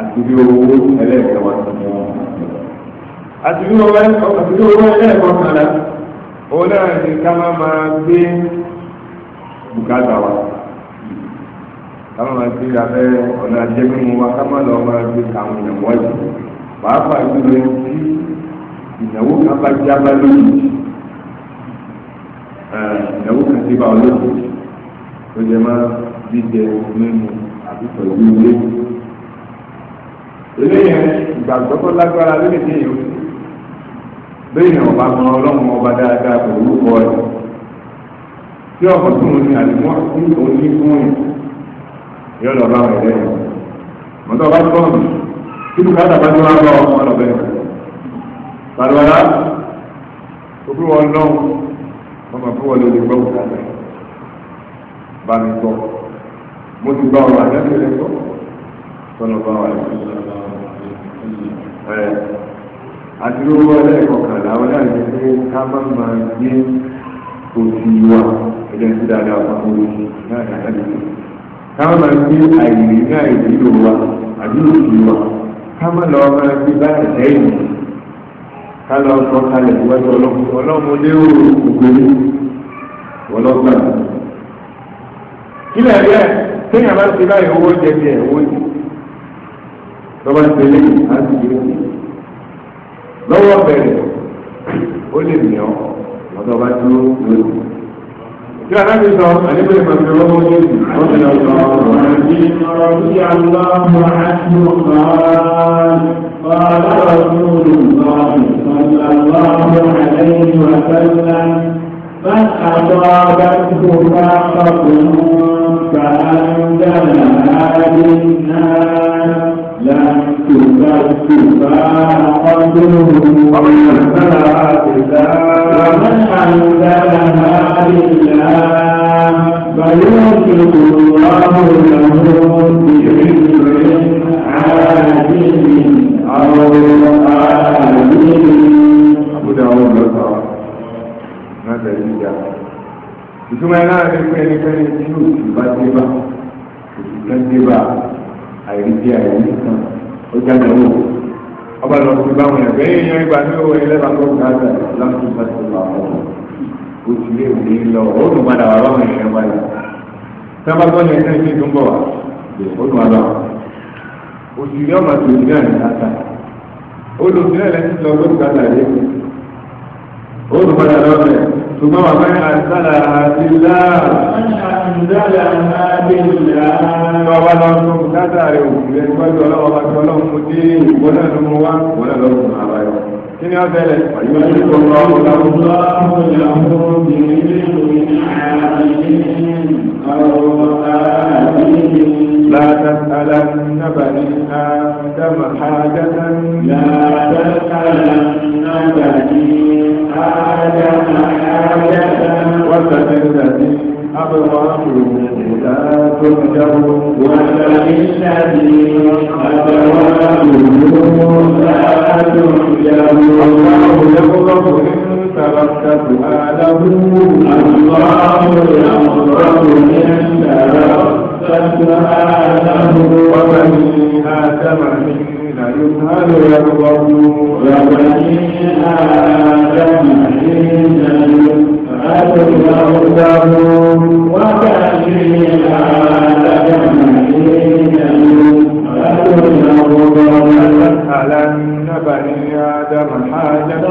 A: àti bí owó ẹlẹ́ẹ̀kẹwàá àti bí owó ẹlẹ́ẹ̀kọkànlá òun náà ní ká má máa gbé bùkátà wa ká má máa gbé abẹ́ ọ̀nà ajẹ́mímu wa ká má lọ máa gbé àwọn èèyàn wọ́ọ̀jì pàápàá jùlọ tí ìnáwó kan bá jábá lójijì ìnáwó kan ti bá ọ lójijì tó jẹ máa jíjẹ mímu àti pẹ̀lú ilé eléyẹn ìgbàgbọ́ tó lágbára lórí ìdíyẹn o bẹ́ẹ̀ ni ọba kan ọlọ́run ọba dáadáa kò lórúkọ rẹ̀ tí ọkọ̀ tó ń ní àlùmọ́ ní òun ní fún yìí yóò lọ bá wọn ẹ̀rẹ́ yẹn mọ́tò ọba tó ń kí bùkátà bá tó wá bọ̀ ọmọ lọ bẹ́ẹ̀ balùwàlá òbí wọn lọ́hùn ọmọ fún wọn lórí gbọ́ bùkátà bá mi gbọ́ mo ti gbọ́ ọ̀rọ̀ àjẹsílẹ̀ gbọ́ tọ́lọ̀ bá wà lẹ́yìn àti owó ẹlẹ́ẹ̀kọkànlá wọn náà ká má máa gbé òsì wa ẹ̀jẹ̀ sí dáadáa fún owó náà dáadáa ká má máa gbé àìrí náà ìdílò wa àbí òsì wa ká má lọ máa gbé bá ẹ̀jẹ̀ ká lọ sọ kalẹ̀ ìwájú ọlọ́mọ ọlọ́mọ lé òkèlè ọlọ́gbà. kílẹ̀ rí ẹ̀ kéèyàn bá ti báyìí owó jẹ bí ẹ̀ owó jẹ lọ́wọ́ ti lé láti yé òkè lọ́wọ́ bẹ̀rẹ̀ ó lè mìọ́ lọ́dọ̀ bá dúró lórí. Tí a láti sọ, àdébẹ̀ ìpàdé lọ́wọ́ ní wọ́n ti lọ sọ ọ̀rọ̀ àti ọ̀rọ̀ sí aláwọ̀ àti ọ̀gá ọ̀gá ọ̀gbọ̀n ọ̀gbọ̀n àlẹ́yìn wàtẹ́lá من أصابته فاقة فأنزل هذه النار láti bá ti bá ọdún ọ̀rọ̀ sára àtìlá wọ́n àìdára àtìlá bàyọ̀ òkèkò láwọn ìlànà ìrìnrìn àárín àwọn àárín. Àbúdá àwọn ọ̀dọ́ láti ẹ̀rí ìjà. Ìtumọ̀ ẹ̀ náà rí pé ẹnikẹ́ni tí yóò ti bá dé bá, kò sì tẹ́ dé bá àìríjẹ àìrí kan ó jáde owó ọba lọ sí báwọn ẹgbẹ́ èèyàn ìgbà ní owó ẹlẹ́bà tó ń gáàdà láti láti lọ àwọn o ti lé òní lọ ó dùn padà wà báwọn èèyàn wáyà sábà tó ní ẹsẹ̀ ìṣe tó ń bọ̀ wá ó dùn àlọ́ o ti lé ọmọ tòun náà ní ata olùsílẹ̀ lẹ́sìn lọ lóògbà tàbí ó dùn padà lọ́ọ̀rẹ́ ṣùgbọ́n wà fẹ́ àṣàlà àti láà. àṣàlà àti láà. bàbá lọ sọ bùkátà rẹ òkú rẹ gbọ́dọ̀ ọlọ́wọ́ bá ti ọlọ́run mú dé ìwọ́n náà ló mú wá ìwọ́n náà lọ́wọ́ mú àbáyọ. kí ni wọ́n bẹ̀rẹ̀? àyùmọ̀ ní kò lọ ọ̀la. لا تسألن بني آدم حاجة لا تسألن بني وفبالذي أبغض إذا تهجر وفبالذي أبغض لا تهجر الله يغضب إن تركت آله الله يغضب إن تركت آله وبني آدم من يسأل يرضه يا بني آدم حين يسأل يرضه وبني آدم حين يسأل يرضه تسألن بني آدم حاجة لا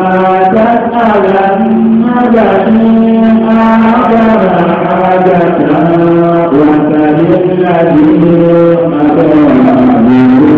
A: تسألن بني آدم حاجة وسل الذي أدرى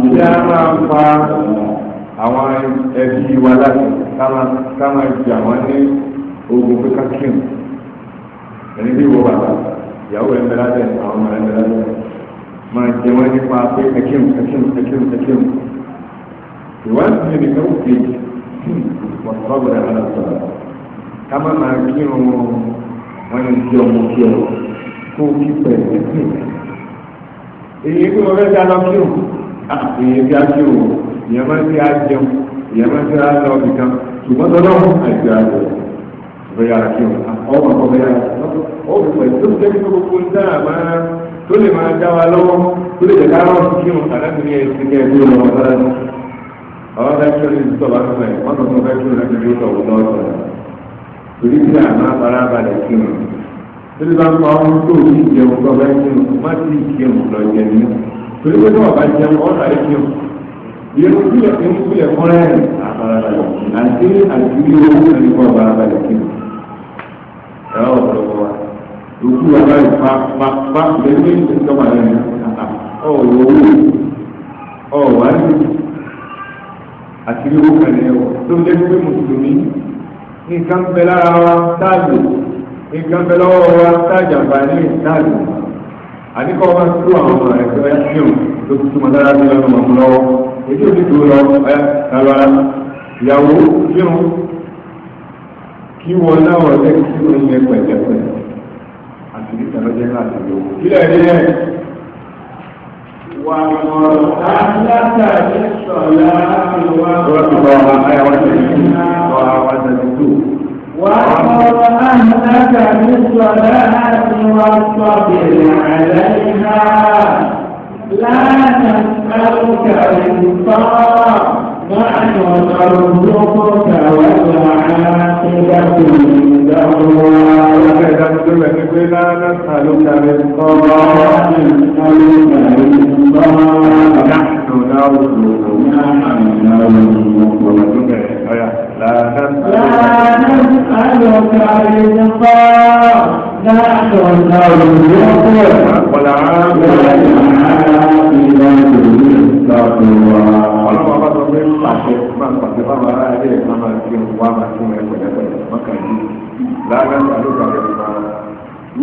A: kí a máa fa àwọn ẹbí wa láti ká máa jẹ àwọn ní ogun pé kákìm ẹni bí ìwọ bàbá ìyàwó ẹ̀ ń bẹ lábẹ́ àwọn ọmọ ẹ̀ ń bẹ lábẹ́ máa jẹ wọn nípa pé ẹkìm ẹkìm ẹkìm ẹkìm ìwádìí nìkan ó kéjì wọ́n sọ́ọ̀bù rẹ̀ hàn sọ̀rọ̀ ká má máa kírun wọn ní kí ọmọ kí ọ kó kí pẹ̀lú èyí tó wọ́n fẹ́ dá lọ kírun èyàn ah, tí a kí òun èyàn máa ń tí a jẹun èyàn máa ń tí a lọ ibì kan ṣùgbọ́n tọ́lọ́ àìsí a lọ bẹ́ẹ̀ yára kí òun ọmọ ọmọ bẹ́ẹ̀ yára ó fi pẹ̀lú tó jẹ́ kí gbogbo ń dára máa tó lè máa dá wa lọ́wọ́ tó lè jẹ́ ká rọ̀ kí òun àdájọ́ yẹn ti kẹ́ ẹgbẹ́ òun ọ̀rọ̀ rẹ̀ àwọn adájọ́ yẹn sọ̀rọ̀ àtúnṣe wọn tó lè rẹ̀ kí òun lọ́wọ́ torí torí pé wọn bá jẹun ọ̀rọ̀ ayé kí o yẹnu kúlẹ̀ kí n kúlẹ̀ kọ́rẹ́ àti àti owó ẹni kọ́ ọba abalẹ̀ kí o ẹ̀rọ ọ̀pọ̀lọpọ̀ wa òkú wa báyìí fa fa fa lẹ́nu ní ìjọba rẹ̀ ní ọ̀wọ̀ owó ọ̀wọ̀ wá ní àti owó ẹni ẹ̀wọ̀ tó lé pé mùsùlùmí nǹkan bẹ lára wa táàlù nǹkan bẹ lọ́wọ́ wa táàjà bá ní táàlù wa àdìkọ́ bá tu àwọn ọmọ rẹ̀ pé ẹ́ tó tó mọ dára bí lọ́nà mọ̀mú lọ́wọ́ èyí ò ní tó lọ ẹ ẹ̀rọ ìyàwó fíhùn kí wọn náà wọ̀ lẹ́kí sí oyin yẹn pẹ̀lẹ́pẹ̀ àti níta lọ́jọ́ náà ti lò. ilẹ̀ rí ẹ̀. wà á mọ̀ láńláńlá ní sọ̀lá ìwà. wọ́n ti bọ̀ ọ́ ayáwá tẹ̀lé tó. وأمر أهلك بالصلاة واصطبر عليها لا تسألك رزقا ولا عام ولا عام ọlọ́wọ́ bá sọ pé pàṣẹ máa pàṣẹ báwọn ará ilé ẹ̀ máa fi wá máa fún ẹ pẹ̀lẹ́pẹ̀lẹ́ mọ́kànlí láàrín àlọ́ ìgbàlẹ̀ fún wa.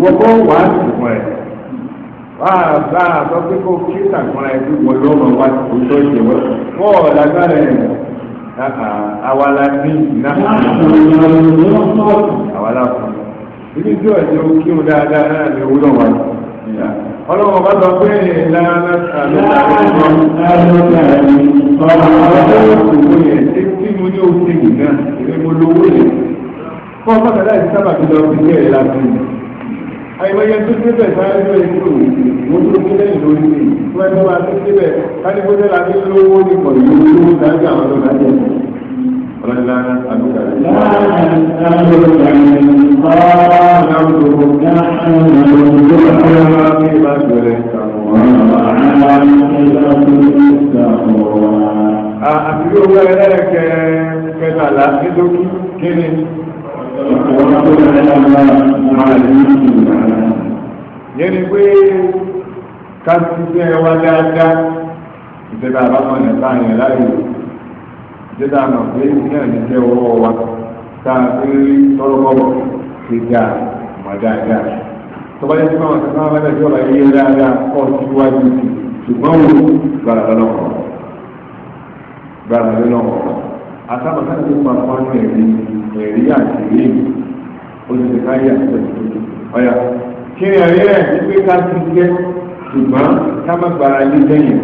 A: wọ́n kọ́ wá sí fún ẹ. wá bá a sọ pé kó kí sàkúnra ẹ bí wọ́n lọ́mọ wá òótọ́ ìṣèwọ́. wọ́ọ̀ lágbára ẹ̀ àwàlá ní ìná. àwàlá fún mi. ibi tí ọ̀sẹ̀ ó kí wọn dáadáa náà ni owó náà wà ọlọ́wọ́ bá sọ pé ìlànà àìmọye tó débẹ̀ sáré lórí ìlú mo tó débẹ̀ lórí ìlú wọ́n tó wá tó débẹ̀ ká ní kó tẹ́lá ní lówó ní pọ̀ ìlú lówó dájú àwọn ọ̀dọ́ dájú ẹ̀sìn ọlọ́dúnlá àlùkà rẹ̀. àti owó ẹlẹ́ẹ̀kẹ́ kẹtàlá nítorí kí ni. yẹ́nì pé ká ti fẹ́ wá dáadáa ìṣẹ̀dá àbámọ̀ nípa àyàn láyé dídá àná pé iná ní jẹ́ ọwọ́ wa tá a fi rí tọ́lọ́kọ́bọ̀ ti ga mọ̀ dáadáa. tó bá yẹ kí máa sọ́kàn bá dàbí ọ̀la yé dáadáa kọ́ síwájú sí ṣùgbọ́n wo gbàrà lọ́wọ́ gbàrà lọ́wọ́ àtàbàtà ti pa fún ẹ̀rí ẹ̀rí àti ìwé oṣù káyé àti ọ̀yà kí ni ẹ̀rí ẹ̀ ti pé ká ti jẹ́ ṣùgbọ́n ká má gbàrà lé lẹ́yìn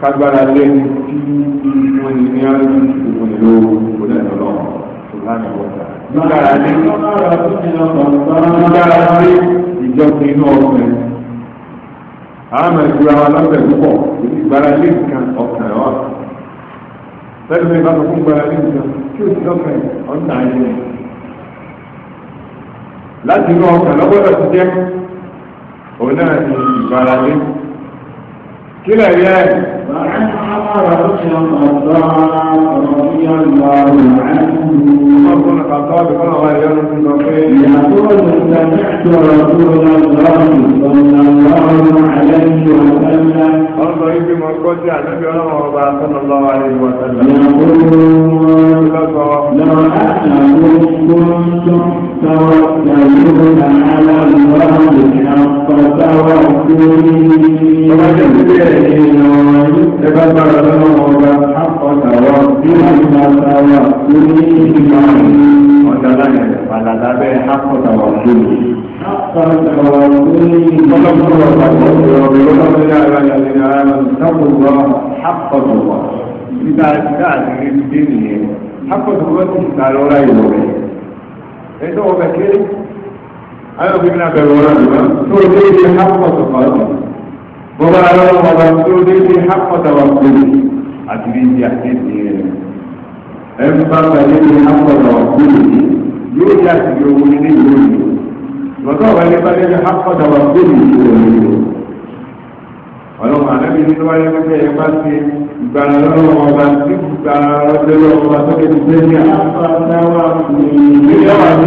A: kagbara lẹ́nu tí wọ́n ní ní àrùn ìṣòwò ìlú onídàá lọ́wọ́ ṣùgbọ́n ìwọ̀ta. Gbára lé gbára lé ìjọsìn inú ọ̀gbìn. Àmọ̀ ìgbura wa lọ́sẹ̀ púpọ̀ ìgbára lé nǹkan ọ̀kan ọ̀. Lẹ́nu mi bá tó fún gbára lé nǹkan Láti inú ọkàn lọ́gbọ́dọ̀ ti jẹ́ òun náà ni ìgbára lé. Kílẹ̀ yẹ́ وعن عمر رسول الله صلى الله عليه وسلم انظر في مرقد النبي لو انكم كنتم توكلون على الله حق توكله ẹgbẹ́ agbára lọ́nà ọba àkọsàwọ́ nínú ìgbà sáwà lórí ìgbà ọ̀dà láyé pàdàdà bẹ́ẹ̀ àkọsàwọ́ lórí.
B: àkọsàwọ́ lórí ọlọ́mọdé ọ̀pọ̀ ọ̀rọ̀ ọlọ́mọdé ara
A: ẹ̀yẹ ara ṣàkóso àkọsàwọ́. ìgbà ìgbà àti ìdílé nìyẹn àkọsàwọ́ ti ta lọ́ra ìwọ rẹ̀. ẹjọ́ ọbẹ̀ bọ́bá lọ́wọ́ ọba tó dé ní hápọ̀tàwà pẹ̀lú àti bí ti àkéde rẹ̀. ẹ ń bá pàdé ní hápọ̀tàwà pẹ̀lú yóò yá sí owó nílé ìlú ìlú. lọ́tọ̀ wà ní pàdé ní hápọ̀tàwà pẹ̀lú ìlú ìlú. ọlọ́run àdábì nínú wáyé pẹ́pẹ́ ẹ bá ti gbà lọ́wọ́ ọba tí gbà lọ́wọ́ ọba tó dé ní ní hápọ̀tàwà pẹ̀lú ìlú yàrá tó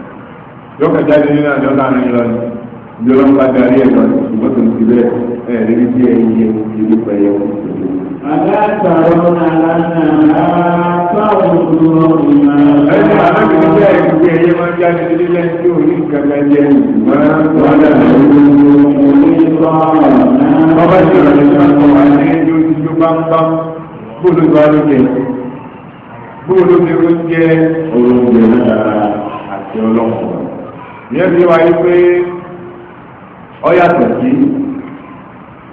A: yóò kẹjá ní nínú àjọ láàrin lọ ni ìjọ ló ń bá darí ẹ̀ lọ ṣùgbọ́n tó ń ti bẹ́ẹ̀ ẹ̀ ẹ̀ lébi tí ẹ̀ ń yẹ ibi pẹ̀lú ẹ̀ wọ́n. Adáàtàrọ̀ àlànà àtàwọn olùrọ̀mìnà. Ẹni àbájú ní ẹ̀rí ti ẹ̀yẹ máa ń jáde nílé lẹ́yìn tí òní kàkà jẹ́ ìgbà wọn dà lórí ọba tí ìrọ̀lẹ́ ti máa ń bọ̀ wá ní ẹjọ́ ti tó ló jẹ bóòlù ti ó jẹ òun jẹ àti ọlọ́pàá ìyẹn fi wáyé pé ọ yàtọ̀ sí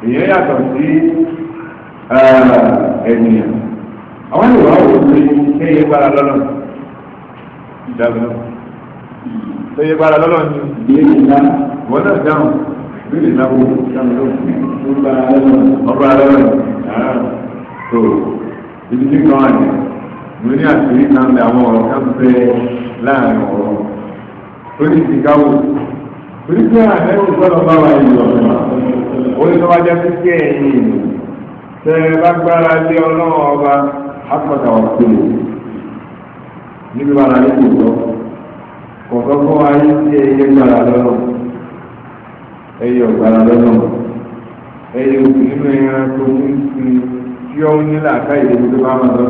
A: ìyẹn yàtọ̀ sí ènìyàn àwọn ìwà wò pé kéye gbára lọ́nà ìdáhùn kéye gbára lọ́nà ní ìdílé ìdá wọ́n náà dáhùn bí ìdá wò dáhùn lọ́nà ọgbà lọ́nà tó ibi tí kan àná mo ní àṣírí kan lé àwọn ọ̀rọ̀ kan fẹ́ láàrin ọ̀rọ̀ lórí ìsìnkáwò torí pé àtẹ́wò gbọ́dọ̀ bá wa yìí lọ orí tó wájá sí sí ẹ̀yìn ìlú tẹ ẹ bá gbára lé ọlọ́run ọba apọ̀tà ọ̀sẹ̀ níbi wàrà ní kò tọ́ kò tọ́ fún wa yìí sí ẹyẹ gbára lọ́nà ẹyẹ ọ̀gbára lọ́nà ẹyẹ òkú nínú ẹran tó ń sin tí ó ń nílà káyìí tó bá máa sọ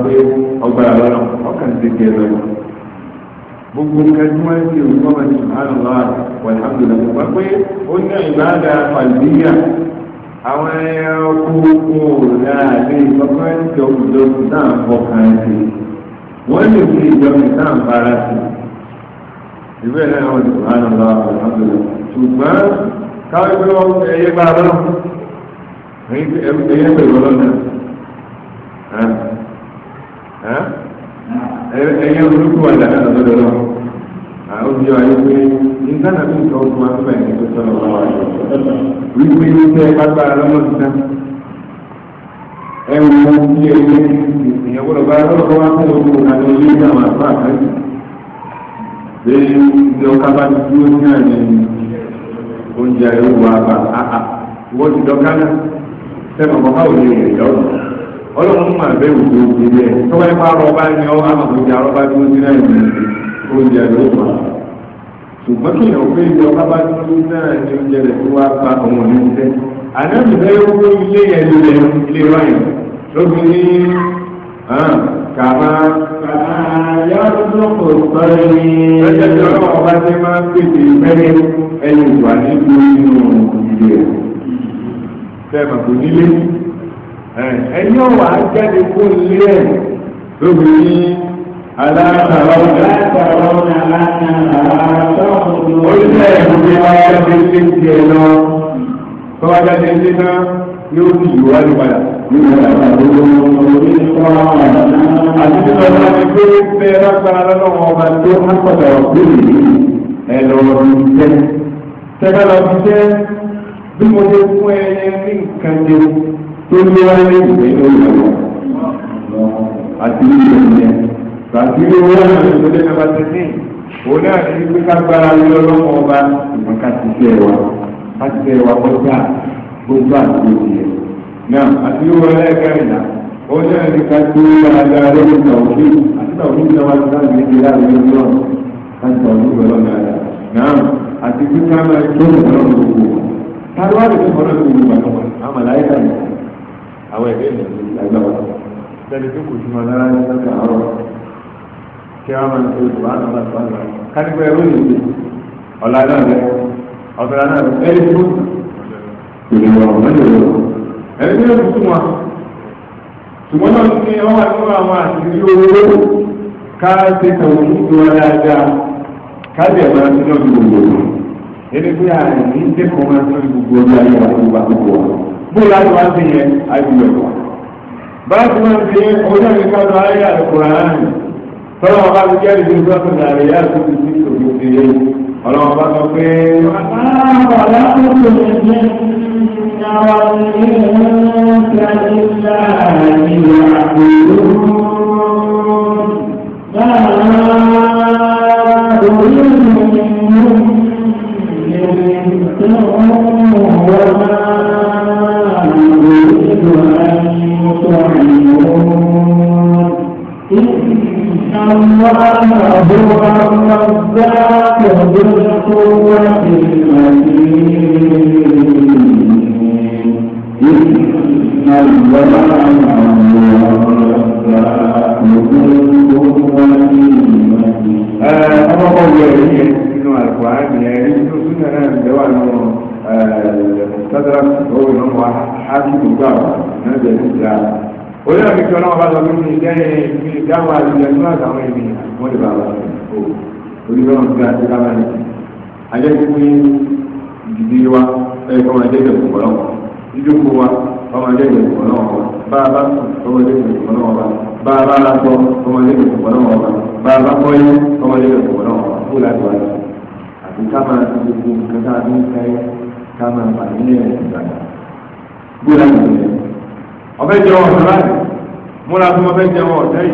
A: ọgbára lọ́nà ọkàn ti gbé lọ́nà. gbogbo nǹkan tí wọ́n ti rìn kọ́mọ̀ ní subhanallah walhamdulillah wọ́n pé ó ní ìbáàdà pàlìyà àwọn ẹranko kò láàrin ìtọ́kọ́ ẹ̀sìn ọ̀gbìndọ́gbìn náà fọkàn sí wọ́n lè fi ìjọba náà bára sí ìwé náà wọ́n ti subhanallah walhamdulillah ṣùgbọ́n káwé pé wọ́n ẹyẹ bá lọ ẹyẹ pẹ̀lú ọlọ́nà ẹyẹ olùkọ́ àdàkà lọ́dọ̀ lọ́wọ́. ojú ayé pé nǹkan àti nǹkan oṣù máa ń fẹ́ ẹni tó sọ̀rọ̀ wá wá wípé ní tẹ́ ẹ bá gbára lọ́nà ti bí ẹ ní ìyẹn gbọ́dọ̀ bá lọ́dọ̀ wá fún ojú àti ojú ní àwọn àgbà ọkà bá ti dúró ní oúnjẹ ayé bá wọ́n ti dọ́ká náà sẹ́nu oúnjẹ ló wà ṣùgbọ́n kí èèyàn pé bá náà ní oúnjẹ rẹ̀ tó wá pa ní owó ilé yẹn ló lẹ ilé lóbi ní kàmá. kò ní. máa ń pèsè ẹni ìwà nínú kò nílé ẹ̀yọ́ jáde kó lóbi ní. ألا ترون ترون أنها تخرج قلت يهدي ولا بالبنت ينام فوجد الزنا يوجد والولد àti tí lọ́wọ́ ti gbé bẹ́ẹ̀ lágbára lọ́wọ́ ọba tó hápọ̀dà ọ̀gbìn yìí ẹ lọ́wọ́ ti jẹ́ tẹ́lá lọ ti jẹ́ bí mo lè fún ẹ ní nǹkan jẹ tó yẹn bàtìrì owó náà ní ìgbésẹ̀ nàbà tẹ̀sí òun náà ní pé ká gbára lé ọlọ́mọ ọba ìmọ̀ ká ti tẹ̀ wá ká ti tẹ̀ wá kọjá gbogbo àti òkè náà àti owó ẹlẹ́gàrìnà òun náà ní ká tó dáadáa lórí ìtàwọ́sí àti ìtàwọ́sí náà wá sí láti méjì láàrin ọjọ́ ká ìtàwọ́sí gbọ́dọ̀ dáadáa náà àti pé ká máa tó ìtàwọ́sí gbogbo wọn. táwọn wá lè fi ọ̀rọ̀ gbogbo wọn àmọ̀ láyé àwọn ẹ̀rẹ́ ìlú ìlú àgbà wọn kí a máa ń ṣe ìgbà náà láti wọ́n lọ. kánípẹ́ ẹ̀rọ yìí ọ̀la náà lẹ ọ̀tọ̀la náà lẹ ẹni tó ìrìnà ọ̀nà ìrìnà ẹni tó yẹ kó wọn. ṣùgbọ́n náà ní wọ́n wà nínú àwọn àṣírí owó ká ṣe tòun tó wọn dáadáa ká lè máa ṣe lọ́dún gbogbo ẹni pé àìní dẹ́kun máa ṣe gbogbo ọdún ayé wa gbogbo àkókò wa bó láti wá sí yẹn ayé wa. bá a ti máa ń ṣe ọjọ́ ìkájọ ayé àlùkò tọ́lọ́ wọn bá ti jẹ́ ìdí ìgbà tó dàrí yá tó ti ti tòbi ti yé ọlọ́wọ́n bá sọ pé. Àbáwọ̀lá tó tó lè jẹ́ ìyàwó ìlú ìlú ìlú ìlú àdúrà àtàwọn ènìyàn wọ́n lè bá wa o onígbọ́n ti àti kábà ní. ajẹ́ pípé ìdílé wa ẹ̀ kọ́ máa jẹ́ ìdẹ̀kùn kọ́ náà ìdókòó wa kọ́ máa jẹ́ ìdẹ̀kùn kọ́ náà wa bá a bá kọ́ máa jẹ́ ìdẹ̀kùn kọ́ náà wa bá a bá la kọ́ kọ́ máa jẹ́ ìdẹ̀kùn kọ́ náà wa bá a bá kọ́ yẹ kọ́ máa jẹ́ fún ọbẹ̀ jẹ́ wọn ọ̀sán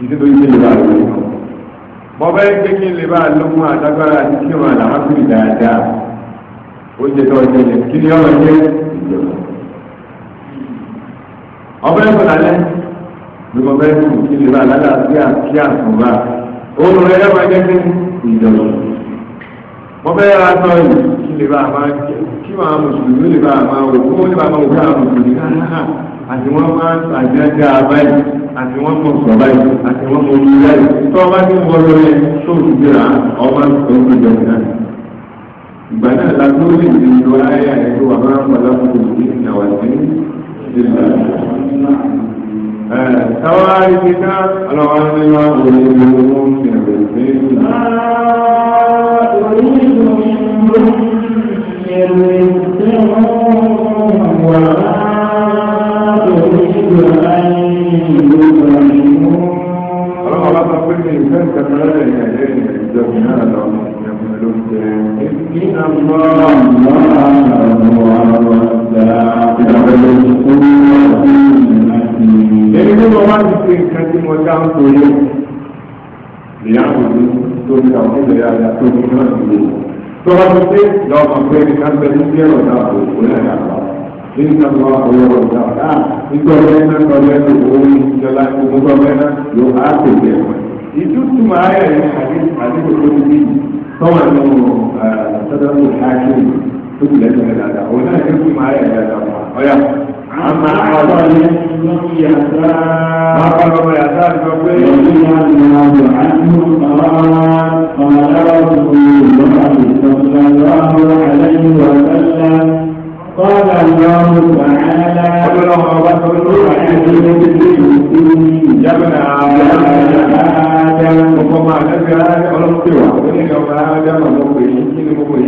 A: nítorí kí lè bá lò ó bọ́bá yẹn pé kí lè bá lókun àtàgbára àti kí wọn àlàáfíì dáadáa oúnjẹ tó ọjọ́ yẹn kí ni ọ̀rọ̀ jẹ́ ìjọba
B: ọbẹ̀ yẹn kọ̀ọ̀dà lẹ́
A: gbogbo ọbẹ̀ yẹn kù kí lè bá lálàáfíà kí àtúnbà òun rẹ̀ yẹn máa jẹ́ sí ìjọba bọ́bá yẹn ra sọ yìí kí lè bá máa jẹ kí wọn àwọn mùsùlùmí lè bá máa wò kó lè bá máa wò ká àwọn mùsùlùmí náà àti wọ́n máa ń àjẹ́dá abáyé àti wọ́n mọ̀ sọ̀báyé àti wọ́n mọ̀ olùyáyé tó ọba ní wọ́ọ́rọ́ yẹn tó ń jìrà ọba tó ń jọ náà. ìgbà náà la tó lè di ìlú ayé àyẹ̀kọ́ wà máa ń padà fún òkú ní ìyàwó àti ìlà. táwa ibi ká ọlọ́wọ́ ní wá òye ìlú ọmọ ìrìnàjò sí ìlú. Thank you. Ọlọ́run bá sọ pé ní ìfẹ́ ìtẹ̀mẹ́rẹ́ ẹ̀yà lẹ́yìn ìjọba náà lọ ìyẹ̀mú ló ń jẹ. Kí ni àwọn ọmọ àwọn ọmọ ọ̀dà ìyàwó ló ń kú ní ẹni tí mo máa ń ṣe nǹkan tí mo dá ń torí ìyàwó mi tó ń ta òkú lẹ́yà àyà tó ń náà lò. Tọ́lá ti pé lọ́mọ pé ní ká ń bẹ ní bí ẹ̀rọ náà kò kó lẹ́yà àgbà nínú àwọn ọ̀rọ̀ ọ̀gá ọ̀gá nígbà ọ̀gá iná kọjá ní òun ìjọba ìgbógbó ọ̀gá iná yóò á tètè ẹ̀wọ̀n. ìdútùmọ̀ ayé rẹ̀ àdínkù tó ti bí tọ́wọ̀ nínú sọ́dọ̀tù hákìm tó ti lẹ́nu rẹ̀ dáadáa òun náà ìdútùmọ̀ ayé rẹ̀ dáadáa ọ̀yà. àmà àwọn yàtá bàbá ọmọ yàtá sọ pé ìyá ìyá ìyá àti قال الله تعالى جبنا آدم وما نزل آدم وما آدم فبرأ إليك آدم ما يجب أقول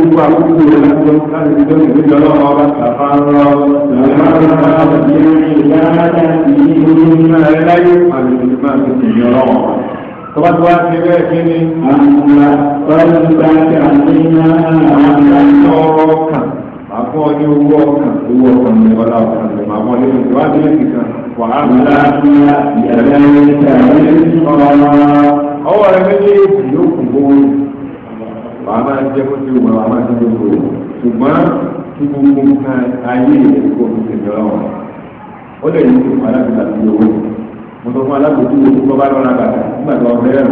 A: لكم أنتم بالله تفرغ فبرأ إليك آدم مما لا يفعل ما في الجرام tọ́ba tó wá ti bẹ́ẹ̀ kí ni. àgbà ọlọ́dúnrún àti àtẹ̀yìn àwọn ọkàn àfọ ní owó ọkàn owó ọkàn ní ọlá ọkàn ní ọmọ àwọn ọlẹ́yìn tó wá ní ẹ̀sìn kan wàhálà ìyàrá ìta ìrẹsì ọwọ́ rẹ méjèèjì yóò kù bóyá wàá máa jẹ́ kó ti wà wàá máa ti gbogbo ṣùgbọ́n kí gbogbo nǹkan ayé ìrẹsì kò fi ṣèjọba wọn ó lè ní ìpàdánù àti owó mo fún alágbèjú wo kó bá lọ́ra bàtà nígbà tó ọ̀fẹ́ rẹ̀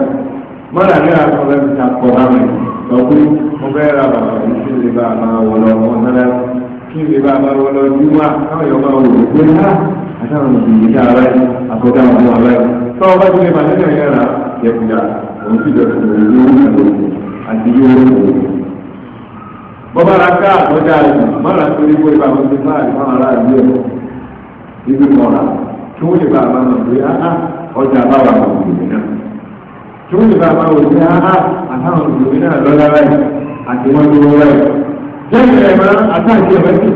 A: mọ́ra ní ra tó fẹ́ẹ́ kọ́ bá mi sọ pé mo fẹ́ ra bàtà yìí lè bá a máa wọ lọ ọmọ náírà kí lè bá a máa wọ lọ bí wá káwọn èèyàn máa wò ó pé á àtàwọn òbí yìí ara yìí àkọ́dá ọmọ ara yìí tọ́ ọ bá ti lè bàtà yẹn ra yẹ̀kùdà òun sì bẹ̀rẹ̀ òun bọ́bá ra ká àtọ́jà rẹ̀ mọ́ra torí pé ìbámu ti máa rí fáwọn kí wọ́n lè bá a máa mọ̀ pé áá ọjà báwa mọ̀ òbí náà kí wọ́n lè bá a máa wò pé áá àtàwọn òbí náà lọ́lá báyìí àti wọ́n tó wọ́n báyìí. lẹ́yìn ẹ̀ máa àtàkì ẹ̀ mẹ́sì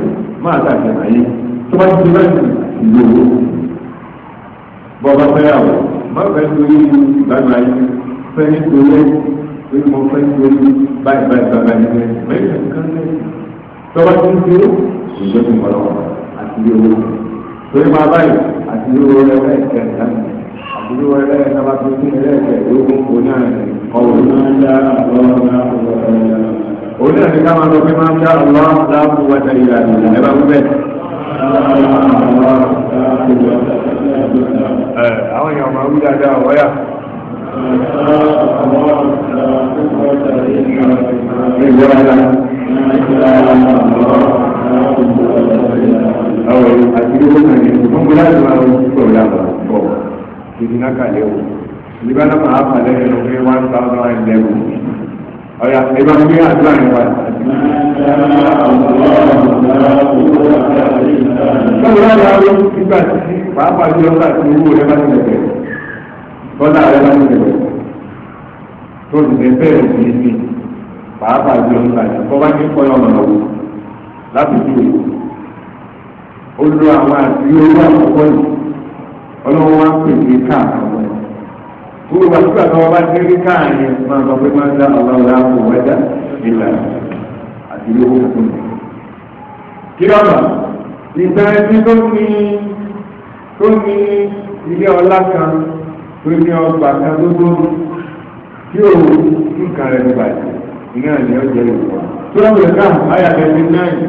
A: máa àtàkì ẹ̀ máyé tó bá ti mẹ́sì ìlú owó. bọ́ọ̀bá fẹ́ àwọ̀ má fẹ́ torí ìgbàgbọ́ ayé fẹ́ nítorí pé mo fẹ́ torí báyìí báyìí báyìí báyìí mẹ́sì kan lẹ́yìn tó bá ti ń dúró ìjọ́ torí máa báyìí àti ìlú ẹlẹ́ẹ̀kẹ́ àti ìlú ẹlẹ́ẹ̀kẹ́ bá tó sí ẹlẹ́ẹ̀kẹ́ lógún kò náà ọ̀rọ̀ náà ń dá àwọn ọ̀rọ̀ òun náà ní ká máa lọ pé máa ń dá ọ̀rọ̀ láàbù wájà ìlà ìlà ẹ bá wí bẹ́ẹ̀. àwọn èèyàn máa wí dáadáa ọ̀yà. Ìjọba ìlànà àwọn ẹ̀rọ àti ni. wọn ní ìlú fún gbọdọ̀ máa ń sọ̀rọ̀ yàrá bọ̀ ìdí náà kàlẹ́ o nígbà náà máa fà lẹ́yìn ló pé one thousand and eleven ọ̀yà ìgbà pé àdúrà yẹn wà. sọ́dọ̀ náà yàrá nígbà tí pàápàá jù lọ́sà tí owó rẹ bá ti lẹ̀kẹ̀ bọ́dà rẹ bá ti lẹ̀kẹ̀ tó ti lẹ̀ bẹ́ẹ̀ ní ní pàápàá jù lọ́sà tí kọ́ bá ti kọ́ yọ̀ ọ̀nà lọ́wọ́ láti dúró ó lo àwọn àti orí àkọ́kọ́ yìí ọlọ́wọ́ wá pè ní káàkiri gbogbo àtúgbà tí wọ́n bá ti rí káàrin máa sọ pé máa ń dá ọlọ́run láàbò wẹ́dà ìlà àti yòówó fún mi. kí lọ́nà ìgbà ẹni tó ní tó ní ilé ọlá kan tó ní ọgbà kan tó tó tí ò nǹkan rẹ̀ níbàjẹ́ ìgbà ni ó ìwà. tó lọ́wọ́ ká ayàlẹ́ ní náírà.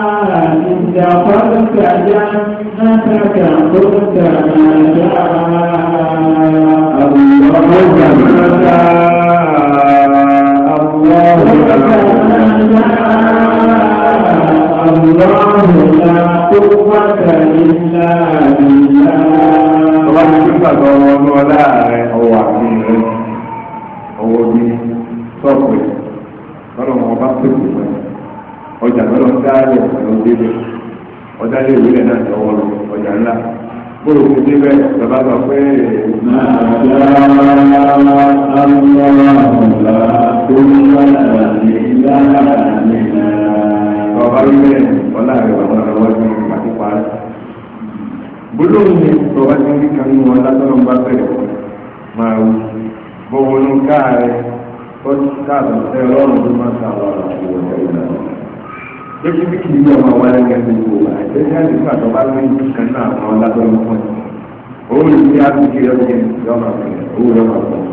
A: إذا قلت جنتك
B: قلت ما شاء الله
A: الله لا قوة إلا بالله Ọba ní kí pàtó ọmọ ọdún ọlá rẹ̀ ọwọ́ àti ìrẹ́ ọwọ́ bí sọ́ọ̀pù ẹ̀ lọ́dọ̀ wọn bá pèsè fún ẹ̀ ọjà tó lọ ń dálẹ̀ ló ń délé ọjà lè wílẹ̀ náà tó wọ́n lọ ọjà ńlá bóyá òkú débẹ̀ bàbá sọ pé. bàbá rí bẹ́ẹ̀ ọlá rẹ̀ bàbá rẹ̀ wọ́n ti pàtí parí. gbólóhùn ni bàbá ti ń rí kan nínú ọlá tó lọ ń bá bẹ̀rẹ̀ máa wù bọ̀wọ̀ nù káà rẹ̀ tó káàdùn ẹ̀ lọ́rùn tó máa ń ta àwọn àlàyé ọ̀gá ìlànà lójú bí kìí yọ ọmọ wọlé ní ẹgbẹ́ gbogbo wa ẹgbẹ́ ní àti fún àtọwá ní ìkan náà àwọn lábẹ́rẹ́ fún ẹ owó lè fi àtúnṣe ọjọ́ ìjọba fún ẹ owó lọ́wọ́ fún ẹ.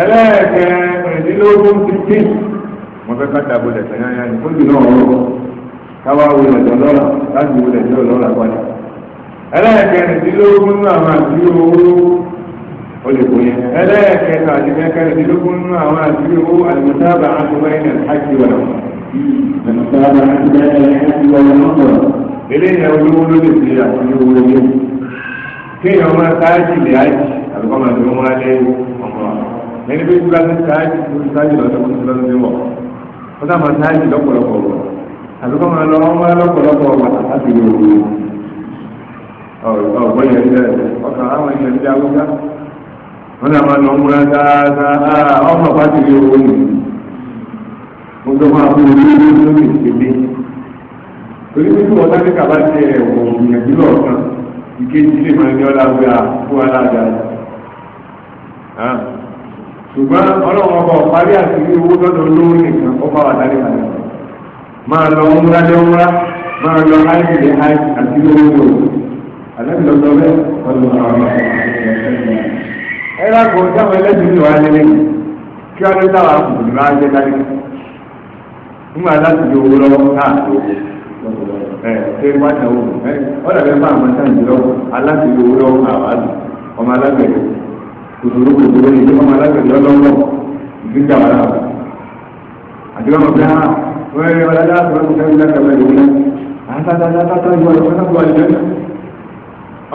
A: ẹlẹ́ẹ̀kẹ́ ẹ̀dínlógún ti tí mo fẹ́ ká dàbò lẹ̀sẹ̀ yáyá ní fún jùlọ ọ̀rọ̀ káwá wo lẹ̀jọ́ lọ́la láti wo lẹ̀jọ́ lọ́la padà. ẹlẹ́ẹ̀kẹ́ ẹ̀dínlógún náà máa ti owó olùkọ́ yẹn. ẹlẹ́ẹ̀kẹ́ ẹ̀mọ̀tàlá àti ẹ̀yẹ ti wọ ọmọ náà. eléyìí àwọn olówó ló lè ṣe àwọn olówó lóyè kéèyàn máa sáájì lè ájì àbíkọ́ máa dúró wọn lé ọmọ ẹni bí kúlá ti sáájì tó ti sáájì lọ́dọ̀ tó ti lọ́dọ̀ tó wọ̀ wọ́n sábà sáájì lọ́pọ̀lọpọ̀ wọ̀ àbíkọ́ máa lọ ọmọ lọ́pọ̀lọpọ̀ wọ̀ láti lè wò ọ̀gbọ́n yẹn jẹ́ ọkàn àwọn ènìyàn ti awúgá mo tó máa fún orí orí lórí ìpele torí pé tí wọ́n bá ní kaba ti ẹ̀ wọ̀ ìyànjú lọ́ọ̀kan ìkejì lè máa ní ọlá gbé àkó alága ṣùgbọ́n ọlọ́run ọba ọ̀parí àti ní owó lọ́dọ̀ olówó nìkan ọba wà lálẹ́ àlẹ́ máa lọ múra lé múra máa lọ hajj lé hajj àti owó lò àlẹ́ lọ́dọ̀ bẹ́ẹ̀ ọdún ọ̀rọ̀ ẹ̀rọ àgbọ̀n táwọn ẹlẹ́sìn ní wàá lélẹ́yìn kí wọ́n lé táwọn àkùnrin máa jẹ́ lálẹ́ nígbà láti di owó lọ́wọ́ káàkiri ẹ ṣe wá ṣe owó ẹ ọ̀dà bẹ́ẹ̀ bá àwọn sáà jùlọ aláti di owó lọ́wọ́ àwàdù ọmọ alágbẹ̀rẹ̀ kòtòrò kòtòrò ní ọmọ alágbẹ̀rẹ̀ lọ́wọ́ ìgbéjà wà láàbù àti ọmọ bí a wẹ́rẹ́ ọ̀dájà àtọ̀rọ̀ kò fẹ́ẹ́ gbẹ́gbẹ́ ìwé náà àtàtàtàtà ìwà ìwà ìwà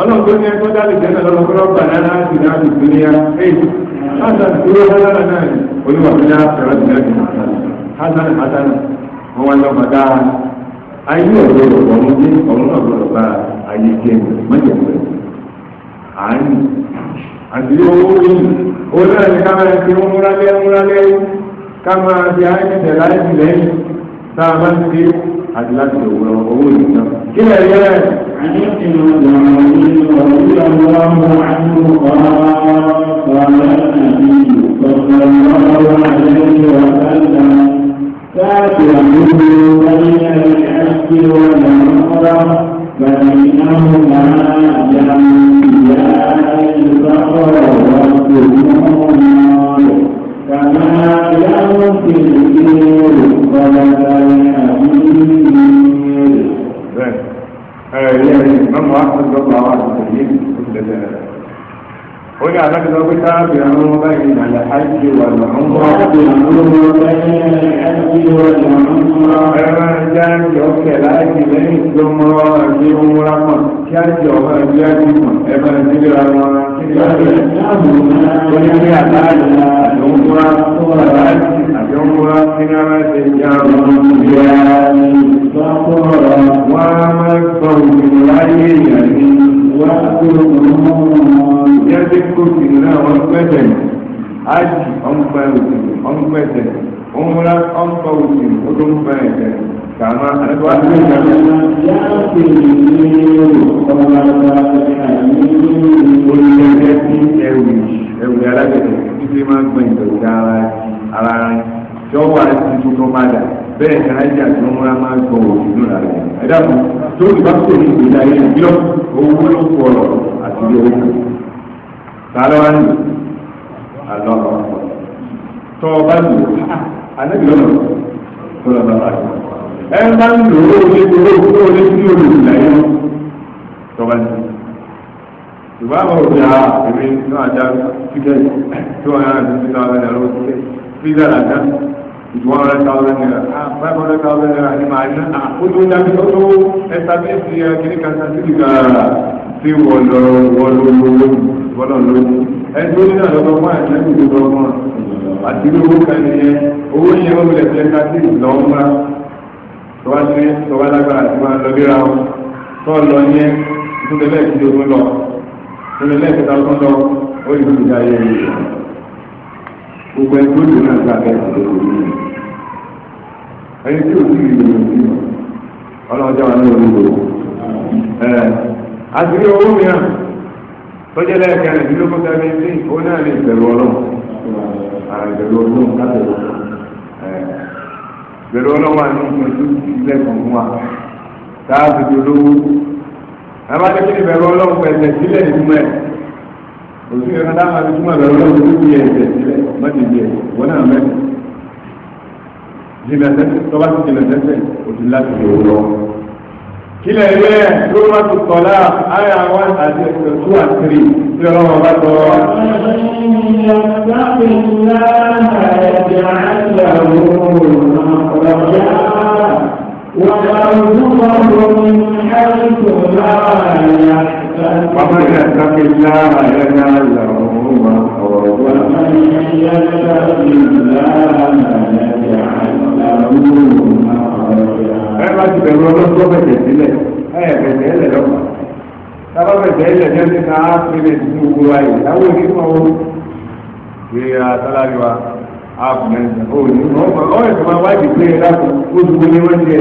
A: ọlọ́run tó ní ẹjọ́ dálé jẹ́nà lọ́lọ́gbọ́n hasan hasan wọn wá lọ́mọ dáa ayé ọ̀gbọ́dọ̀ ọ̀hún dé ọ̀hún ọ̀gbọ́dọ̀ bá ayé jẹ mọ́jọ̀gbẹ́ àánú àti owó yìí owó náà ní ká máa fi múra lé múra lé ká máa fi ayé tẹ̀lé ayé tẹ̀lé tá a bá ti dé àti láti òwúrọ̀ owó yìí náà. kí lè yẹ ẹ. àyè ti ń lọ sí ọ̀rọ̀ ìyá wọn àti ọ̀rọ̀ ọ̀rọ̀ àti ìlú ọ̀rọ̀ àti ìlú ọ̀rọ̀ àti ìlú ọ̀rọ̀ كافرا بين الحق والمرة بينهما جنبان البحر وكلهما نار كما يغفي الكير خلق الحمير. آه يعني من واحد الله عز وجل Oní àdájọ́ pé káàbì àwọn báyìí nàlẹ́ àìsí wà lọ́rùn mọ́. Káàbì àwọn báyìí àìsí wà lọ́rùn mọ́. Ẹ máa jẹ́ àjọ kẹ̀ láìsí lẹ́yìn tó mọ́ àti ohun rámọ̀. Kí àjọ máa jẹ́ àjùmọ̀ ẹ máa ti lera wọn. Oní ní àdájọ́ àdóńgbá àdájọ́ àdóńgbá kí ní a máa ṣe jẹ́ àwọn ìyá wọn a máa sọ òkè láyé ìyá ni. Wọ́n á kúrò mọ́ yẹ́dẹ́ kóòtù náà wọ́n pẹ́tẹ̀ ájì ọ̀npẹ́ òsì ọ̀npẹ́tẹ̀ òmùrà ọ̀npẹ́ òsì ọ̀dọ́npẹ́ ẹ̀tẹ̀ kàmá ẹ̀fọ́ olùyẹ̀dẹ́ sí ẹ̀wù ẹ̀wù alágbẹ̀dẹ̀ títí máa ń gbọ̀n ìgbẹ̀wò ara rẹ̀ tí ó wà láti tuntun dà bẹ́ẹ̀ ni ajá tí wọ́n máa máa gbọ́ òfin lóra rẹ̀. ẹ dàbọ̀ tó ìbá kò ní ìgbéláyé ìbílọ̀ owó tààrà wá ní àlọ́ ọ̀pọ̀ tó o bá lò ànábì ọ̀nà tó lọ bá bá yọ. ẹ bá ń lò ó lé owó owó lé sí olùdílà yẹn tó bá ní. ìwà àwọn òbí a èmi náà dá tíkẹ́ẹ̀tì tí wọ́n yára ti fi táwọn ẹ̀rọ tíkẹ́ẹ̀tì fíìsà làdá ìdúwọ́ rẹ̀ táwọn náírà five hundred thousand naira ni màá ná àkójọ dábí tó tó ẹ̀ta bí ẹ̀sìn kìnnìkan sáà sí ìgbà tí wọ́n lọ wọ́n lọ́wọ́ lọ́wọ́. bọ́lọ̀ lógún ẹgbẹ́ nínú àlọ́gbọ́n fún àti ẹgbẹ́ ìgbẹ́ ọgbọ́n àti owó kan nìyẹn owó yẹn wọ́n wulẹ̀ fẹ́ ká sí ìlọ́ ńlá sí lágbára lọ léra wọn lọ yẹn lẹ́ẹ̀kí lọ lẹ́ẹ̀kí lọ ó yìí tó yìí gbogbo ẹgbẹ́ náà ẹni tí ìlú tọ́jẹ́ lẹ́ẹ̀kan ní ló kọ́ta ní sí ó náà ní ìbẹ̀rù ọlọ́run àrà ìbẹ̀rù ọlọ́run láti lọ. ìbẹ̀rù ọlọ́run wà ní ìpínlẹ̀ ìlẹ̀kùn fún wa táàbù tó lówó. àbájá kí ni ìbẹ̀rù ọlọ́run pẹ̀lẹ̀ sílẹ̀ ìdúmọ̀ ẹ̀ òsì kan náà máa fi túmọ̀ ìbẹ̀rù ọlọ́run tó fi ẹ̀jẹ̀ sílẹ̀ mọ́tì bí ẹ̀ wọ́n náà mẹ́rin. jìnnà sẹ́sẹ̀ tọ́ kílẹ̀ ilé ẹ̀ ló má ti kọ̀lá àyà wá àti ẹ̀sẹ̀ tó àtìrì tí ọlọ́wọ́ bá tọ́ wa. ومن يتق الله يجعل له مخرجا ومن يتق الله يجعل له مخرجا bẹ́ẹ̀ bá ti bẹ̀rù ọlọ́dún bẹ̀tẹ̀ sílẹ̀ ẹ̀ bẹ̀tẹ̀ ẹ̀lẹ̀ lọ́pàá sábà bẹ̀tẹ̀ ẹ̀lẹ̀ ní ọdún náà á fi lè tún gbogbo ayé láwọn òní kan ó ṣe àtàlàyé wa àbùmẹ́ńtà ó ní ọ̀rẹ́ tó máa wájú pé ẹ̀ láti ó ti wọlé wọ́n ti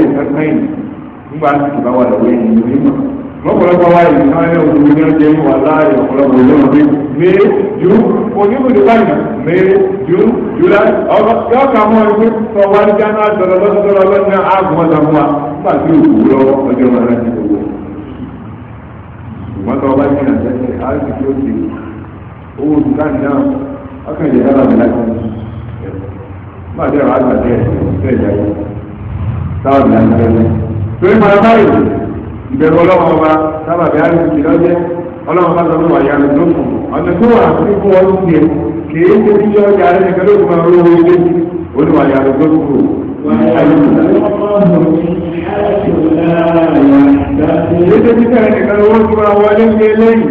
A: ẹ̀ lọ́pọ̀lọpọ̀ wa yìí náà ní oṣù ní ọjọ́ yìí wà láàyè ọ̀pọ̀lọpọ̀ ìlú ọ̀dún may june onímọ̀lẹ́ báyìí may june july august yóò kà mọ́ ẹgbẹ́ sọ wá ní jana dọ̀rọ̀ lọ́sọ̀dọ̀rọ̀ lọ́nà àgùnmọ́ta fún wa nígbà tí òkú lọ́wọ́ ọjọ́ wa láti gbogbo. ìgbà tó bá ní àjẹsẹ̀ àìsí tí ó ti owó dùkán náà ọkàn yìí dára mi láti má dẹ́rọ àgbàdẹ́ ẹ̀ ìbẹ̀rù ọlọ́wọ́n ọba sábà bí arìsìkì lọ́jẹ́ ọlọ́wọ́n bá sọ́dún wàyà ló ló fún ọ̀nà tó wà sí fún ọdún tiẹ̀ kìí ṣe bí ọjà rẹ̀ nìkan ló fún ọrọ̀ owó ilé olùwàyà ló ló fún Ìgbésẹ̀ títẹ̀ nìkan owó tí wọ́n wọlé ní eléyìí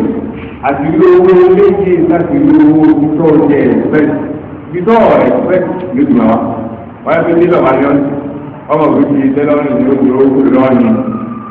A: àti owó méjì láti owó tó jẹ ẹ̀fẹ́. Bíbọ̀ ẹ̀fẹ́ ló dùn wá. Wọ́n yẹ kí nílò wà lọ́nà. Ọmọ òbí ti tẹ́lọ́rìn ní oṣù owó lọ́nà.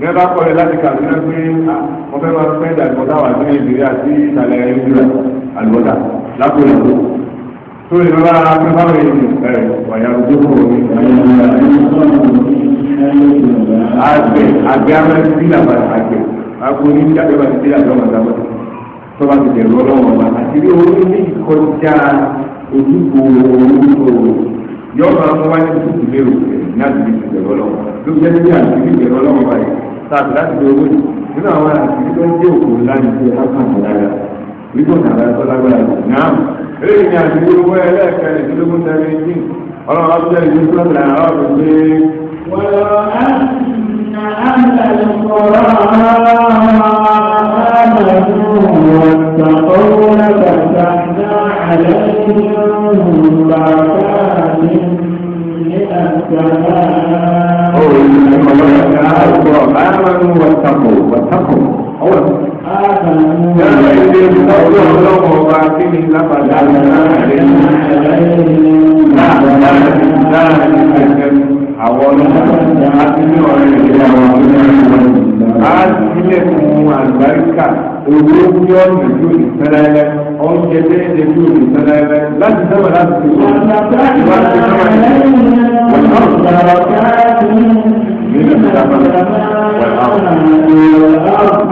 A: ní ọba kọ́lé láti kàdúrà pé wọ́n ah, fẹ́ máa fẹ́ dàgbọ́dá wà ní nàìjíríà sí ìsàlẹ̀ ìdúrà àlùbọ́dà lápòlù tó lè lọ́la pé báwọn èèyàn ẹ̀ wàyà ojú kò ní. àgbẹ̀ àgbẹ̀ amẹ́sí bí làbà àgbẹ̀ àgbo ní jáde bá ti dé àgbẹ̀ ọmọ ìdàgbọ́ tó bá ti dẹ̀rù ọlọ́wọ́ ọba àti bí orí ní ìkọjá ojúbọ orúkọ yọ máa mú wáyé tuntun lérò láti fi ìbẹ̀rù ọlọ́run ló jẹ́ bí àti fi ìbẹ̀rù ọlọ́run báyìí tàbí láti fi owó nínú àwọn àti fi tó ń jẹ́ òkú ńlá ní ti ẹ̀ka kan lára wíwọ́n nàrà tó lágbára rẹ̀ náà eléyìí ni àti owó ẹlẹ́ẹ̀kẹ́ ìdílógún tẹ̀lé ní ọlọ́run bá tẹ̀lé ní fúlọ́ọ̀tì àwọn ọ̀rọ̀ pé.
B: wọ́n آمنوا واتقوا لفتحنا عليهم بركات من السماء آمنوا
A: واتقوا واتقوا آمنوا àwọn ọlọ́dún àti ní ọ̀rẹ́ ìdílé àwọn akẹ́kọ̀ọ́ á sílẹ̀ fún àgbáríkà owó tí ó lè tó ní sẹ́lẹ̀lẹ̀ oúnjẹ tí ó lè tó ní sẹ́lẹ̀lẹ̀ láti sábà láti tó wọ́n ti wá sí sábà ní wọ́n náà sábà nínú sábà wọ́n náà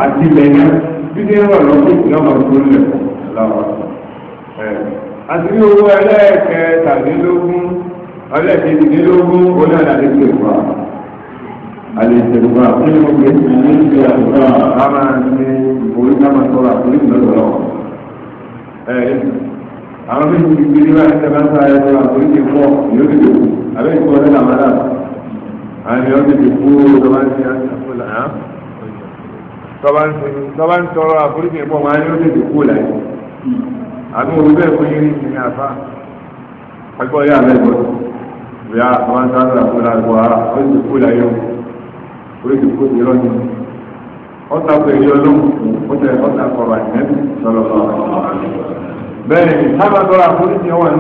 B: àti lẹ́yìn
A: bídé wà lọ́kùn náà máa tó lẹ̀ láwọn àti ní owó ẹlẹ́ẹ̀kẹ́ tàdínlógún ọlẹ́ẹ̀kejì nílógún onáàdà lè pè fún wa àlèṣèlúwà kí ni mo gbé ní ìgbà ká máa ní ìforí ká máa sọ̀rọ̀ àforí ìlọ́dọ̀ọ́ ẹ̀ẹ́dì àwọn méjì ti gbé nígbà tí ẹ̀ka ń sá ẹ̀ sọ̀rọ̀ àforí ti fọ́ yóò ti dòkú abẹ́ ìfọ́ ọ̀dọ́ làwọn dà àmì ọ̀dọ́ ti kú ẹ̀kọ́ yẹn ní ìsinmi àfa àgbọ̀ yà bóyá àwọn sáńtà kó lárúbọ ara ó sì kó láyé o ó sì kó sí lọ́nà ọ̀tà pẹ̀lú ọlọ́run ó tẹ ọ̀tà kọ̀ọ̀rọ̀ àìmẹ́bí sọ̀rọ̀ bẹ́ẹ̀ ni sábà tọ́ra àforíjì ọwọ́ àti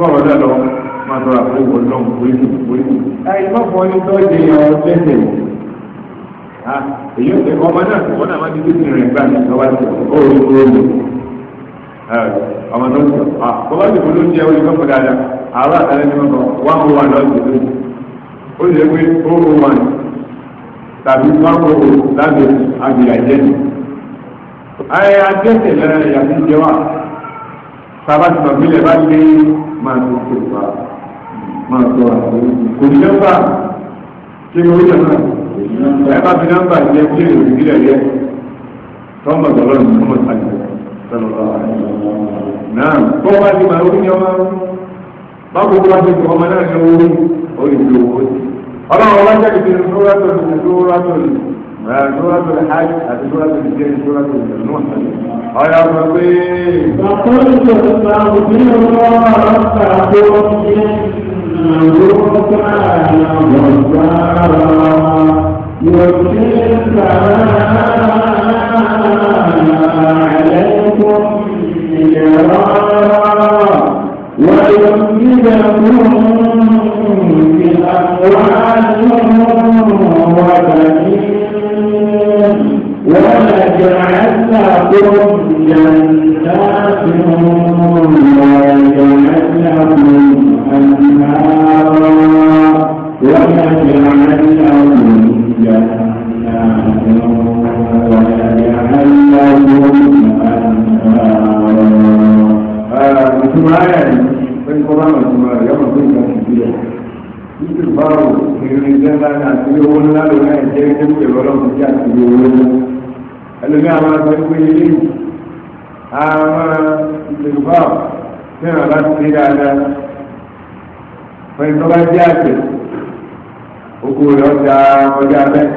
A: owó kan lọ máa tọ́ra àforíjì ọlọ́run oríṣi oríṣi. láì má fọ ní tó ṣe yọ lẹ́sẹ̀ èyí ó ṣe ọmọ náà wọ́n náà má ọmọ tó ń sọ bọ́lá ìdìbò ló ń jẹ́ orí kọ́kọ́ dáadáa àárọ̀ àtàlẹ́ ní wọn kọ́ one oh one lọ́sẹ̀ lónìí ó lè wé oh oh one tàbí one oh oh lábẹ́ àgbèrè àjẹ́ni. ayé àjẹsẹ̀ lẹ́nu ìyàtí jẹ wá sábà tí màmí bá lé máa tó tó wá máa tó wá kò ní kí ni ó yẹ ẹ bá fi jẹ kí náà tó bá ti máa wí ní ọmọ báwo bá ti fi ọmọ náà ní orí orí ìlú owó sí ọlọ́run wá jáde bí nùrọ́tò ní nùrọ́tò ní nùrọ́tò ní hajj àti nùrọ́tò ní jẹ́ nùrọ́tò ní nùrọ́tò ní ọ̀yà ọ̀gbọ̀n pé. bàbá ìjọba ìgbàlódé ní ọlọ́run ọ̀rọ̀ àti ọ̀gbìn ìrànlọ́wọ́ عليكم نارا ويمددكم بأموالهم
B: وبنين ويجعل لكم جنات ويجعل لكم أنهارا
A: ويجعل àyà yìí lẹ́yìn tó bá mọ̀ sí ma yọ̀ mọ̀ pé nǹkan ti di ẹ̀. Títí báwo ìrìn ìjẹ́ ńlá ní àtúnyẹ owó ńlá ló náà jẹ́ ní pẹ̀lú ọlọ́run sí àtúnyẹ owó ńlá. Ẹlòmí àwọn aṣọ pé rẹ̀ ọjà ọjà bẹ́ẹ̀.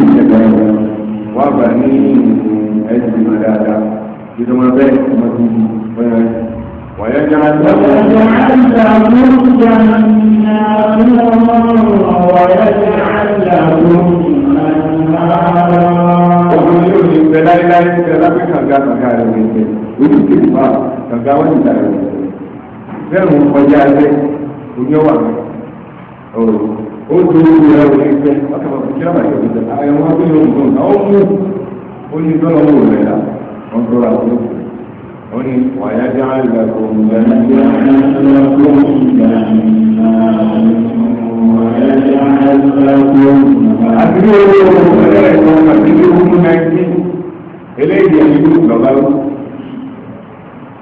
A: wọ́n àgbà ní ẹ̀sìn ìmọ̀ dáadáa ìdúmọ̀ bẹ́ẹ̀ ọmọ tó ń bọ́ yẹn. ويجعل لهم جنات ويجعل لهم أنهارا da lailai da zafin kanga kanga da mai ke wani ke ba kanga wani da ya zai mu kwaja zai kun yawa ne ó tó ń gbé ẹrù ní ìfẹ́ pátápátá kí á bàjẹ́ òkúta àyẹ̀wò wọn pé yóò gbọ́n náà ó mú ó ní dọ́là owó rẹ̀ dá wọn tó ra owó ó ní wàyà dá àgbà kò ń gbà ní ìgbà tó ń gbà ní ìgbà ń gbà. àti ẹ̀kọ́ àti bí owó mú eléyìí ẹni tó gbàgbá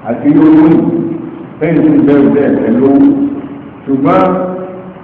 A: àti bí owó fẹ́ǹsì bẹ́ẹ̀ bẹ́ẹ̀ pẹ̀lú ṣùgbọ́n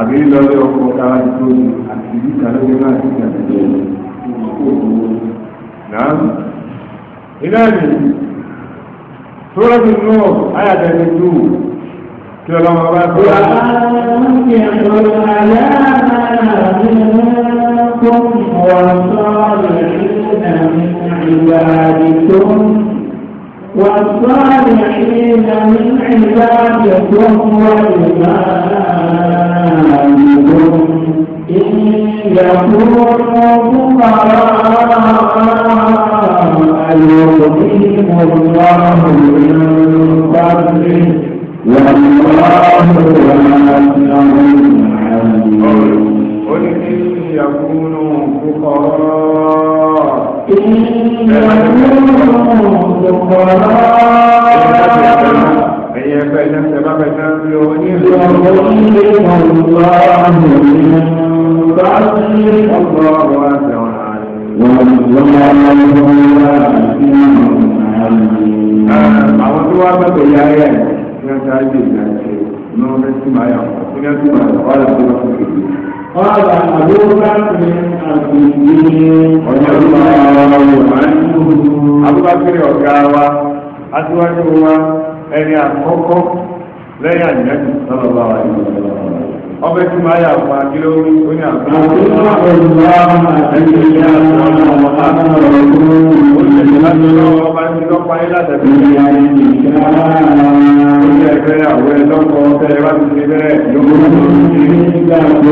A: àbí lọ́lé ọkọ̀ kára tó ní àti ìdíkàlógé náà ti jàdé lọ́wọ́ náà iná ni sórọ́bì náà ayàtẹ̀lẹ̀ tó kí ọlọ́mọ bá tó rà. وصالحين من عبادكم والصالحين من عبادكم وإمامكم إن يكونوا فقراء يغنيهم
B: الله من فضله والله واسع
A: عليم قل إن يكونوا فقراء إن يكونوا Ẹ̀yẹ ẹgbẹ́ iná ṣe bá bẹ̀ tán bí o ní ìlú ọ̀rọ̀ ilé ọ̀gbà bá sí ọ̀gbà ọ̀rọ̀ àti ọ̀rọ̀ àárín. Àwọn tí wọ́n bẹ̀ bẹ̀ yá ẹ̀ ní ọjọ́ ajé ìdájẹ́ ní ọjọ́ tí máa yà wọ́n, ní ọjọ́ tí máa yà wọ́n, قال معلوم من أبيه وجمع عنه أبو بكر وكاوى أزواجهما أن يعقوكم لا يعني صلى الله عليه وسلم ọbẹ̀ tí máa yà fún akíló ó ní àgbà. àbúrò ọ̀gá àti ìyá àwọn ọmọ akọ̀rọ̀ olùdíje láti lọ ọba tí lọ́pọ̀ ayé látàbí ìyá ìyá ìyá ìyá ìfẹ́ àwọ̀ ẹ̀ lọ́kọ̀ ọ̀fẹ́ ẹ̀ bá ti ṣe bẹ́ẹ̀ lọ́wọ́ ìgbà tó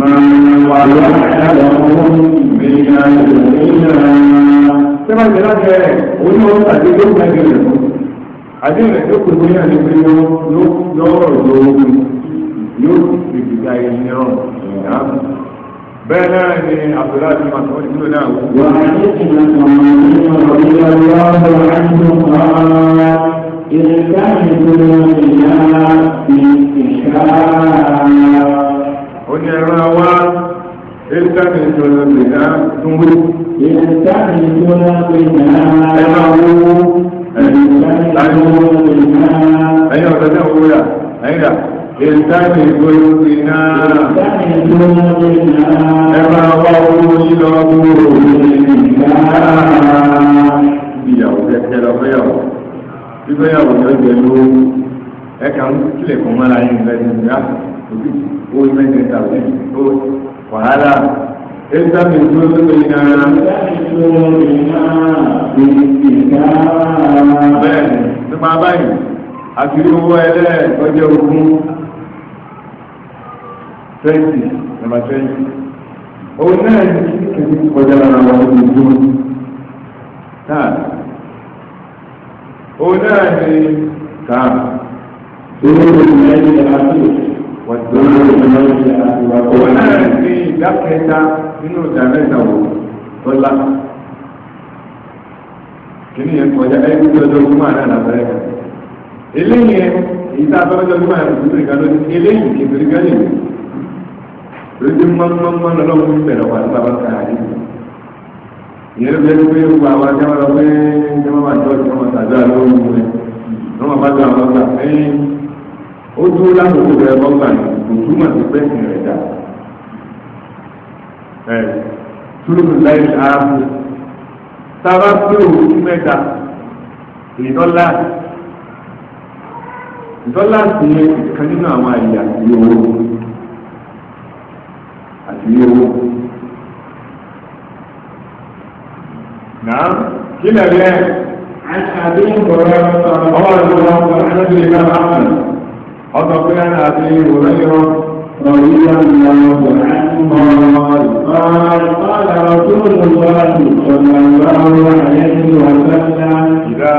A: máa wà lọ́wọ́ ìgbà tó sẹ́wọ́n ti láti ẹ̀ òun ni wọ́n tàbí ló ń gbàgbé rẹ̀ fún. àdéhùn ẹ̀ tó kù ní àdéhùn yóò yọ̀ọ̀rọ̀ lọ́wọ́ yóò sì fi ìgbésí ayé ní rọrùn ìyá bẹ́ẹ̀ náà ni abdullahi bin masoud nínú náà wò. wà á ní ìlànà àwọn ọmọ ìlú ọlọ́wọ́ àti ọ̀pá ìrìnká ìlú ìyá ìṣá. ó ní ẹ̀rọ wa ìrìnká ìlú ìyá tún wí. ìrìnká ìlú ìyá. ẹ máa wo ẹ̀yìn ọ̀dọ́ náà wúra ẹ̀yìn rà ìtàní ìgbóyúnìná ẹ máa wá owó yílọ gbòòrò ìyàwó kẹkẹ lọ fẹyàwó fífẹyàwó yóò jẹ lówó ẹ kà ń kílẹ̀ kó mọ́ra yín lẹ́yìn ìgbà òbí ó mẹ́jẹ tàbí ó wàhálà ìtàní ìgbóyúnìná bẹ́ẹ̀ nípa báyìí àti owó ẹlẹ́ẹ̀kọ́jẹ́ ogun twenty nàmà twenty òun náà ní kìkì kọjá lára wọn ní ìdúró náà òun náà ní kàá dúró lórí ẹni àti wàdúró lórí ẹni àti wàdúró òun náà ní ìdákẹta nínú ìdá mẹ́ta wò tọ́lá kìíní yẹn kọjá ẹni tó lọ́jọ́ ojúmọ́ àná àlàbẹ̀rẹ̀ kan eléyìí yẹn èyí tá a tọ́lọ́jọ́ ojúmọ́ àná àlàbẹ̀rẹ̀ kan lónìí eléyìí kìí lójú mọ́nmọ́nmọ́ lọ́wọ́ fún bẹ̀rẹ̀ wà nígbà bá kàá ní. ìyẹn ló bẹ́ẹ̀ pé gbogbo àwọn akẹ́wọ́n lọ pé kí wọ́n máa jọ́ ìjọba tàbí àlọ́ òun rẹ̀ wọ́n máa bá jọ àwọn ọgbà ẹ̀yìn ó dúró lákòókò bẹ̀rẹ̀ bọ́gbà ní kò túmọ̀ sí pẹ́sìn rẹ̀ dà. ẹ̀ túlùkù láì ṣáàbù sábà pé òkú mẹ́ta ìdọ́là ìdọ́là sí ìkan nínú àwọn àyà ìyòwò ní owó. Nàá kí lẹ̀rí ẹ̀? Àbí ìbọ̀rọ̀ ọ̀rọ̀ ìbọ̀rọ̀ ọ̀rọ̀ ìbọ̀rọ̀ ọ̀rọ̀ ìbọ̀rọ̀ ọ̀rọ̀ ìbọ̀rọ̀ ọ̀rọ̀ ìbọ̀rọ̀ ọ̀rọ̀ رضي الله عنه قال قال رسول الله صلى الله عليه وسلم إذا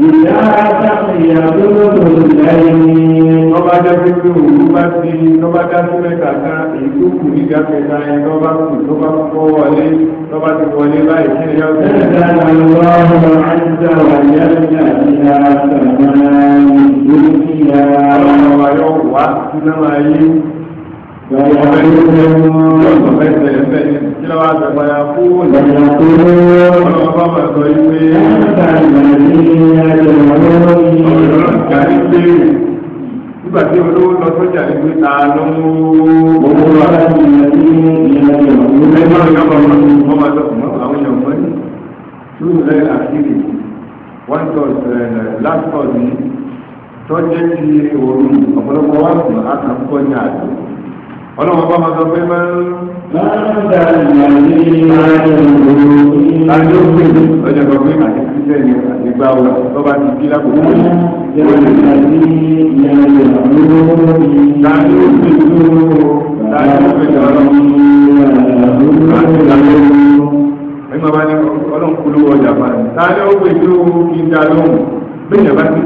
A: إذا سقي ثلث الليل tọ́ba jẹ́ pé pé òru bá ti tọ́ba já sí mẹ́ta ká èyí tó kù ní ìjà kẹta yẹn tọ́ba kù tọ́ba kọ́ wọlé tọ́ba ti wọlé báyìí kí ni yọ sí. ẹ̀ka ìwà ọmọ àìsà wà ní àyíká ìyá sàmà ìlú ìyá. ọmọ wa yóò wá sí náà yé. Nígbà tí olówó lọ sọ́jà ní pé ta ló ń wo owó lọ láti ilẹ̀ tí ìyẹn lè wọ́n. Ẹgbẹ́ ọ̀gá bàbá mi ni wọ́n máa dọ̀kùn mọ́ àwọn èèyàn wọ́n ní. Túlù rẹ̀ àkìrì, one third last third ní, tọ́jẹ́ ti òru ọ̀pọ̀lọpọ̀ wá sùn àtàkùn kọ́jà àdó ọlọ́run bá máa sọ pé máa ń. Adé òkè ọjà kan pé àti kíkẹ́ ni àti gbá ọ̀la tó bá ti kí lákòókò yìí. Tàbí òkè tó tàbí òkè tó ọlọ́run. Láti ìlànà ẹ máa bá ní ọlọ́run polówó ọjà bá ní. Tàbí òkè tó kí n dá lóhùn. Bẹ́ẹ̀ni ẹ bá ti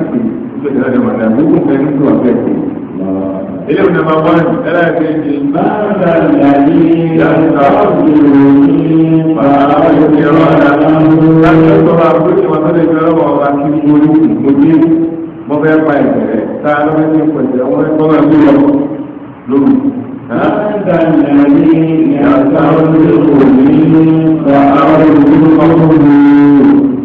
A: pè é, ó lè dá lọ́wọ́ àti àbúkù fẹ́ẹ́ ní tó àbẹ́ẹ̀kẹ́ ilé ìwé nàmbà wán ẹlẹ́ẹ̀kejì bàbá ìyàlí yàtọ̀ ìròyìn pàápàá ìrọ̀ àlàmú láti ọ̀tọ̀ bá gbóṣe wọn tó lè fi ọlọ́wọ́ ọba kí mo ní mo ní mo fẹ́ pa ìbẹ̀rẹ̀ tá a lọ́wọ́ ti pẹ̀lẹ́ wọn kọ́ máa gbé lọ lóru. Bàbá ìyàlí yàtọ̀ ìròyìn pàápàá ìrọ̀ àlàmú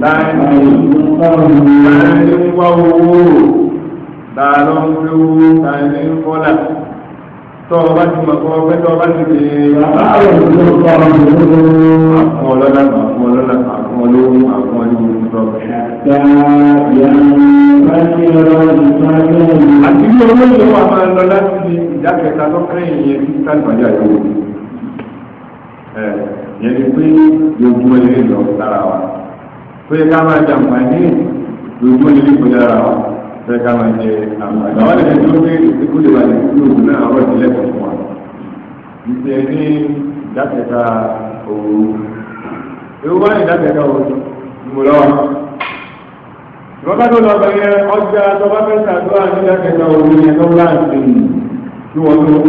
A: láti ọ̀tọ̀ bá gbóṣe wọn tó lè fi ọlọ́wọ́ ọba kí mo ní mo ní mo fẹ́ pa ìbẹ̀rẹ̀ tá a lọ́wọ́ ti pẹ̀lẹ́ wọn kọ́ máa gbé lọ lóru ta ló ń fi owó ta ní kọ́là tọ́ ọba ti mọ̀ kọ́ pé tọ́ ọba ti fi àbáyọ̀ tó ń kọ́ ọ̀rọ̀ tó ń lò. àkùn ọlọ́lá àkùn ọlọ́lá àkùn olówó àkùn olówó ń tọ́. àti bí owó yìí wà máa lọ láti ìdá kẹta lọ́kẹ́yìn yẹn tí sálùmọ́lì àyẹ̀wò ni pé lójú ẹni lọ wa pé ká máa jàǹfààní lójú ẹni lè kọjá lára wa fẹ́ ká máa jẹ àǹfààní. àwọn ẹ̀sìn tó gbé ìdíkù lè wà ní ìlú òun náà àwọn ìdílé kan fún wa. ìṣe ní ìdákẹ́ta òru. ewu bá ní ìdákẹ́ta òru mo lọ́wọ́. ìwọ́kàtò lọ́gbà yẹn ọjà tọ́ba fẹ́ sàdúrà ní ìdákẹ́ta òru yẹn tó bá ń sìn kí wọ́n tó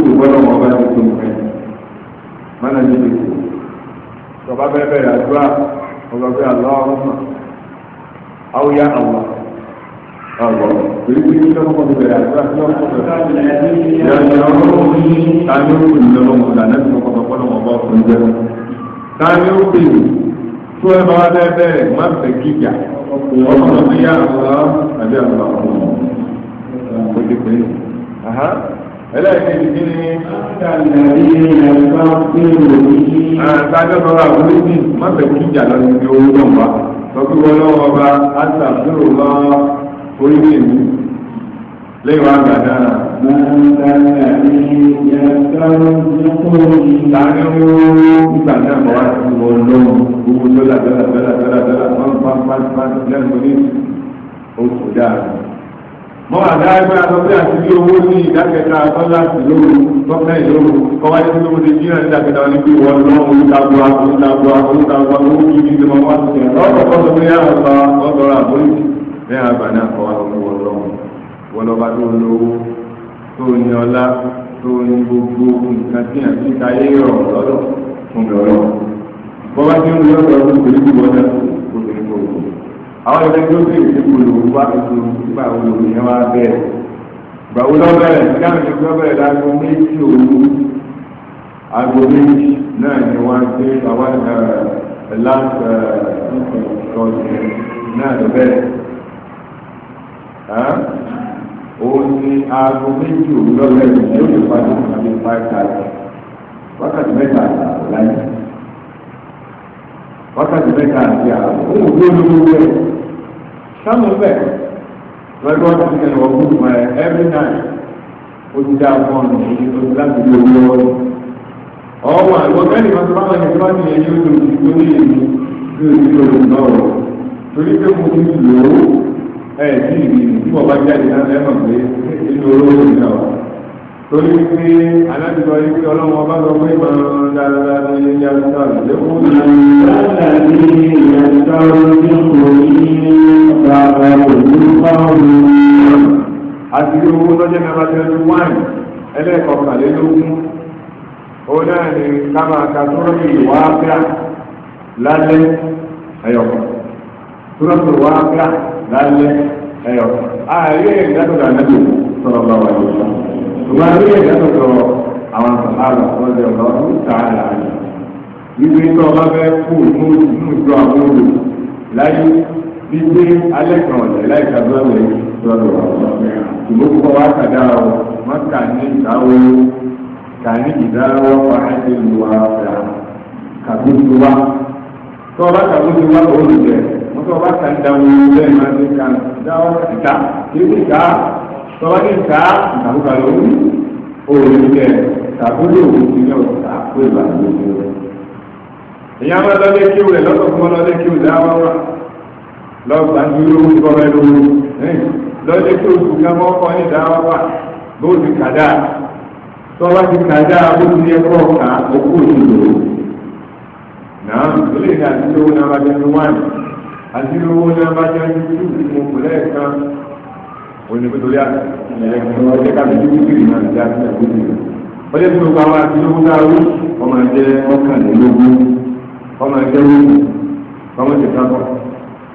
A: Àwọ̀ torí pé ní lọ́wọ́ ti bẹ̀rẹ̀ àdúrà tí wọ́n kọ́ bẹ̀rẹ̀. Yàrá ọ̀rọ̀ tani ó pè lọ́wọ́ mọ̀ lànà tí kọ́kọ́ kọ́ lọ́wọ́ bá ọkùnrin jẹ́. Tani ó pè tó ẹ bá wá bẹ́ẹ̀ bẹ́ẹ̀ má fẹ́ kíjà. Ọkọ̀ lọ sí yàrá àbí àbúrò àwọn ọmọ. Ó ti pè é ẹlẹ́ẹ̀kejì kí ni. àtàjọ sọ̀rọ̀ àforíjì má fẹ́ kí ìjà orílẹ̀ èdè lẹ́yìn wá gbà dára. Tàbí ó nígbà náà bọ̀ wá sí ìwọ lọ́wọ́ gbogbo dọ́là dọ́là dọ́là dọ́là dọ́là pánpánpánpán lẹ́nu ní oṣù dáa. Mọ́ àdá ẹgbẹ́ àtọ́fẹ́ àti bí owó ní ìdákẹ́ta tọ́lá sí lóru tọ́lá ìlóru kọ́wá ní gbogbo ti jí náà ìdákẹ́ta wọn ní pé ìwọ lọ́wọ́ olùtàgbọ́ olùtàgbọ́ olùtàgbọ́ olùtàgbọ́ olùtàgbọ́ olùtàgbọ́ olùtàgbọ́ olùtàgbọ́ olùtàgbọ́ olùtàgbọ́ bẹ́ẹ̀ àgbà náà kọ́ wa lọ́wọ́ ọlọ́run wọlọ́ba tó lówó tó ní ọlá tó ní gbogbo nǹkan tí à ń fi ta yé rọ̀ lọ́dọ̀ fún mi ọlọ́run bọ́ba tí ń lọ sọ fún kòlíkù wọ́dà kò ní kò kò àwọn ìfẹ́ tó bèrè ní kòlòwò bá ètò ìgbà olówó yẹn wá bẹ́ẹ̀ gbàwó lọ́bẹ̀rẹ̀ dáhùn ní lọ́bẹ̀rẹ̀ lágbo méjì òru agbo méjì náà ni wọ́n gbé àwọn ẹ̀lá ẹ̀ẹ́dẹ́gbẹ̀rẹ̀ náà lọ́bẹ̀rẹ̀. òun ni aago méjì òwúrọ̀ lẹ́yìn tí ó lè parí ìpàdé five thirty wákàtí mẹ́ta àti àbọ̀ láyé wákàtí mẹ́ta àti àbọ̀ òun bí olówó rẹ̀ sáwọn bẹ́ẹ̀ lọ́jọ́ tó ti kẹ́lẹ́ ẹ láti owó lọ́wọ́ ọ̀wọ́ tó bá wọn lò ẹ tí ìrì tí wọ́n bá jáde náà ẹ pé inú olówó yìí náà torí pé alájùlọ yìí pé ọlọ́run ọba sọ pé máa dáadáa ní ilé àtúntà lẹ́kọ́ àti owó lọ́jọ́ náà bá tẹ́lẹ̀ wáìnì ẹlẹ́ẹ̀kọ̀ọ̀kàlélógún ó náà ní tó lálẹ́ túrọ́tù wá kíá lálẹ́ ẹ̀yọ̀ ààrẹ ìdádọ́dọ̀ ànábì sọ̀rọ̀ bá wà yìí ṣùgbọ́n ààrẹ ìdádọ́dọ̀ àwọn sàhálà lọ́dẹ̀ ọ̀rọ̀ ọdún sàhálà rẹ̀ wípé tó ọba fẹ́ kú nínú ìjọ àwọn olù láyé wípé alẹ́ kan ọ̀lẹ́ láì sàdúrà sọ̀rọ̀ ìmọ̀kúkọ wá kàdá ọ̀ mọ́ta ní ìdáwọ́ kàní ìdáwọ́ pàṣẹ ìlú wa kàbútu wa tó ọba kàbútu wa olùjẹ́ tọ́ba kan dáwọ́ bẹ́ẹ̀ máa ti kan dáwọ́ ìta kìí ìta tọ́ba ní ìta ìtàkùkà lórí òòlù jẹ tàbúrò òòlù jẹ òòlù àpò ìbàdàn lórí. èèyàn máa lọ lékí rẹ̀ lọ́sọ̀ fún ọ lọ lékí rẹ̀ dáwọ́ wa lọ gbàgbé lórí bọ́ọ̀rọ̀ ẹ̀ lórí lọ lékí oṣù kan mọ́ ọkọ ní dáwọ́ wa bó ti kàdá tọ́ba ti kàdá bó ti yẹ kọ́ ọ̀ka òkú òṣèlú náà ilé ìdájọ́ náà wájú ní wáyé àti lówó náà bá jẹ́ ní tù mo kò lẹ́ẹ̀kan onígbòtòlí àti ẹ̀jẹ̀ ká fi dúró kiri náà dá sí ẹ̀kọ́ mi. ó lè fi gbogbo àwọn àti lówó náà rú ọmọ ẹ̀jẹ̀ ọkànlélógún ọmọ ẹ̀jẹ̀ rúbù ọmọ ẹ̀jẹ̀ sábà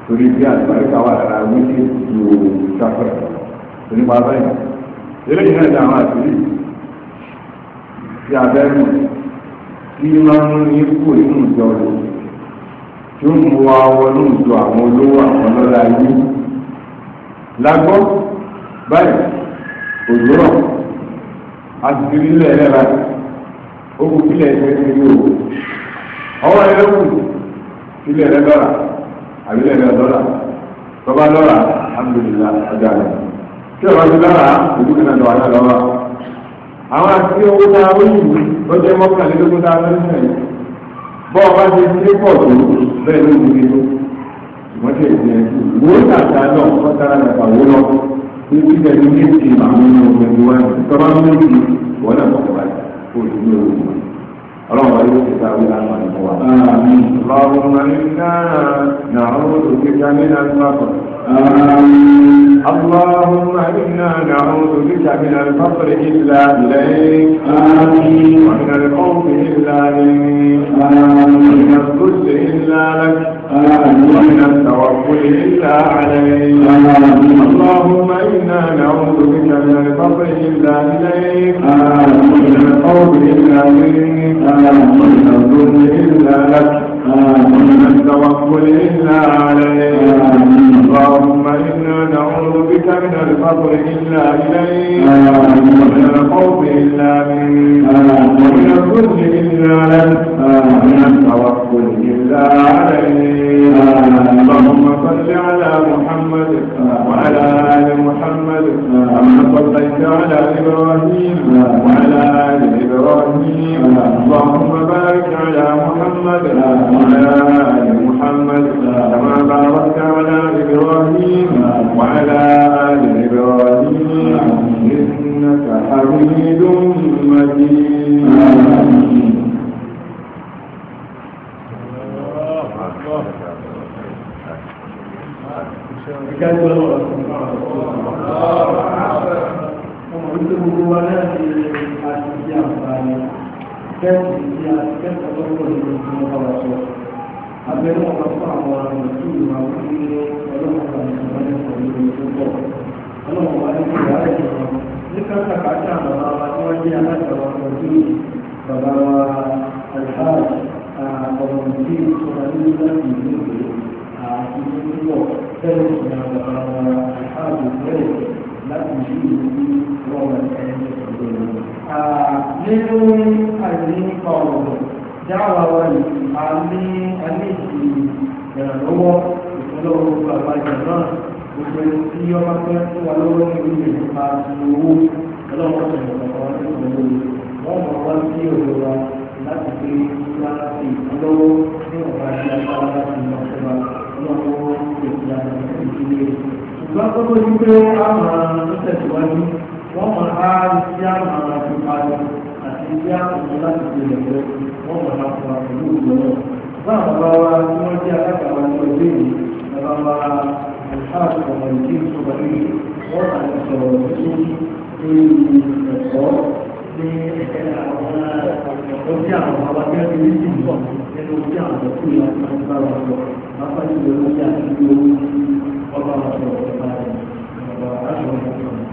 A: torí bí àtúbáríkà wà lára wíṣí ju sáfà onípa báyìí. eléyìí náà dáhùn àtúrí tí abẹ́rù tí máa ń ní kú nínú ìjọ tí ó mú wa wọnú ìjọ àwọn olówó àwọn ọlọ́lá lágbọ́ báyìí òjòrò àtìrí ilẹ̀ ẹlẹ́ra ogun ilẹ̀ ẹgbẹ́ òwò ọwọ́ ẹlẹ́kùn ilẹ̀ ẹlẹ́ dọ́là àbí ilẹ̀ dọ́là bàbá ọjà rẹ̀ tí ọba ti àwọn àti owó tá a wọ́n yìí lọ́jọ́ mọ́kànlélógún bọ́ ọba ti ṣe pọ̀ tó bẹ́ẹ̀ ló ń gbé tó wọ́n ti ṣe wo tàtà náà wọ́n tara nàfà wó lọ ní gbígbẹ́ ní méjì àwọn ọmọ ẹgbẹ́ wa tọ́ba méjì wọ́n náà kọ̀ọ̀kan kó o ti ní owó اللهم إنا نعوذ بك من الفقر اللهم إنا نعوذ بك من الفقر إلا إليك ومن الخوف إلا منك ومن الذل إلا لك ومن التوكل إلا عليك اللهم إنا نعوذ بك من الفقر إلا إليك ومن الخوف إلا منك إلا عليك اللهم إنا نعوذ بك من الفضل إلا إليك ومن الخوف إلا منك ومن الظل إلا لك ومن التوكل إلا عليك اللهم صل على محمد وعلى آل محمد باركت على إبراهيم وعلى آل إبراهيم اللهم بارك على محمد وعلى آل محمد كما باركت على إبراهيم وعلى آل إبراهيم إنك حميد مجيد
B: كانت لهم
A: wípé gbogbo wa náà ṣe àṣìṣe àǹfààní kẹ́ẹ̀sì sí àṣìkẹ́sì ọlọ́pọ̀ nínú tí wọ́n bá wa sọ. abẹ́rẹ́ wọn fún àwọn ọ̀rọ̀ tí ìwà wọn ní ọlọ́pàá ní ìwádìí pẹ̀lú ojú pọ̀. ọlọ́pàá wa ní ìwà rẹ̀ jọ̀rọ̀ ní kátàkátà bàbá wa tí wọ́n jẹ́ aláṣà wa pẹ̀lú bàbá wa alhaj ọ̀rọ̀ tí ìṣọ̀rọ̀ ní láti ìlú ìgbé àti ìlú ìwọ̀ tẹ́lẹ̀ ìṣọ̀rọ̀ bàbá wa alhaj ìgbẹ́rẹ̀ láti ṣe ìlú wọn ẹni nínú àìní nípa ọ̀rọ̀ dáwà wa yìí a ní àlejò ìrànlọ́wọ́ ìpínlẹ̀ orúkọ àbájá náà gbogbo ẹni tí ọba fẹ́ fún wa lọ́wọ́ ní ìlú ìjọba àti owó ọlọ́wọ́ ṣẹlẹ̀ ọ̀pọ̀ wọn ní ìlú wọn mọ̀ wá sí ọ̀dọ̀ wa láti gbé ìgbà sí ìpínlọ́wọ́ ní ọ̀pá ìgbà tí a bá ti lọ sí wa ọlọ́wọ́ ìgbà tí a ti lè lọ́sọ́ tó yí pé a máa ń tẹ̀síwájú wọ́n máa á sí àmà àti pàdé àti sí àkùnrin láti fi lè fẹ́ wọ́n máa á fún àkùnrin òkú náà. Báwọn bá wa tí wọ́n jẹ́ alágbàwá ní ọdún yìí, bàbá ọmọ ìdí ní àwọn ẹ̀kọ́ tí àwọn bàbá jẹ́ kí àwọn ọ̀dọ́ kúrò láti máa وبارك وسلم وبارك وسلم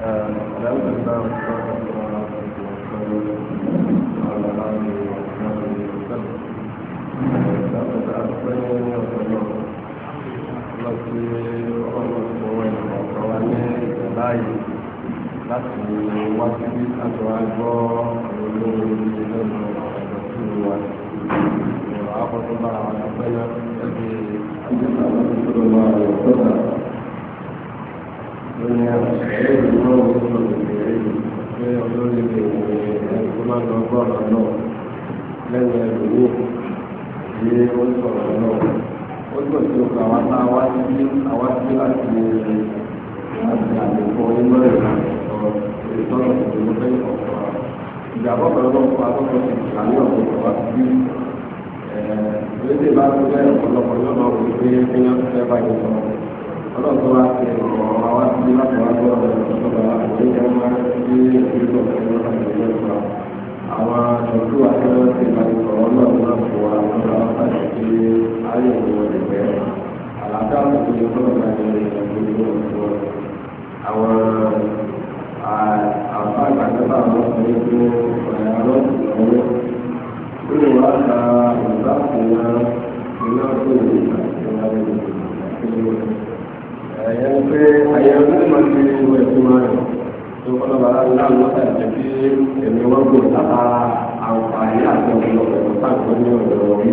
A: الحمد لله والصلاة والسلام على آله وصحبه وسلم. لقد أحسن وسلم. lọ́sí ọlọ́pọ̀ ẹ̀rọ ọ̀rọ̀ ní ìjọba yìí láti wá sí àjọ àjọ àwọn olóòrùn lẹ́nu ọ̀rọ̀ tó wà àkọ́kọ́ bára wọn lọ́pẹ́ lọ lórí àjọyọ̀ àwọn ìṣòro máa lọ sọ́tà lórí àṣẹyẹ ìlú ọ̀hún ló lè rí pé olórí lè wò ẹni tó máa lọ gbọ́ràn náà lẹ́yìn ẹ̀rù wò ní ó sọ̀rọ̀ náà ó tọ̀ sí ọkọ̀ àwọn tá a wá sí àwa sí láti láti àlèkọ́ inú ẹ̀rọ ìtọ́nà ìdòwò fẹ́ ọ̀pọ̀ ìjàmbá ọ̀pọ̀lọpọ̀ àkọ́kọ́ ti ṣàlẹ́ ọ̀pọ̀lọpọ̀ àti bí lóde bá tó bẹ́ẹ̀ ọ̀pọ̀lọpọ̀ yóò lọ wí pé bóyá tó fẹ́ báyìí lọ ọlọ́run tó wá sí ọ̀rọ̀ wá sí láti wá sí ọ̀rọ̀ ìjọba àti ìjọba máa ń fi ìlú ọ̀sẹ̀ lọ́wọ́ àti ìjọba ìjọba àwọn ìlú àti ọ̀rọ̀ ti báyìí sọ̀rọ̀ ọlọ́run náà fò wá lọ́wọ́ láti fi ayé ìwọ̀n ìgbẹ́ àlàáfíà tó ti lè fọ́nà láti lè ìgbàgbọ́ ìwọ̀n àwọn àbá ìgbàgbọ́ àwọn ọ̀sẹ̀ ó lè wá ta ìgbà kan wá iná tó lè ta ìjọba lè ta ẹ̀yẹ́ pé àyẹ̀wò ní màá ti rí ìwé tó máa rẹ̀ tó kọ́ lọ́ba láàrín lọ́sà jẹ́ kí èmi wọ́n gbò lára àǹfààní àti ọ̀pọ̀lọpọ̀ pẹ̀lú pàtó ní ọ̀dọ̀ mi.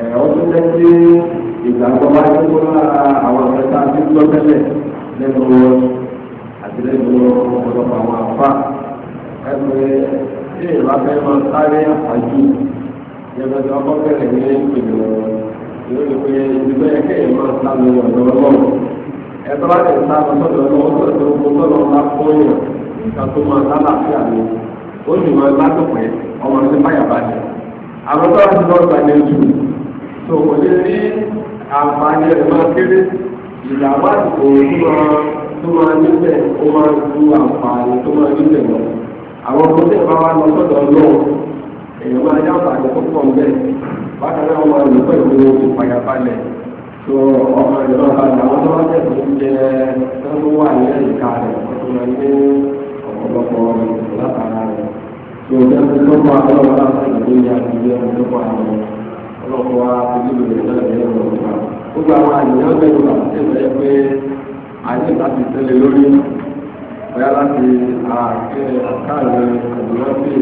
A: ẹ̀rọ tó jẹ́ pé ìgbàgbọ́ wa ti kó lára àwọn ẹ̀ka tí ó gbọ́ tẹ́lẹ̀ lẹ́nu àti lẹ́nu ọ̀pọ̀lọpọ̀ àwọn àfa ẹgbẹ́ tí ìwà fẹ́ máa sáré àjù yẹ̀bẹ̀ tí ọkọ̀ bẹ̀rẹ̀ ní ìpìlẹ̀ wọn yóò lè pe ìdìbò yẹ kéèyàn máa sá lọ ọ̀dọ̀ ọlọ́run ẹ̀tọ́ bá ti sá lọ sọ́dọ̀ ọlọ́run sọ́dọ̀ ogun sọ́dọ̀ ọ̀la fóyàn nígbà tó máa lálàáfíà ni ó sì máa ládùpẹ́ ọmọ ní báyàbáyà àwọn tó ti lọ gbà ní ojú tó kò ní rí àǹfààní rẹ̀ máa kéré ìdàgbàsókò tó máa níbẹ̀ àwọn ọmọ tẹ̀ bá wà lọ sọ́dọ̀ ọlọ́run èèyàn máa yá àbàdàn tó pọ̀ ńbẹ́ bákan náà wọn lò pẹ̀lú ìpayàbalẹ̀ tó ọmọ ìlú ọba àwọn tó wá tẹ̀sán jẹ tó wà nílẹ̀ ìka rẹ̀ tó máa ní ọ̀pọ̀lọpọ̀ látara rẹ̀ tó jẹ́ tó kọ́ ọlọ́run láti ìgbéyà ìgbéyà tó àwọn ọlọ́run bóyá láti àti káàlẹ̀ ìlọ́sí láti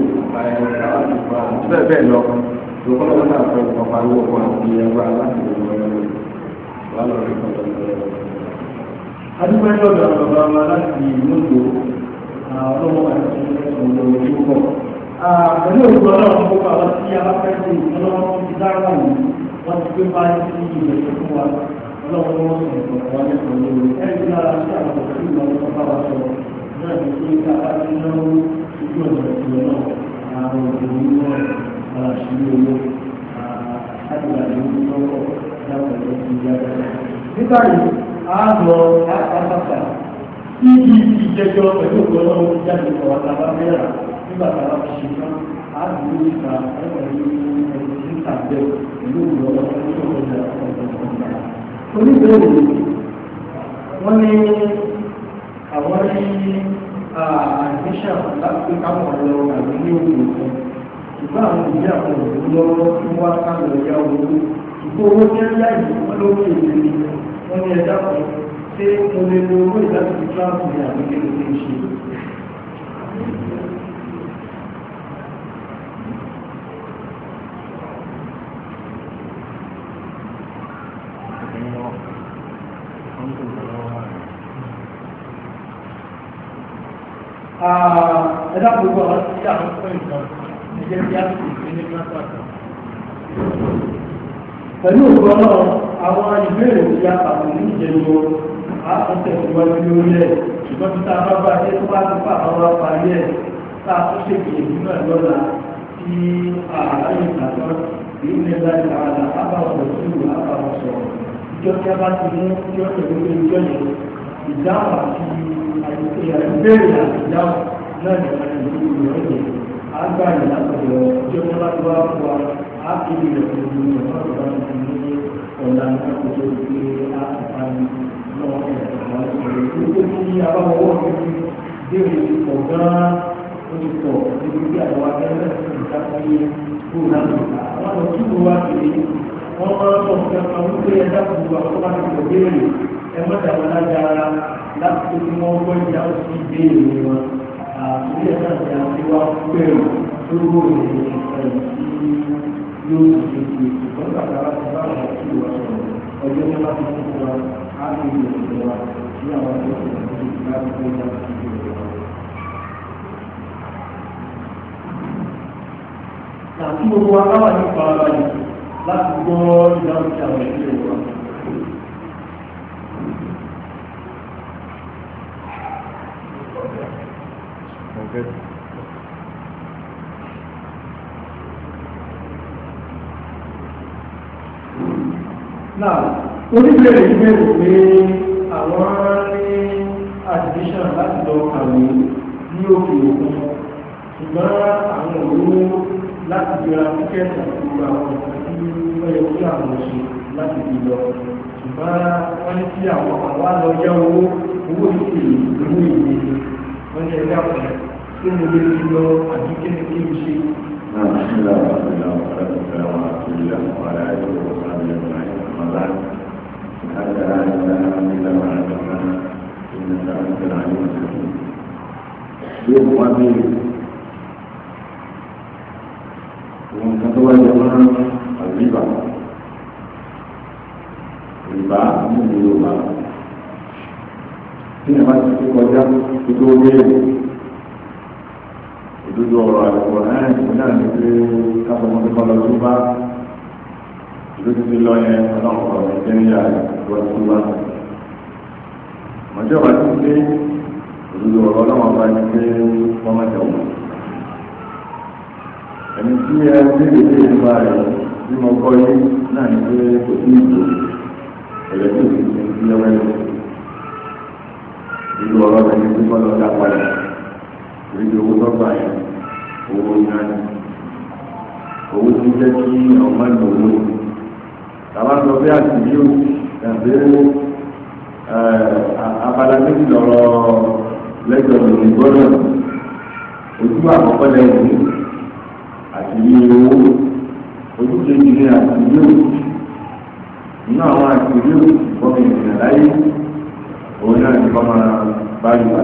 A: fa bẹ́ẹ̀ bẹ́ẹ̀ lọ lókọ́ lọ́wọ́ náà fẹ́ ọ̀pá owó ọkọ̀ àti ẹgbẹ́ aláṣẹ wà lọ́rẹ́ kọ́tọ́ adúgbò ẹjọ́ ọ̀dọ̀ bàbá wa láti ìlúgbò ọlọ́wọ́ àti ọ̀dọ̀ ojú pọ̀ pẹ̀lú òkú ọlọ́run gbogbo àwọn tí aláfẹ́sẹ̀ ọlọ́run ti dára yìí wọ́n ti gbé bá sí ìrẹsẹ̀ fún wa ọlọ́run wọn sọ̀rọ̀ wọn ní ọ̀dọ̀ ẹgbẹ́ aláṣẹ àwọn òṣèlú wọn bá wa sọ̀rọ̀ náà ní pé ká bá ti náwó ojú ọ̀nà ti ọ̀nà àwọn òbí náà àṣírí owó àtìgbàdì lọ́wọ́ dáwọ̀ ló ti yá dáadáa. nígbà yìí a lọ àpapàpà níbi ìjẹjọ pẹ̀lú ọ̀nà òbí jáde ọ̀wà tàbá mẹ́ra nígbà tàbá ti ṣe tán a lù ú níta ẹgbẹ̀rún ẹni tí ń tàbẹ̀ pẹ̀lú ọ̀nà òbí tó ń bọ̀ ọ̀nà àwọn ní àdíṣà láti káwọn lọ àbí ní òkú kan ṣùgbọ́n àwọn òbí àwọn òbí lọ́wọ́ tí wọ́n á ká lọ ya owó ìgbó owó tí ń yá yìí wọ́n ló fi èdè ni wọ́n ní ẹja kan ṣé mo lè lo owó ìdájọ́ ìfúláàfù ní àbí kí ló ti ṣe. ẹ̀dá gbogbo ọ̀rọ̀ sí àwọn fún ìtàn ẹ̀jẹ̀ tí a sì fi ní pátákì. pẹ̀lú òkú ọlọ́run àwọn ìbéèrè òkè àpàtì ní ìjẹun àtúntẹ̀ ìwájú lórí ẹ̀ ṣùgbọ́n tí tá a bá bá dé tó bá ti fà àwọn apárí ẹ̀ tá a tún ṣègbìyànjú náà lọ́la tí ààrẹ ìtàkùn èyí ní ẹ̀dá ìtàkùn àbáwọn òṣèlú àbáwọn sọ̀rọ̀ ìjọ tí a bá ti mú ìjọ ìjọ ìjọ ìdáhùn àti ìbéèrè àtìjáwò náà ní ọ̀nà ìlú ìrọ̀lẹ́ àgbà ìlàkọ̀dọ̀ tí ó bá tó wá fún wa á fi ilẹ̀ tó ní ọ̀nà ìgbà tó ní ọ̀nà ìgbàkóso pé á ti pa ní lọ́wọ́ ẹ̀ka ìṣòro tó tó ní abáwọ̀wọ́ òkèèrè béèrè pọ̀ gan-an ó ti pọ̀ níbi bí àwọn akẹ́rẹ́ ìdákọ́yé kó láti ta àwọn ọ̀tún wa kiri wọ́n máa ń sọ ẹ mọ́tàwọn lágbára láti fi wọ́n gbọ́ ìjà ó sì gbé ìwé wọn àtúndì ẹ̀ náà ti àti wá pẹ̀lú lórúkọ ìrìn ìfẹ́ tí yóò sì ṣe ṣe wọ́n gbàgbà láti bá àwọn àti ìwà sọ̀rọ̀ ọjọ́ tó bá ti fún wa á lè lè lè wa sí àwọn àti ìwà tó ti láti fún wa sí ìwà wa. Nàtí gbogbo wa káwà ní ìfarabalẹ̀ láti gbọ́ ìdáhùn sí àwọn ìdílé wa. Okay. Now, oníbẹ̀rẹ̀ yìí bẹ̀rù pé àwọn ní admission láti lọ kàwé ní òkè òkun ṣùgbọ́n àwọn òwúrò láti gbéra tíkẹ́ẹ̀tì àti gbogbo àwọn ọ̀sán tí wọ́n yẹ kí àwọn ṣe láti fi lọ ṣùgbọ́n wọ́n ní kí àwọn àwọn àlọ́ yá owó owó ìpè ìlú ìlú wọ́n ní ẹ̀dá ọ̀sẹ̀ tí mo lè fi lọ àbí kí ni kí n ṣe. Yóò wá bí wọn kan tó wáyé wọn àgbébà ìbá nínú Yorùbá tí ìyàbá ti fi kọjá títí ó léèrè ìdúdú ọ̀rọ̀ àlùkò náà ìpín náà ní pé káfọmọ tó kọ lọ tó bá ìlú títí lọ yẹn ọlọ́pàá ọ̀rẹ́ ní yàrá ìwọ tó bá. mọ̀jọ́ bá ti pé ìdúdú ọ̀rọ̀ ọlọ́wọ́n bá ti pé wọ́n má jẹun. ẹni tí ẹ ti lè dé rẹ̀ bí mo kọ́ yé náà ní pé kò sí ìdò ẹ̀yẹ́ tó ti ti ń fi ẹwẹ́ nínú ọ̀rọ̀ rẹ̀ ní pípọ́ lọ dá padà níbi owó tó gbà yẹn owó iná ni owó tó jẹ́ kí ọmọ ìlú owó tàbá sọ pé àtìlú tàbí abala méjì lọ́rọ̀ lẹ́jọ́ lòdì gbọ́dọ̀ ojú àkọ́kọ́ lẹ́yìn àtìlú owó ojú kejì ni àtìlú nínú àwọn àtìlú ìfọ̀mìnira láyé òun náà ní kọ́mọ báyìí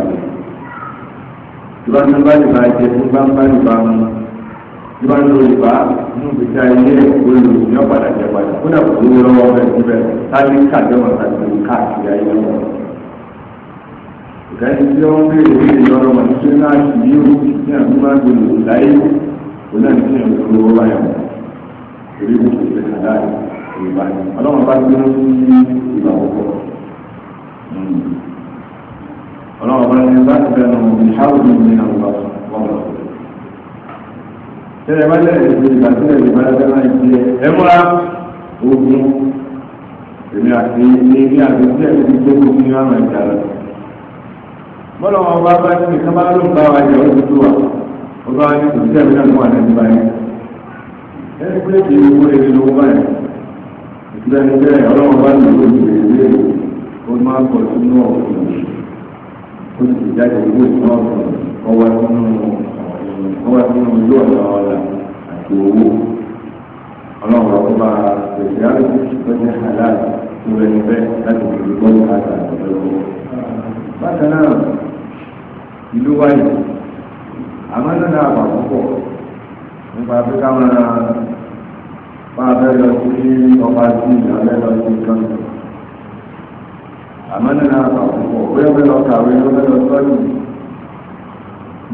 A: ìbá tó bá lè bá jẹ tó bá ń bá lè bá mu ìbá tó lè bá inú ìgbésí ayé ẹ̀ olù ní ọ̀padà jẹ padà ó dà kó lówó lọ́wọ́ bẹ́ẹ̀ síbẹ̀ táyé kàdémọ̀ káàkiri káàkiri ayé lọ́wọ́. ìkànnì tí wọ́n béèrè béèrè lọ́rọ̀ wọn tó náà sì yí o ní àbí máa ń gbèrò láyé òun náà ní ìyẹn kó lówó báyà wọn. èyí kò tó ṣe kàdáà ìbá ọlọ́run bá gbé ní ìbá ọlọ́run ọba ẹni bá ti bẹ̀rẹ̀ ọmọ ìhà òbí mi náà wà lọ́wọ́ tẹ́lẹ̀ bá tẹ́lẹ̀ ti ìgbà tẹ́lẹ̀ ìgbà tẹ́lẹ̀ náà ti ẹ ẹ múra ogun èmi àti èmi àti tẹ́lẹ̀ ti tó kó fún yàrá ìjà rẹ̀ bọ́lá wọn bá bá ti ká bá ló ń bá wa jẹ ó ti tó wa ó bá ní kò sí ẹ̀mí náà wà ní ìgbà yẹn ẹni pé kì í wúlò ìlú báyìí ìgbà yẹn tẹ́lẹ̀ ọlọ́run bá lò ó ti rè é ó máa bọ̀ sínú ọ̀gbìn ó sì jáde owó ìná ọ̀gbìn ọwọ́ nínú ọwọ́ nínú ilé ọ̀nà ọ̀la àti owó ọlọ́run ọkọ̀ bá pèsè àlùkò tó jẹ́ halal tó rẹ̀ níbẹ̀ láti fi gbọ́ ní àgbà ìgbẹ́wò. bákan náà ìlú wáyé àmọ́ náà àgbà púpọ̀ nípa pé káwọn máa bẹ́ẹ̀ lọ sí ọba sí ìyá bẹ́ẹ̀ lọ sí ìkànnì. àmọ́ nínú àwọn àkókò bóyá bẹ́ẹ̀ lọ kàwé ló bẹ́ẹ̀ lọ sọ́ọ̀dù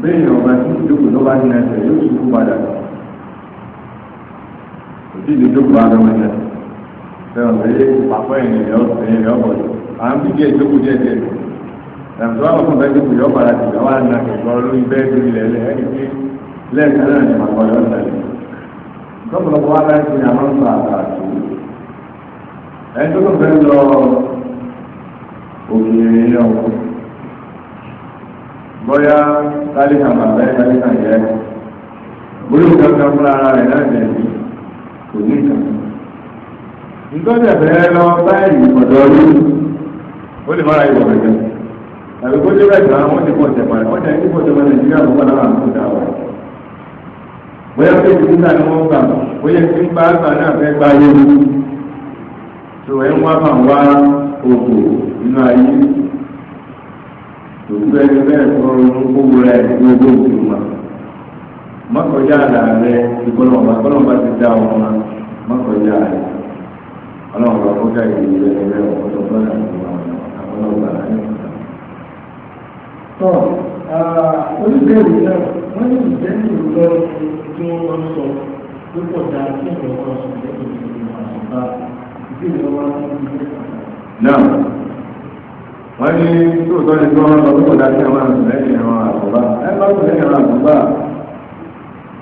A: bẹ́ẹ̀ ọba tí ìjókòó ló bá ní ẹsẹ̀ yóò ṣubú padà òtí ìdókòó ara wọn jẹ bẹ́ẹ̀ ọ̀sẹ̀ yé ẹ̀yìn ẹ̀yọ́ ẹ̀yìn ẹ̀yọ́ bọ̀ à ń bí díẹ̀ jókòó díẹ̀ díẹ̀ tàbí wọn bẹ́ẹ̀ padà òkèèrè ilé ọkọ bóyá tálíkà bàbá ẹ tálíkà yẹ bóyá òkèèrè fúnra ara rẹ náà jẹ kò ní ìtàn nítorí ẹ̀fẹ́ lọ báyìí ọ̀dọ́ rí ó lè mára ìwọ̀ rẹ̀ tàbí kó dé bẹ́ẹ̀ ẹni nàìjíríà wọn àkókò dáwà bóyá ni gbà bóyá ti ń bá àgbà náà yé mi tó ń wá wá òkú nínú ayé òkú ẹni bẹ́ẹ̀ sọ̀rọ̀ ní owó rẹ̀ ní owó òkú wa mọ́kànjá àlà rẹ̀ ìgbọ́nọ̀ba gbọ́nọ̀ba ti dá ọmọ wa mọ́kànjá àlà ọlọ́run bá kọjá ìdílé rẹ̀ rẹ̀ ọ̀dọ́ gbọ́nà àwọn ọ̀gbà rẹ̀. tọ́ olùkẹ́rì náà wọ́n ní ìjẹ́ni ìrọ̀lọ́ tí wọ́n sọ pé pọ̀ dáa kí ẹ̀rọ wọn sọ lẹ́yìn ìgbìmọ̀ àṣùbá ìdílé wọn ti ń gbé àṣà náà wọ́n ní tóòtọ́ ni tí wọ́n lọ tó kọjá sí àwọn àtúnlẹ́yìn ẹ̀rọ àkọ́bá ẹ bá tẹ̀lé ẹ̀rọ àkọ́bá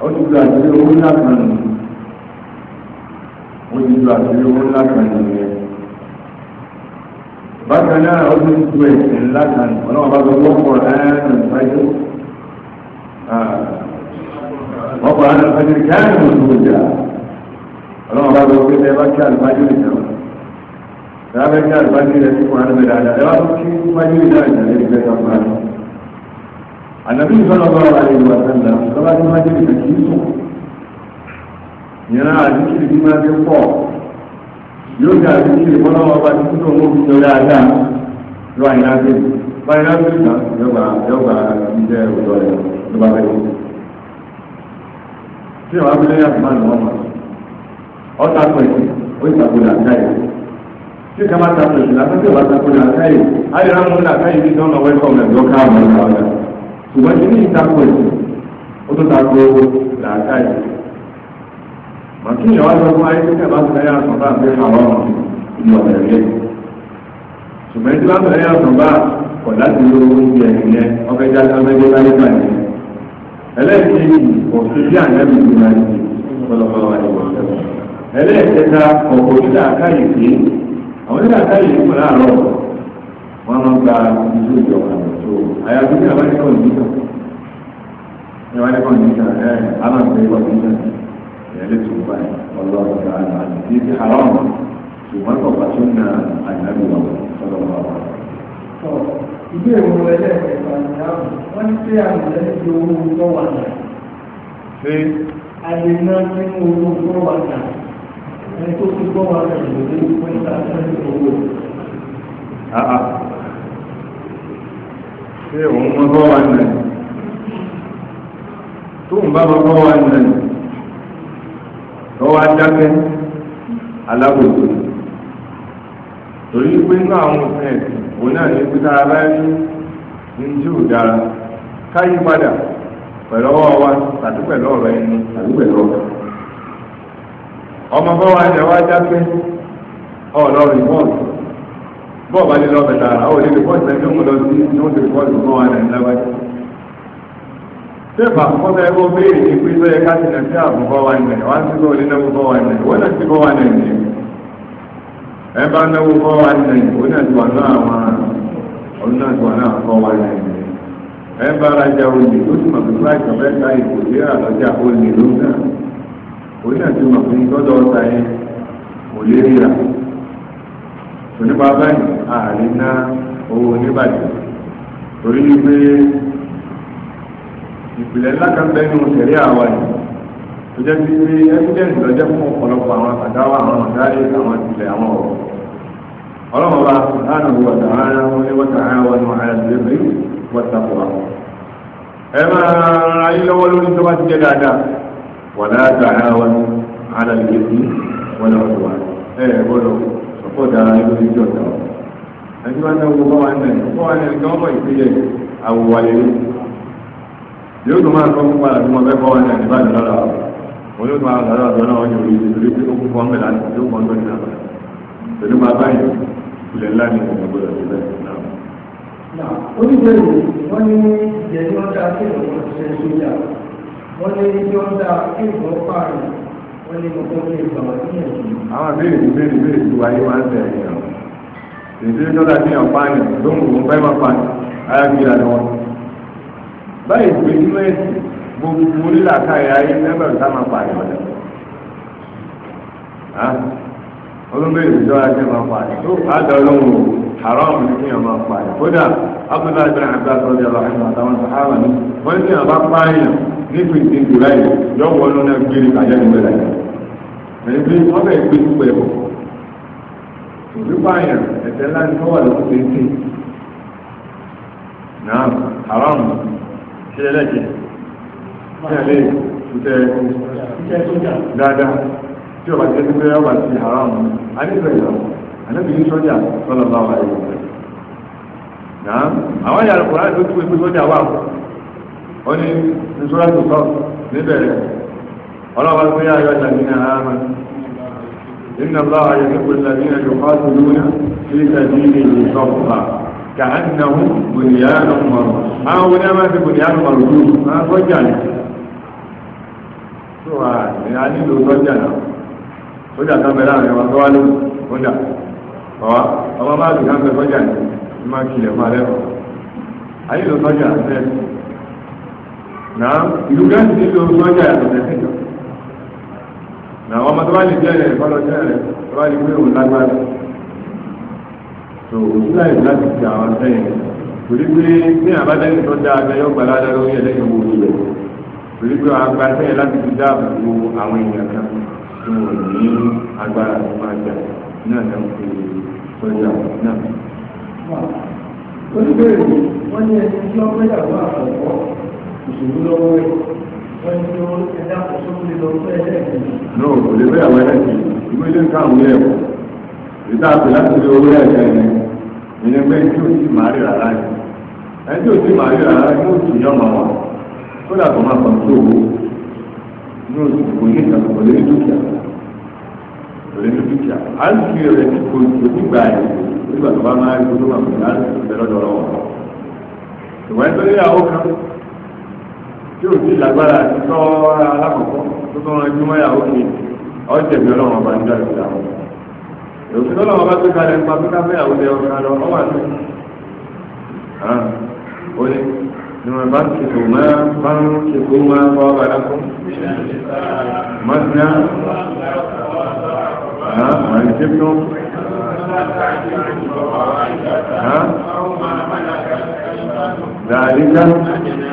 A: ó ti gba àtúnlé owó ńlá kan nù ó ti gba àtúnlé owó ńlá kan nù yẹn bákan náà ó ti tu ẹ̀sìn ńlá kan nù ọlọ́wọ́n bá gbọ́ wọ́pọ̀ ẹ̀ẹ́dùn ṣáájú wọ́pọ̀ ẹ̀ẹ́dùn ṣáájú kẹ́rin mọ̀ tó jà ọlọ́wọ́n bá gbọ́ pé ẹ bá kí àlùfáàjú nìkan lábẹ́ ní àlùbáṣe rẹ̀ tí kùránù bẹ̀rẹ̀ àjà ẹ wá tó kí wájú ìdá ìjà lè fẹ́ ká kùránù. ànàbí ìfọ̀nà bá wà lè wà sẹ́ńdà lọ́ba tí wájú ìdá kì í sùn. ìran àdìsí bí máa dé pọ̀ yóò dé àdìsí ìfọ̀nà wọn bá ti kúrò mú ìjọ dáadáa lọ àyínáfẹ́ báyìí náà yọgbà yọgbà ìjẹ òjò rẹ̀ ló bá fẹ́ tí ìwà abúlé yàtọ̀ máa ń lọ́mọ ọ̀tá pẹ̀lú ó ìtàkùn sai kama ta su shi lafiya ba ta kuna kai ai ran mun da kai bi don na welcome da doka mai kawo su ta ko shi o to ta ko da kai makin yawa da kuma ai sai ba su kai ya so ba sai hawa mu ni wa da ne su mai da ba ya so ba ko da su yi ruwan biya ne o kai da ta mai da kai ne ẹlẹ́ẹ̀kejì òfin bí ànábì ìgbìmọ̀ ẹ̀sìn ọlọ́pàá wà ní wọ́n ẹlẹ́ẹ̀kẹta ọ̀pọ̀ ìdá àkáyè àwọn nígbà táyì yìí kò láàárọ̀ wọn máa gba ìlú ìjọba tó àyàfi ní àwọn ẹ̀kọ́ ìdíkà ẹ̀wọ̀n ẹ̀kọ́ ìdíkà ẹ̀ aláǹfẹ́ ẹ̀kọ́ ìdíkà ẹ̀lẹ́ tó gba ọlọ́run ká àti ti ti haram ṣùgbọ́n kò bá tún na àyàfi wọn sọ́dọ̀ wọn wà. ìgbé ìwọ ẹlẹ́ẹ̀kẹ̀kọ̀ àti wọ́n ti pé àmì lẹ́yìn tí owó ń tọ́wà náà. ṣé àlè náà nínú owó ń tọ́wà náà. ẹni tó ti gbọ́ wa rẹ̀ lòdì fún ìta òun mọ bọ́ wa nà tóun bá mọ bọ́ wa nà lọ́wọ́ adákẹ́ alábòsí torí pé àwọn òfin ẹ̀sìn òun náà ní pé tára ní tí dára padà pẹ̀lú ọwọ́ ọmọ bọ́wọ́ ẹ̀jẹ̀ wá já pé ọ̀lọ́ rìpọ́ọ̀tù bọ́ọ̀ bá lè lọ bẹ̀tà ara ó lè rìpọ́ọ̀tù ẹni òun lọ sí ní oúnjẹ rìpọ́ọ̀tù mọ́ wa nàìjíríà wájú. ṣé ìfàkọ́tà ẹgbẹ́ béèrè ní pé sọ́yẹ káàtì náà sí ààbò bọ́wọ́ nàìjíríà wá sí bọ́ọ̀ lé náwó bọ́wọ́ nàìjíríà wọ́n náà sí bọ́wọ́ nàìjíríà ẹ bá náwó bọ́wọ́ nàìjíríà wọ́n náà ti wà náà àwọn ọdún náà ti wà náà bọ́wọ́ nàìjíríà ẹ bá ara jà olè tó sì mọ̀ òun ti mọ̀ pé tọ́jọ́ yẹn kò lè ríra onípa báyìí ààrẹ ná owó oníbàjẹ́ torí pé ìpìlẹ̀ ńlá kan bẹ́ẹ̀ ní òṣèré àwa yìí tó jẹ́ sí pé ẹ́fídẹ́ǹsì lọ́jọ́ fún ọ̀pọ̀lọpọ̀ àwọn àtàwọn àwọn ọ̀dáyé àwọn ìpìlẹ̀ àwọn ọ̀rọ̀ ọlọ́run ọba wọn ní wọn ní ẹ máa ra lọ́wọ́ lórí tó bá ti jẹ́ dáadáa wàlá àtàwọn alàlùjẹbí wọn àwọn wà ẹ ẹ gbọ́dọ̀ ọkọ dára ẹgbẹ́ ojú ọ̀tá wọn. ẹni wọn náà wọ báwa náà wọ báwa náà kí wọn mọ ìpínlẹ̀ àwòwálé yóò tó máa kọ́ fún wa àti wọn fẹ́ bọ́ wọn náà nígbà tó lọ́la wọn yóò tó máa lọ́la ọ̀dọ́ náà wọn yóò rí ìdílé tí ó kún fún ọmọ ìlànà tó wọ́n lé tí ó ń da kí ìbò pààrọ̀ wọ́n lé gbogbo ní ìgbà wọ́n ní ẹ̀sìn. àwọn béèrè béèrè béèrè tó wáyé wá ń tẹ̀ ẹ̀yàn èdè dọ́là ní àpáàyàn ló ń kó bẹ́ẹ̀ máa pààyàn ayágbéra ni wọ́n. báyìí pé nínú ẹ̀sìn gbogbo lílà káyà ayé lẹ́gbẹ̀rún tá máa pààyàn ọ̀dẹ̀. olóńgbèrè dọ́là jẹ́ máa pààyàn tó àdá ọlọ́run o haram ni kí ọmọ pààyàn kódà abdullahi bin abdullahi sọ̀rọ̀ jẹ́ lọ́wọ́ àtàwọn sàhábà ni wọ́n ní àbá pààyàn ní pèsèpò láyé lọ́wọ́ ọlọ́run náà gbére kájá nígbà láyé ẹni pé wọ́n bẹ̀rẹ̀ gbé púpọ̀ ẹ̀kọ́ ìrúbáyà ẹ̀tẹ́ ńlá ní wọ́n wà lóko péńté náà haram ṣe ẹlẹ́jẹ̀ ṣẹlẹ̀ ṣiṣẹ́ dáadáa tí ọba ti ẹni ọba ti haram anífẹ̀ẹ́ ìlànà anábìyí sọ́jà sọ́lọ́ bá wà lóko náà àwọn ìyàrá kùnrin ló tún ẹgbẹ́ sọ́jà wà ó ní nítorá tó kọ́ níbẹ̀rẹ̀ ọlọ́wọ́ pé ayọ́ ìlànà àmà inna Allah yuhibbu alladhina yuqatiluna fi sabilihi saffa ka'annahum bunyanun marsus àwọn oní àmà ti bunyanun marsus máa sọ́jà ni tó wà ní a nílò sọ́jà náà sọ́jà tó bẹ̀rẹ̀ àwọn ẹ̀wọ̀n tó wá lónìí sọ́jà ọ̀wá ọmọ máa dùn ká ń bẹ sọ́jà máa kìlẹ̀ fún alẹ́ kọ̀ ayélujára sọ́jà àti náà ìlú gáàsì nílò sọ́jà àtọ̀tẹ̀ sí ìjọ náà ọmọ tó bá lè jẹ́ rẹ̀ kọ́ lọ jẹ́ rẹ̀ tó bá lè gbé òun lágbára tó òun láì láti fi àwọn sẹ́yìn torí pé ní àbájáde tó dáa gan yóò gbà ládàá lórí ẹlẹ́yìn owó ilẹ̀ torí pé àwọn àgbà sẹ́yìn láti fi dáàbò bo àwọn èèyàn kan tó wọ̀ ní agbára tó máa jà náà náà fi sọ́jà náà. oníbèrè wọ́n ní ẹni tí wọ́n fẹ́ òṣèlú lọ́wọ́ rẹ̀ wọ́n ti lọ ẹ̀dá òṣèlú lè lọ fún ẹ̀dá ẹ̀dá. náà kò lè fẹ́ àwọn ẹ̀dá ẹ̀dá ìwé ilé nǹkan àwọn ilé ẹ̀kọ́ ìdá àpè láti lè owó ẹ̀dá ẹ̀dá ìyẹn pé tí ò sí màá rí rárá yìí ẹni tí ò sí màá rí rárá yìí ó sì yọmọ wọn kó dà tó máa kàn tó owó ní oṣù kò ní ìtàn kò lè ní dúkìá kò lè ní dúkìá á ń fi rẹ̀ ti kò nígbà yìí nígbà tó bá máa ń gbóná wà pẹ̀lú àti ìbẹ̀rẹ̀ lọ́wọ́ ìwà ẹgbẹ́ tí ò sí lágbára àti tọ́ alákọ̀ọ́kọ́ tó tó ran ẹjú mọ́yà òkè ọ̀jẹ̀bí ọlọ́run ọba nígbà tó dà wọ́n. tó kalẹ̀ nípa pé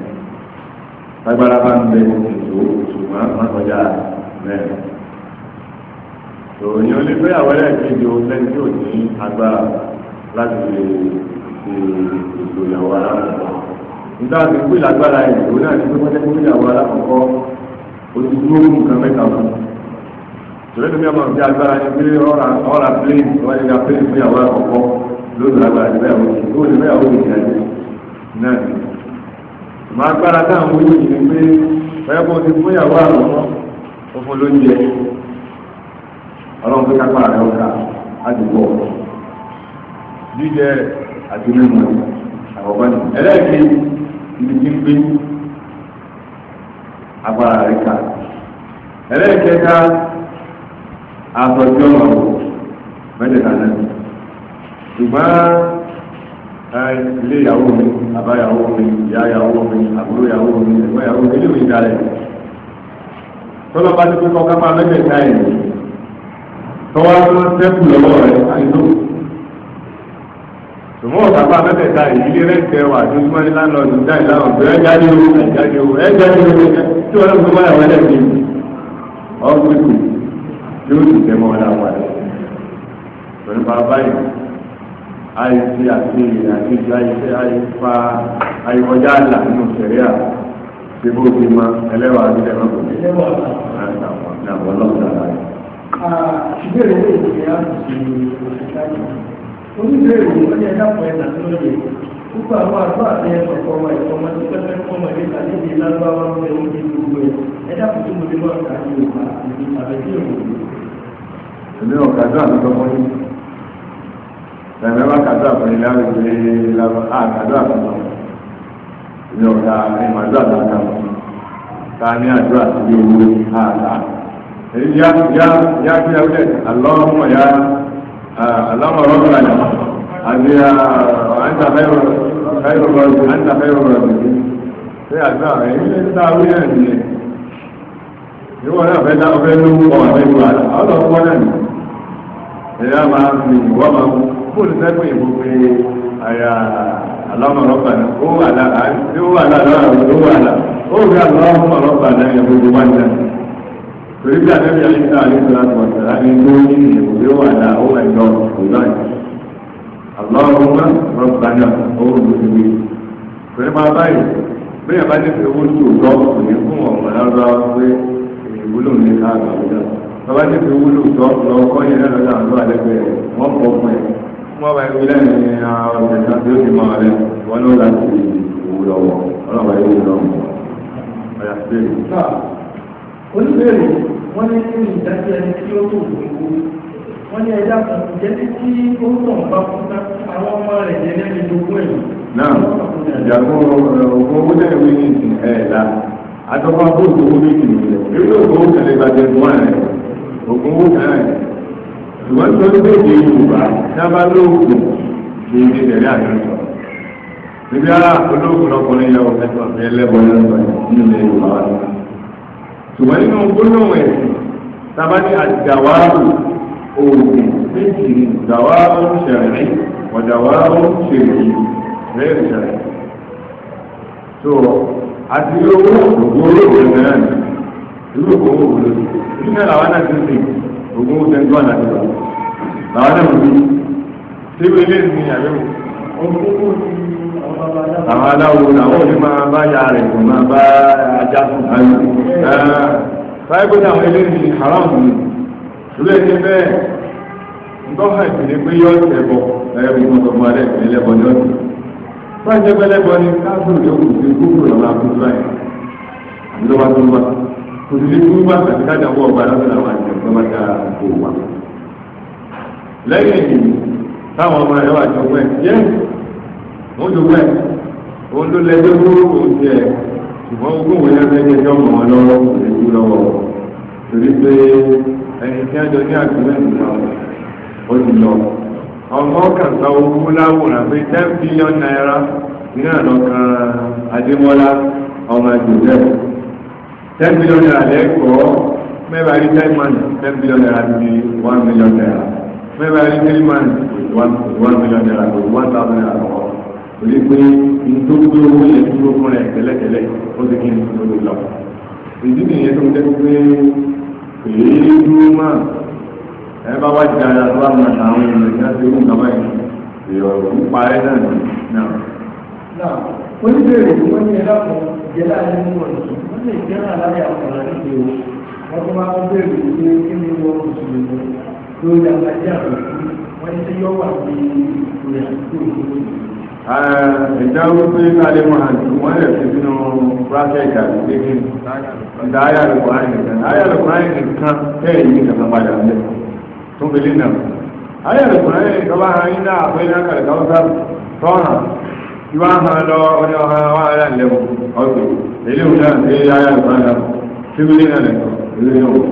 A: lágbára bá ń bẹ ètò ṣùgbọ́n wọn kọjá mẹ́rin. ìròyìn onígbéyàwó ẹlẹ́ẹ̀kejì o lẹ́ni tí ò ní agbára láti lè ṣe ètò ìyàwó alákọ̀ọ́kọ́. nígbà tí pé lágbára ìlú náà ti pé wọ́n tẹ́kọ̀ọ́ ìyàwó alákọ̀ọ́kọ́ o ti dúró nǹkan mẹ́ta fún un. ìròyìn onígbéyàwó máa ń fi agbára ní pé ọ̀rà plane wọ́n ti ga plane fún ìyàwó alákọ̀ọ́kọ́ lóṣù lágbára ìgbéyàwó ma agbára táwọn wíwì ní pé bẹ́ẹ̀ ti fún ìyàwó àrùn ó lóúnjẹ ọlọ́run pé rẹ̀ ọ̀ka àdìgbò jíjẹ àti mímu àkọ́kọ́ ibi tí ń gbé agbára rẹ̀ ká ẹlẹ́ẹ̀kẹta àtọ̀jọ́ mẹ́tẹ̀ẹ̀ta náà ṣùgbọ́n. ilé ìyàwó mi bàbá ìyàwó mi ìyá ìyàwó mi àbúrò ìyàwó mi ẹ̀gbọ́n ìyàwó mi eléwìí ìdá rẹ̀ tọ́lọ́ bá ti pé kọ́ ká máa mẹ́tẹ̀ẹ̀ta ẹ̀ tọ́wọ́ tó ń lọ́wọ́ rẹ̀ àìsó tòmọ́ ọ̀sàpá mẹ́tẹ̀ẹ̀ta ìdílé rẹ̀ wà ní o ẹ̀ o ẹ̀ jáde o tí wọ́n ọ̀gbìn kù mọ́ àìsí àti àtijọ́ àìsí àìfa àìkọjá àlà nínú sẹ̀ríà tí bó ti ma ẹlẹ́wàá ti dẹ̀ lọ́kùn. ẹlẹ́wàá àwọn ọlọ́ọ̀dà rẹ̀. ìbéèrè lè ṣe àtúnṣe òṣìṣẹ́ oníbèrè wọn ní ẹ̀dá pọ̀ ẹ̀dá tó lóye púpọ̀ àwọn àgbà àti ẹ̀sọ̀ fọmọ ẹ̀sọ̀ ọmọ tí pẹ́pẹ́ fọmọ ẹ̀dá tàbí ìdí lágbáwá ń bẹ oúnjẹ gbogbo ẹ̀ ẹ̀dá kò tó mo lè máa kà á ní òkà àti àbẹ̀tí òkùnkùn. èmi ọ̀kadà àti ọmọ yìí lẹ́mẹ̀ bá kàdó àfẹ́yìn láwọn ìwé lọ́wọ́ àkàdó àfẹ́yìn ní ọ̀gá ìmọ̀dó àtàkà ká ní àdó àti owó àlà. èyí yá yá yá kí ẹ wílẹ̀ alọ́mọ ya alọ́mọ rọ́bìnrin àyà àti àǹtà fẹ́rù fẹ́rù rọ́bì àǹtà fẹ́rù rọ́bì ṣé àdó àwọn èyí ń ta wílẹ̀ nìyẹn. ìwọ náà fẹ́ dá ọbẹ̀ lówó ọ̀rẹ́ ìwà ọlọ́pọ̀ náà ni. fóònù sẹ́kùn ìbò pé àyà alámọ̀rọ́bà ni ó wà lá ó wà lá lọ́rọ̀ ó wà lá ó rí alámọ̀rọ́bà náà yẹ gbogbo wá jẹ́ torí bí àdébíyà ní sáà ní sọ́lá tó ọ̀sẹ̀ láti tó ní ìbò pé ó wà ó wà lọ kò náà ó rò máa báyìí bá wọ́n bá ìwé lẹ́nu ní àwọn ọ̀sẹ̀ta tí ó ti mọ̀ rẹ̀ wọ́n ló láti wù lọ́wọ́ ọlọ́wọ́ ìwé lọ́wọ́ ọ̀yà sílẹ̀. oníbèrè wọ́n ní kí ìdájọ́ ẹni tí ó tó gbogbo wọ́n ní ẹja kan jẹ́ tí tí ó tàn bá fún ká àwọn ọmọ rẹ̀ jẹ́ lẹ́nu ìdógún ẹ̀. náà ìjàgbọ́n ògùn owó náà wí ní ìsìn ẹ̀ẹ́dá àtọ́kọ́ abóògùn owó méjì nìyẹn èyí ṣùgbọ́n tó ń gbèdé yorùbá dábàá lóògùn kì í ṣe tẹ̀lé àyọ̀sọ̀ níbi ara olóògùn ọkùnrin yẹ ọ̀fẹ́ tó fi ẹlẹ́bọ̀ yọ̀sọ̀ nínú ilẹ̀ yorùbá wa lọ. ṣùgbọ́n nínú gbólóhùn ẹ̀sìn dábàá ní àdàwárù oògùn méjì ní dàwárù ṣẹ̀rẹ̀ wàdàwárù ṣèlè rẹ̀ ṣẹ̀rẹ̀. tó àti owó ògbó olóògùn náà ìlú ògbó ògùn ó tẹ́jú àlàyé lọ làwọn náà wí síbi ilé ìsìn àbẹ̀wò àwọn aláwo làwọn ò ní máa bá ya rẹ̀ kò máa bá ajá sùn ayò báyìí pé àwọn ilé ìsìn haram ni ìlú ẹni bẹ́ẹ̀ ńgọ́hà ìpínlẹ̀ pé yọ ọ̀sẹ̀ bọ̀ ẹ̀rọ ìmọ̀tọ̀mọ̀ alẹ́ ìpínlẹ̀ lẹ́bọ̀ ní ọ̀sẹ̀ bá jẹ́ pẹ́lẹ́bọ̀ ni káàkiri yòókù sí gbogbo ìrọ̀lá kò sí wíwá àti kájàpọ̀ ọba lọ́sọ̀rọ̀ àti ọ̀gbọ́n ká èyí táwọn ọmọ rẹ̀ wà jọ pẹ́ yẹ́ ó jọ ló jẹ ogún wọn torí pé ẹni tí a jọ ní náà ó ti lọ ọmọ pé ten billion naira ní kan ọmọ ten million naira lẹ́kọ̀ọ́ mẹ́wàá rí ten man ten million naira di one million naira mẹ́wàá rí three man one million naira to one thousand naira lọ́wọ́ torí pé nítorí gbé owó yẹn dúró fún rẹ̀ tẹ́lẹ̀tẹ́lẹ̀ ó ti kí n tó lè lọ. ìdí nìyẹn tó ń jẹ́ pé èyí dúró máa ẹ bá wá jẹ ara tó wà ní àtàwọn ènìyàn tí wọ́n ti ń gbà báyìí èèyàn ò ń parẹ́ náà oníbèrè tí wọ́n ní ẹ̀rọ kan ìjẹ́lá ẹni mú ọ̀rọ̀ sí wọ́n lè jẹ́ náà láyé àkọ́rọ̀ níbi o wọ́n tó máa ń bèrè pé kí ni wọ́n kò sì lè lọ lórí àgbájá àbòkú wọ́n ní sẹ́yọ́ wà ní ìrìn àdúgbò ìlú. Ẹ̀dá wípé Alẹ́ Mọ̀hàdì wọ́n lè fi sínú Brákẹ́tì àti Gbégbé. Ìdá ayálùkọ́ àyìnkan. Ayálùkọ́ àyìnkan bẹ́ẹ̀ yìí kàkà padà lẹ̀ tó fi lé nà. Ayálùkọ́ àyìnkan bá ara yín náà àpẹẹrẹ àkàlẹ̀ káwọ́sá tọ́ràn ìwà hàn lọ ọdẹ ọ̀hán wa ara lẹ́wọ̀ ọ̀gbìn eléwù náà ṣe é yára ìgbà náà síbílì náà lẹ́kọ̀ọ́ ilé náà wò lọ.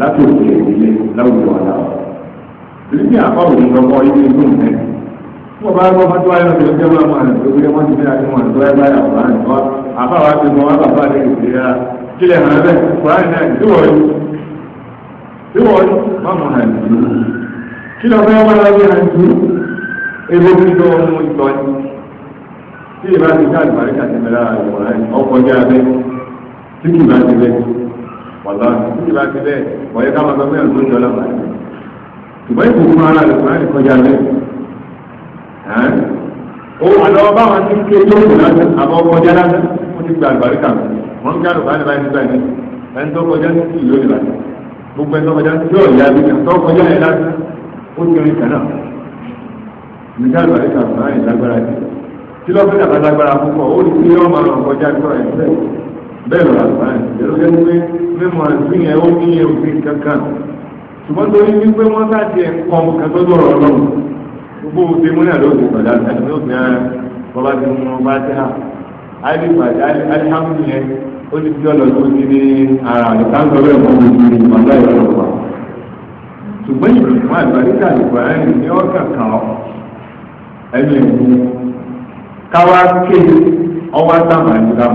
A: láti òkè ìdílé láwùjọ ọ̀la. Ìdílé àpáwò ní ọkọ ilé ìlú nìyẹn. Tí wọ́n bá gbọ́ bá tó ayé ọ̀sẹ̀ ló jẹ́ wọ́n máa rìn tó gbé wọ́n ti fi àti wọn tó ẹgbẹ́ àyàwó láti wá. Àbáwá ti mọ bàbá rẹ̀ kò síra. Kílẹ̀ hàn bẹ́ẹ̀ Kùránì náà tí wọ́n yí. Tí wọ́n yí má mọ̀ hàn jù. Kílẹ̀ ọ̀fẹ́ wọn lọ bí hàn jù. Ebo mi lọ mú ìtọ́ ti ká àgbàríkà ti ọ̀la títí bá ti bẹ́ẹ̀ ọ̀yẹ́ ká máa sọ pé ẹ̀ ló ń jọlọ bá yẹn. ṣùgbọ́n ìbùkún ara rẹ̀ kúrẹ́ kọjá bẹ́ẹ̀. ó àlọ́ bá wọn ti ké tó kù lásán àbọ̀ kọjá lásán wọ́n ti gba àlùbáríkà wọn ń ká àlùbáríkà báyìí nígbà yẹn ẹni tó kọjá sí ìlú ìlà gbogbo ẹni tó kọjá sí yóò yá bí tó kọjá yẹn lásán ó ti rìn kànáà nígbà àlùbáríkà báyìí lágbára yìí tí lọ́ọ́ bẹ́ẹ̀ lọ́la báyìí ẹ̀rọ jẹ́ pé mímọ ẹ̀sìn yẹn ó ní òfin kankan ṣùgbọ́n torí wípé wọ́n láti ẹ̀kọ́ kẹtọ́ lọ́rọ̀ ọlọ́run gbogbo òde múlẹ̀ ló ti gbọ̀dá ẹni yẹn ó ti fi ara gbogbo pa àgbàríkà ìgbà ní kan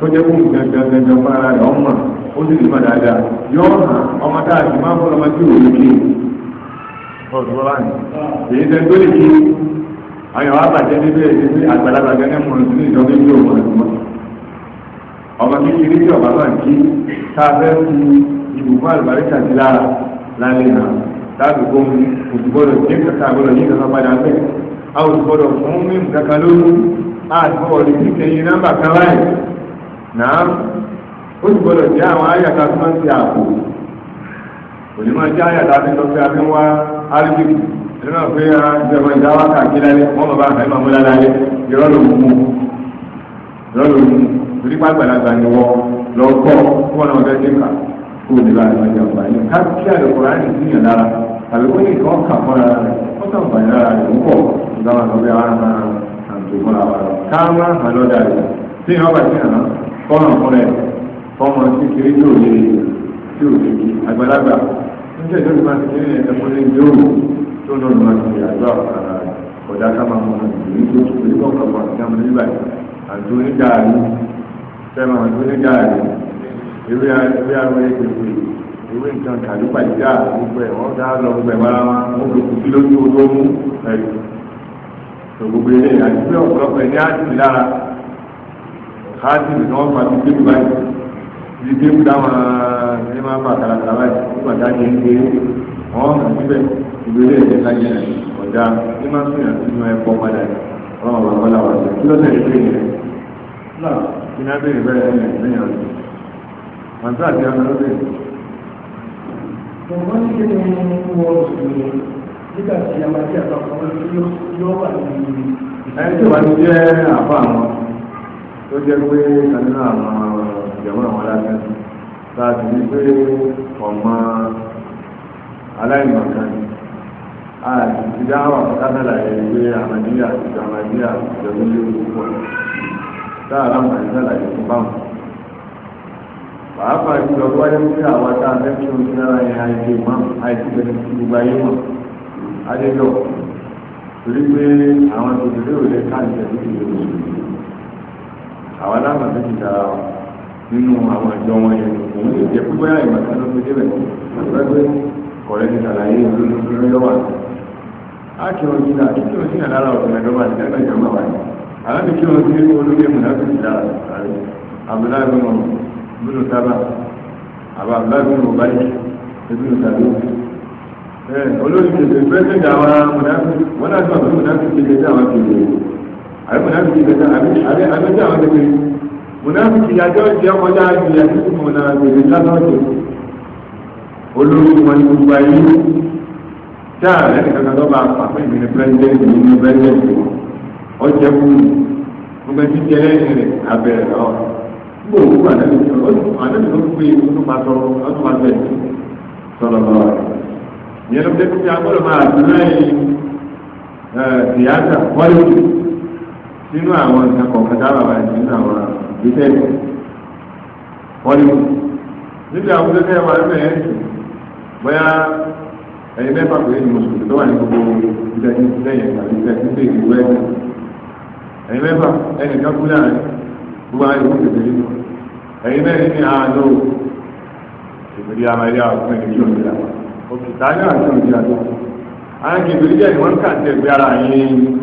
A: tó jẹ́ fún gangan fara rẹ̀ ọmọ ó sì ní padàdà yóò hàn ọmọ tá a sì máa ń fọ́ ọmọ tí ò lè kí ọ̀dùn bá ní. èyí tẹ́ tó lè kí àwọn àwọn àbàjẹ́ níbẹ̀ ní pé àgbàlagbà gẹ́gẹ́ mọ̀ ní ìjọba ìjọ ọmọ ẹ̀kọ́ ọmọ kékeré tí ọ̀bá náà kí tá a fẹ́ fi ibùkún àlùbáríkà sí lára lálẹ́ náà láti kó mu òtúbọ̀dọ̀ ní kankan àgbọ̀dọ̀ ní kankan padà bẹ́ẹ̀ àwọn òtúbọ̀dọ̀ fún mímu kankan lóru àti bọ́ọ̀lù kíkẹ́yìn nọ́mbà kan láì náà O sì gbọdọ̀ jẹ́ àwọn àyàká tí wọ́n ti àpò òní máa jẹ́ àyàká tí wọ́n fi àfi wá áríkìkì nínú àpé ìjọba ìdáwà kàkí lálẹ́ wọ́n bàbá àfẹ́ máa mú lálẹ́ irọ́ ló mú irọ́ ló mú torí pàgbàlagbà ni wọ́n lọ kọ́ kà kó o nílò yìí ká kí lára ní kà fún ara rẹ̀ fọ́nà fún rẹ̀ fọ́mọ kékeré tó lè tí ò lè di àgbàlagbà níjẹ́ ìjọba máa ti kéré ẹ̀sẹ̀ fún lẹ́yìn yóò tó ń lọ́nà máa ti àjọ àkàrà ọ̀dà ká máa ìlú tó tó lè kọ́ ọ̀pọ̀ àti àmọ́ nígbà àti onígàárì fẹ́ràn àti onígàárì ewé àwọn ẹgbẹ̀fẹ̀ ewé nǹkan kàlùpà ìjà gbogbo ẹ̀ wọ́n dá lọ gbogbo ẹ̀ bára wọn wọ́n fi kùsí lójú olómú ẹ̀ káàdìrì ni wọ́n fàá gbé báyìí ibi tí ó dáwọn ẹni máa fà kàràkàrà báyìí nígbà tá a jẹ ń gbé wọn hàn síbẹ̀ ìgbélé ẹ̀jẹ̀ láyé rẹ̀ ọ̀dà ní máa ń sìn àti inú ẹ̀kọ́ padà ọlọ́run bàbá wọn làwọn àti kí ló tẹ̀lé pé yẹn náà kí ní abẹ́rẹ́ bẹ́ẹ̀ ẹ̀ lẹ́yìn àti àti àti àti Ìgbọ̀n ní kíni ní. Ẹni tí wàá jẹ́ tó jẹ́ pé kanínú àwọn ìjọba àwọn alágbẹ́sí láti rí pé ọmọ aláìmọ̀kan àti ìdáhùn àkọ́kátàlà yẹn pé àmàdíyà àti àmàdíyà ìjọba ilé púpọ̀ táà láwọn àìsàlà yẹn fún báwọn. pàápàá ìjọba wáyé pé àwọn tá a fẹ́ kí oṣù náírà yẹn àìsè mọ́ àìsè pẹ̀lú gbogbo ayé mọ́ adéjọ́ torí pé àwọn tòṣèlú lè ká ìjẹ́bí ìjọba àwọn aláàmà tó ti dára wa nínú àwọn ìjọ wọn yẹn òun lè jẹ pípẹ́ àyè màtá ló fi débẹ̀ pẹ́pẹ́ kọ̀rẹ́ ti sàlàyé olóògbé lọ́wọ́ àti ákìrò yìí náà kíkìrò sí àlára ọ̀gbìn ẹ̀dọ́gbà àti ẹgbẹ́ ìjọba wáyé aláàbí kí wọn sí olóògbé mùnà tó ti dára sàlàyé abdullahi bin bin sábà àbá abdullahi bin mubarak bin sábà olóògbé tètè pẹ́ẹ́sì àbí mùnàfíkì ìgbẹ́ta àbí àbẹ́jọ́ àwọn kékeré mùnàfíkì ìyájọ́ jẹ́ ọkọjá àgbèyà títí mọ̀nà àgbègbè lánàájọ́ olórí wọn gbogbo ayé táà lẹ́nu kankan tó bá pa fún ìgbìmọ̀ pírẹ́sidẹ́ntì ìlú pírẹ́sidẹ́ntì ọjọ́ fún mi gbogbo ẹni jẹ́ lẹ́yìn rẹ̀ abẹ́rẹ́ lọ́wọ́ gbogbo òkú àdébìtì àdébìtì tó gbé ọdún máa tọrọ ọdún máa bẹ̀rẹ̀ sọ̀rọ̀ lọ́wọ́ rẹ̀ nínú àwọn nǹkan kọ̀ọ̀kan dára wà nínú àwọn ìgbésẹ̀ wọ́n ní níbi àwọn ìgbésẹ̀ wà níbẹ̀ yẹn bóyá ẹ̀yin mẹ́fà pé ní mùsùlùmí tó wà ní gbogbo ìgbésẹ̀ ìgbésẹ̀ yẹn tàbí ìgbésẹ̀ títí ìlú ẹ̀ ẹ̀yin mẹ́fà ẹnì kan kú láàrin gbogbo àwọn ìlú tètè nínú ẹ̀yin mẹ́rin ní àánú ìgbésẹ̀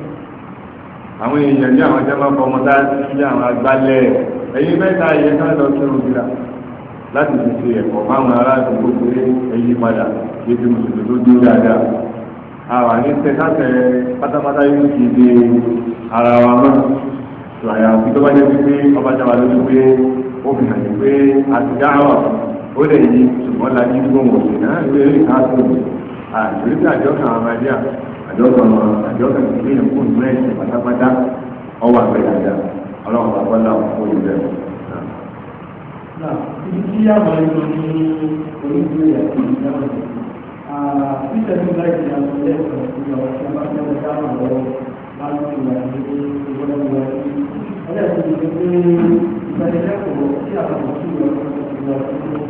A: àwọn èèyàn ní àwọn jẹ́ máa fọmọ láti ní àwọn agbálẹ̀ ẹ̀yin mẹ́ta ìyẹn ká lọ sí òmìnira láti fi ṣe ẹ̀kọ́ fáwọn aráàlú gbogbo ẹ̀yí padà ibi mùsùlùmí tó dúró dáadáa àwọn àní tẹ káfẹ́ pátápátá yóò ti di ara wa mọ́ tó àyàfi tó bá jẹ́ pípé ọba jábà ló pé ó fi hàn pé àtijọ́ àwọn ó lè yí ṣùgbọ́n lajú gbòmò sí náà lórí káàtó àìsíríkà àjọ kan àmàlíà àjọkàn àjọkàn ìdílé yẹn kó nínú ẹsẹ pátápátá ọwọ́ àgbẹ̀ dáadáa bàbá làwọn kó yẹ bẹ́ẹ̀. ibi tí yàrá yìí lọ ní onídùú yàtọ̀ ìdáhùn títẹ̀ tó bá ìdí àwọn ilé ẹ̀kọ́ ìgbà wọn tí a bá fẹ́ wọ́n dáhùn lọ́wọ́ bá ń fi wà ní ìwọ́n wọ́n sí ẹlẹ́sìn tó ti pé
B: ìfẹ́lẹ́lẹ́kọ̀ọ́ tí àwọn òṣìṣẹ́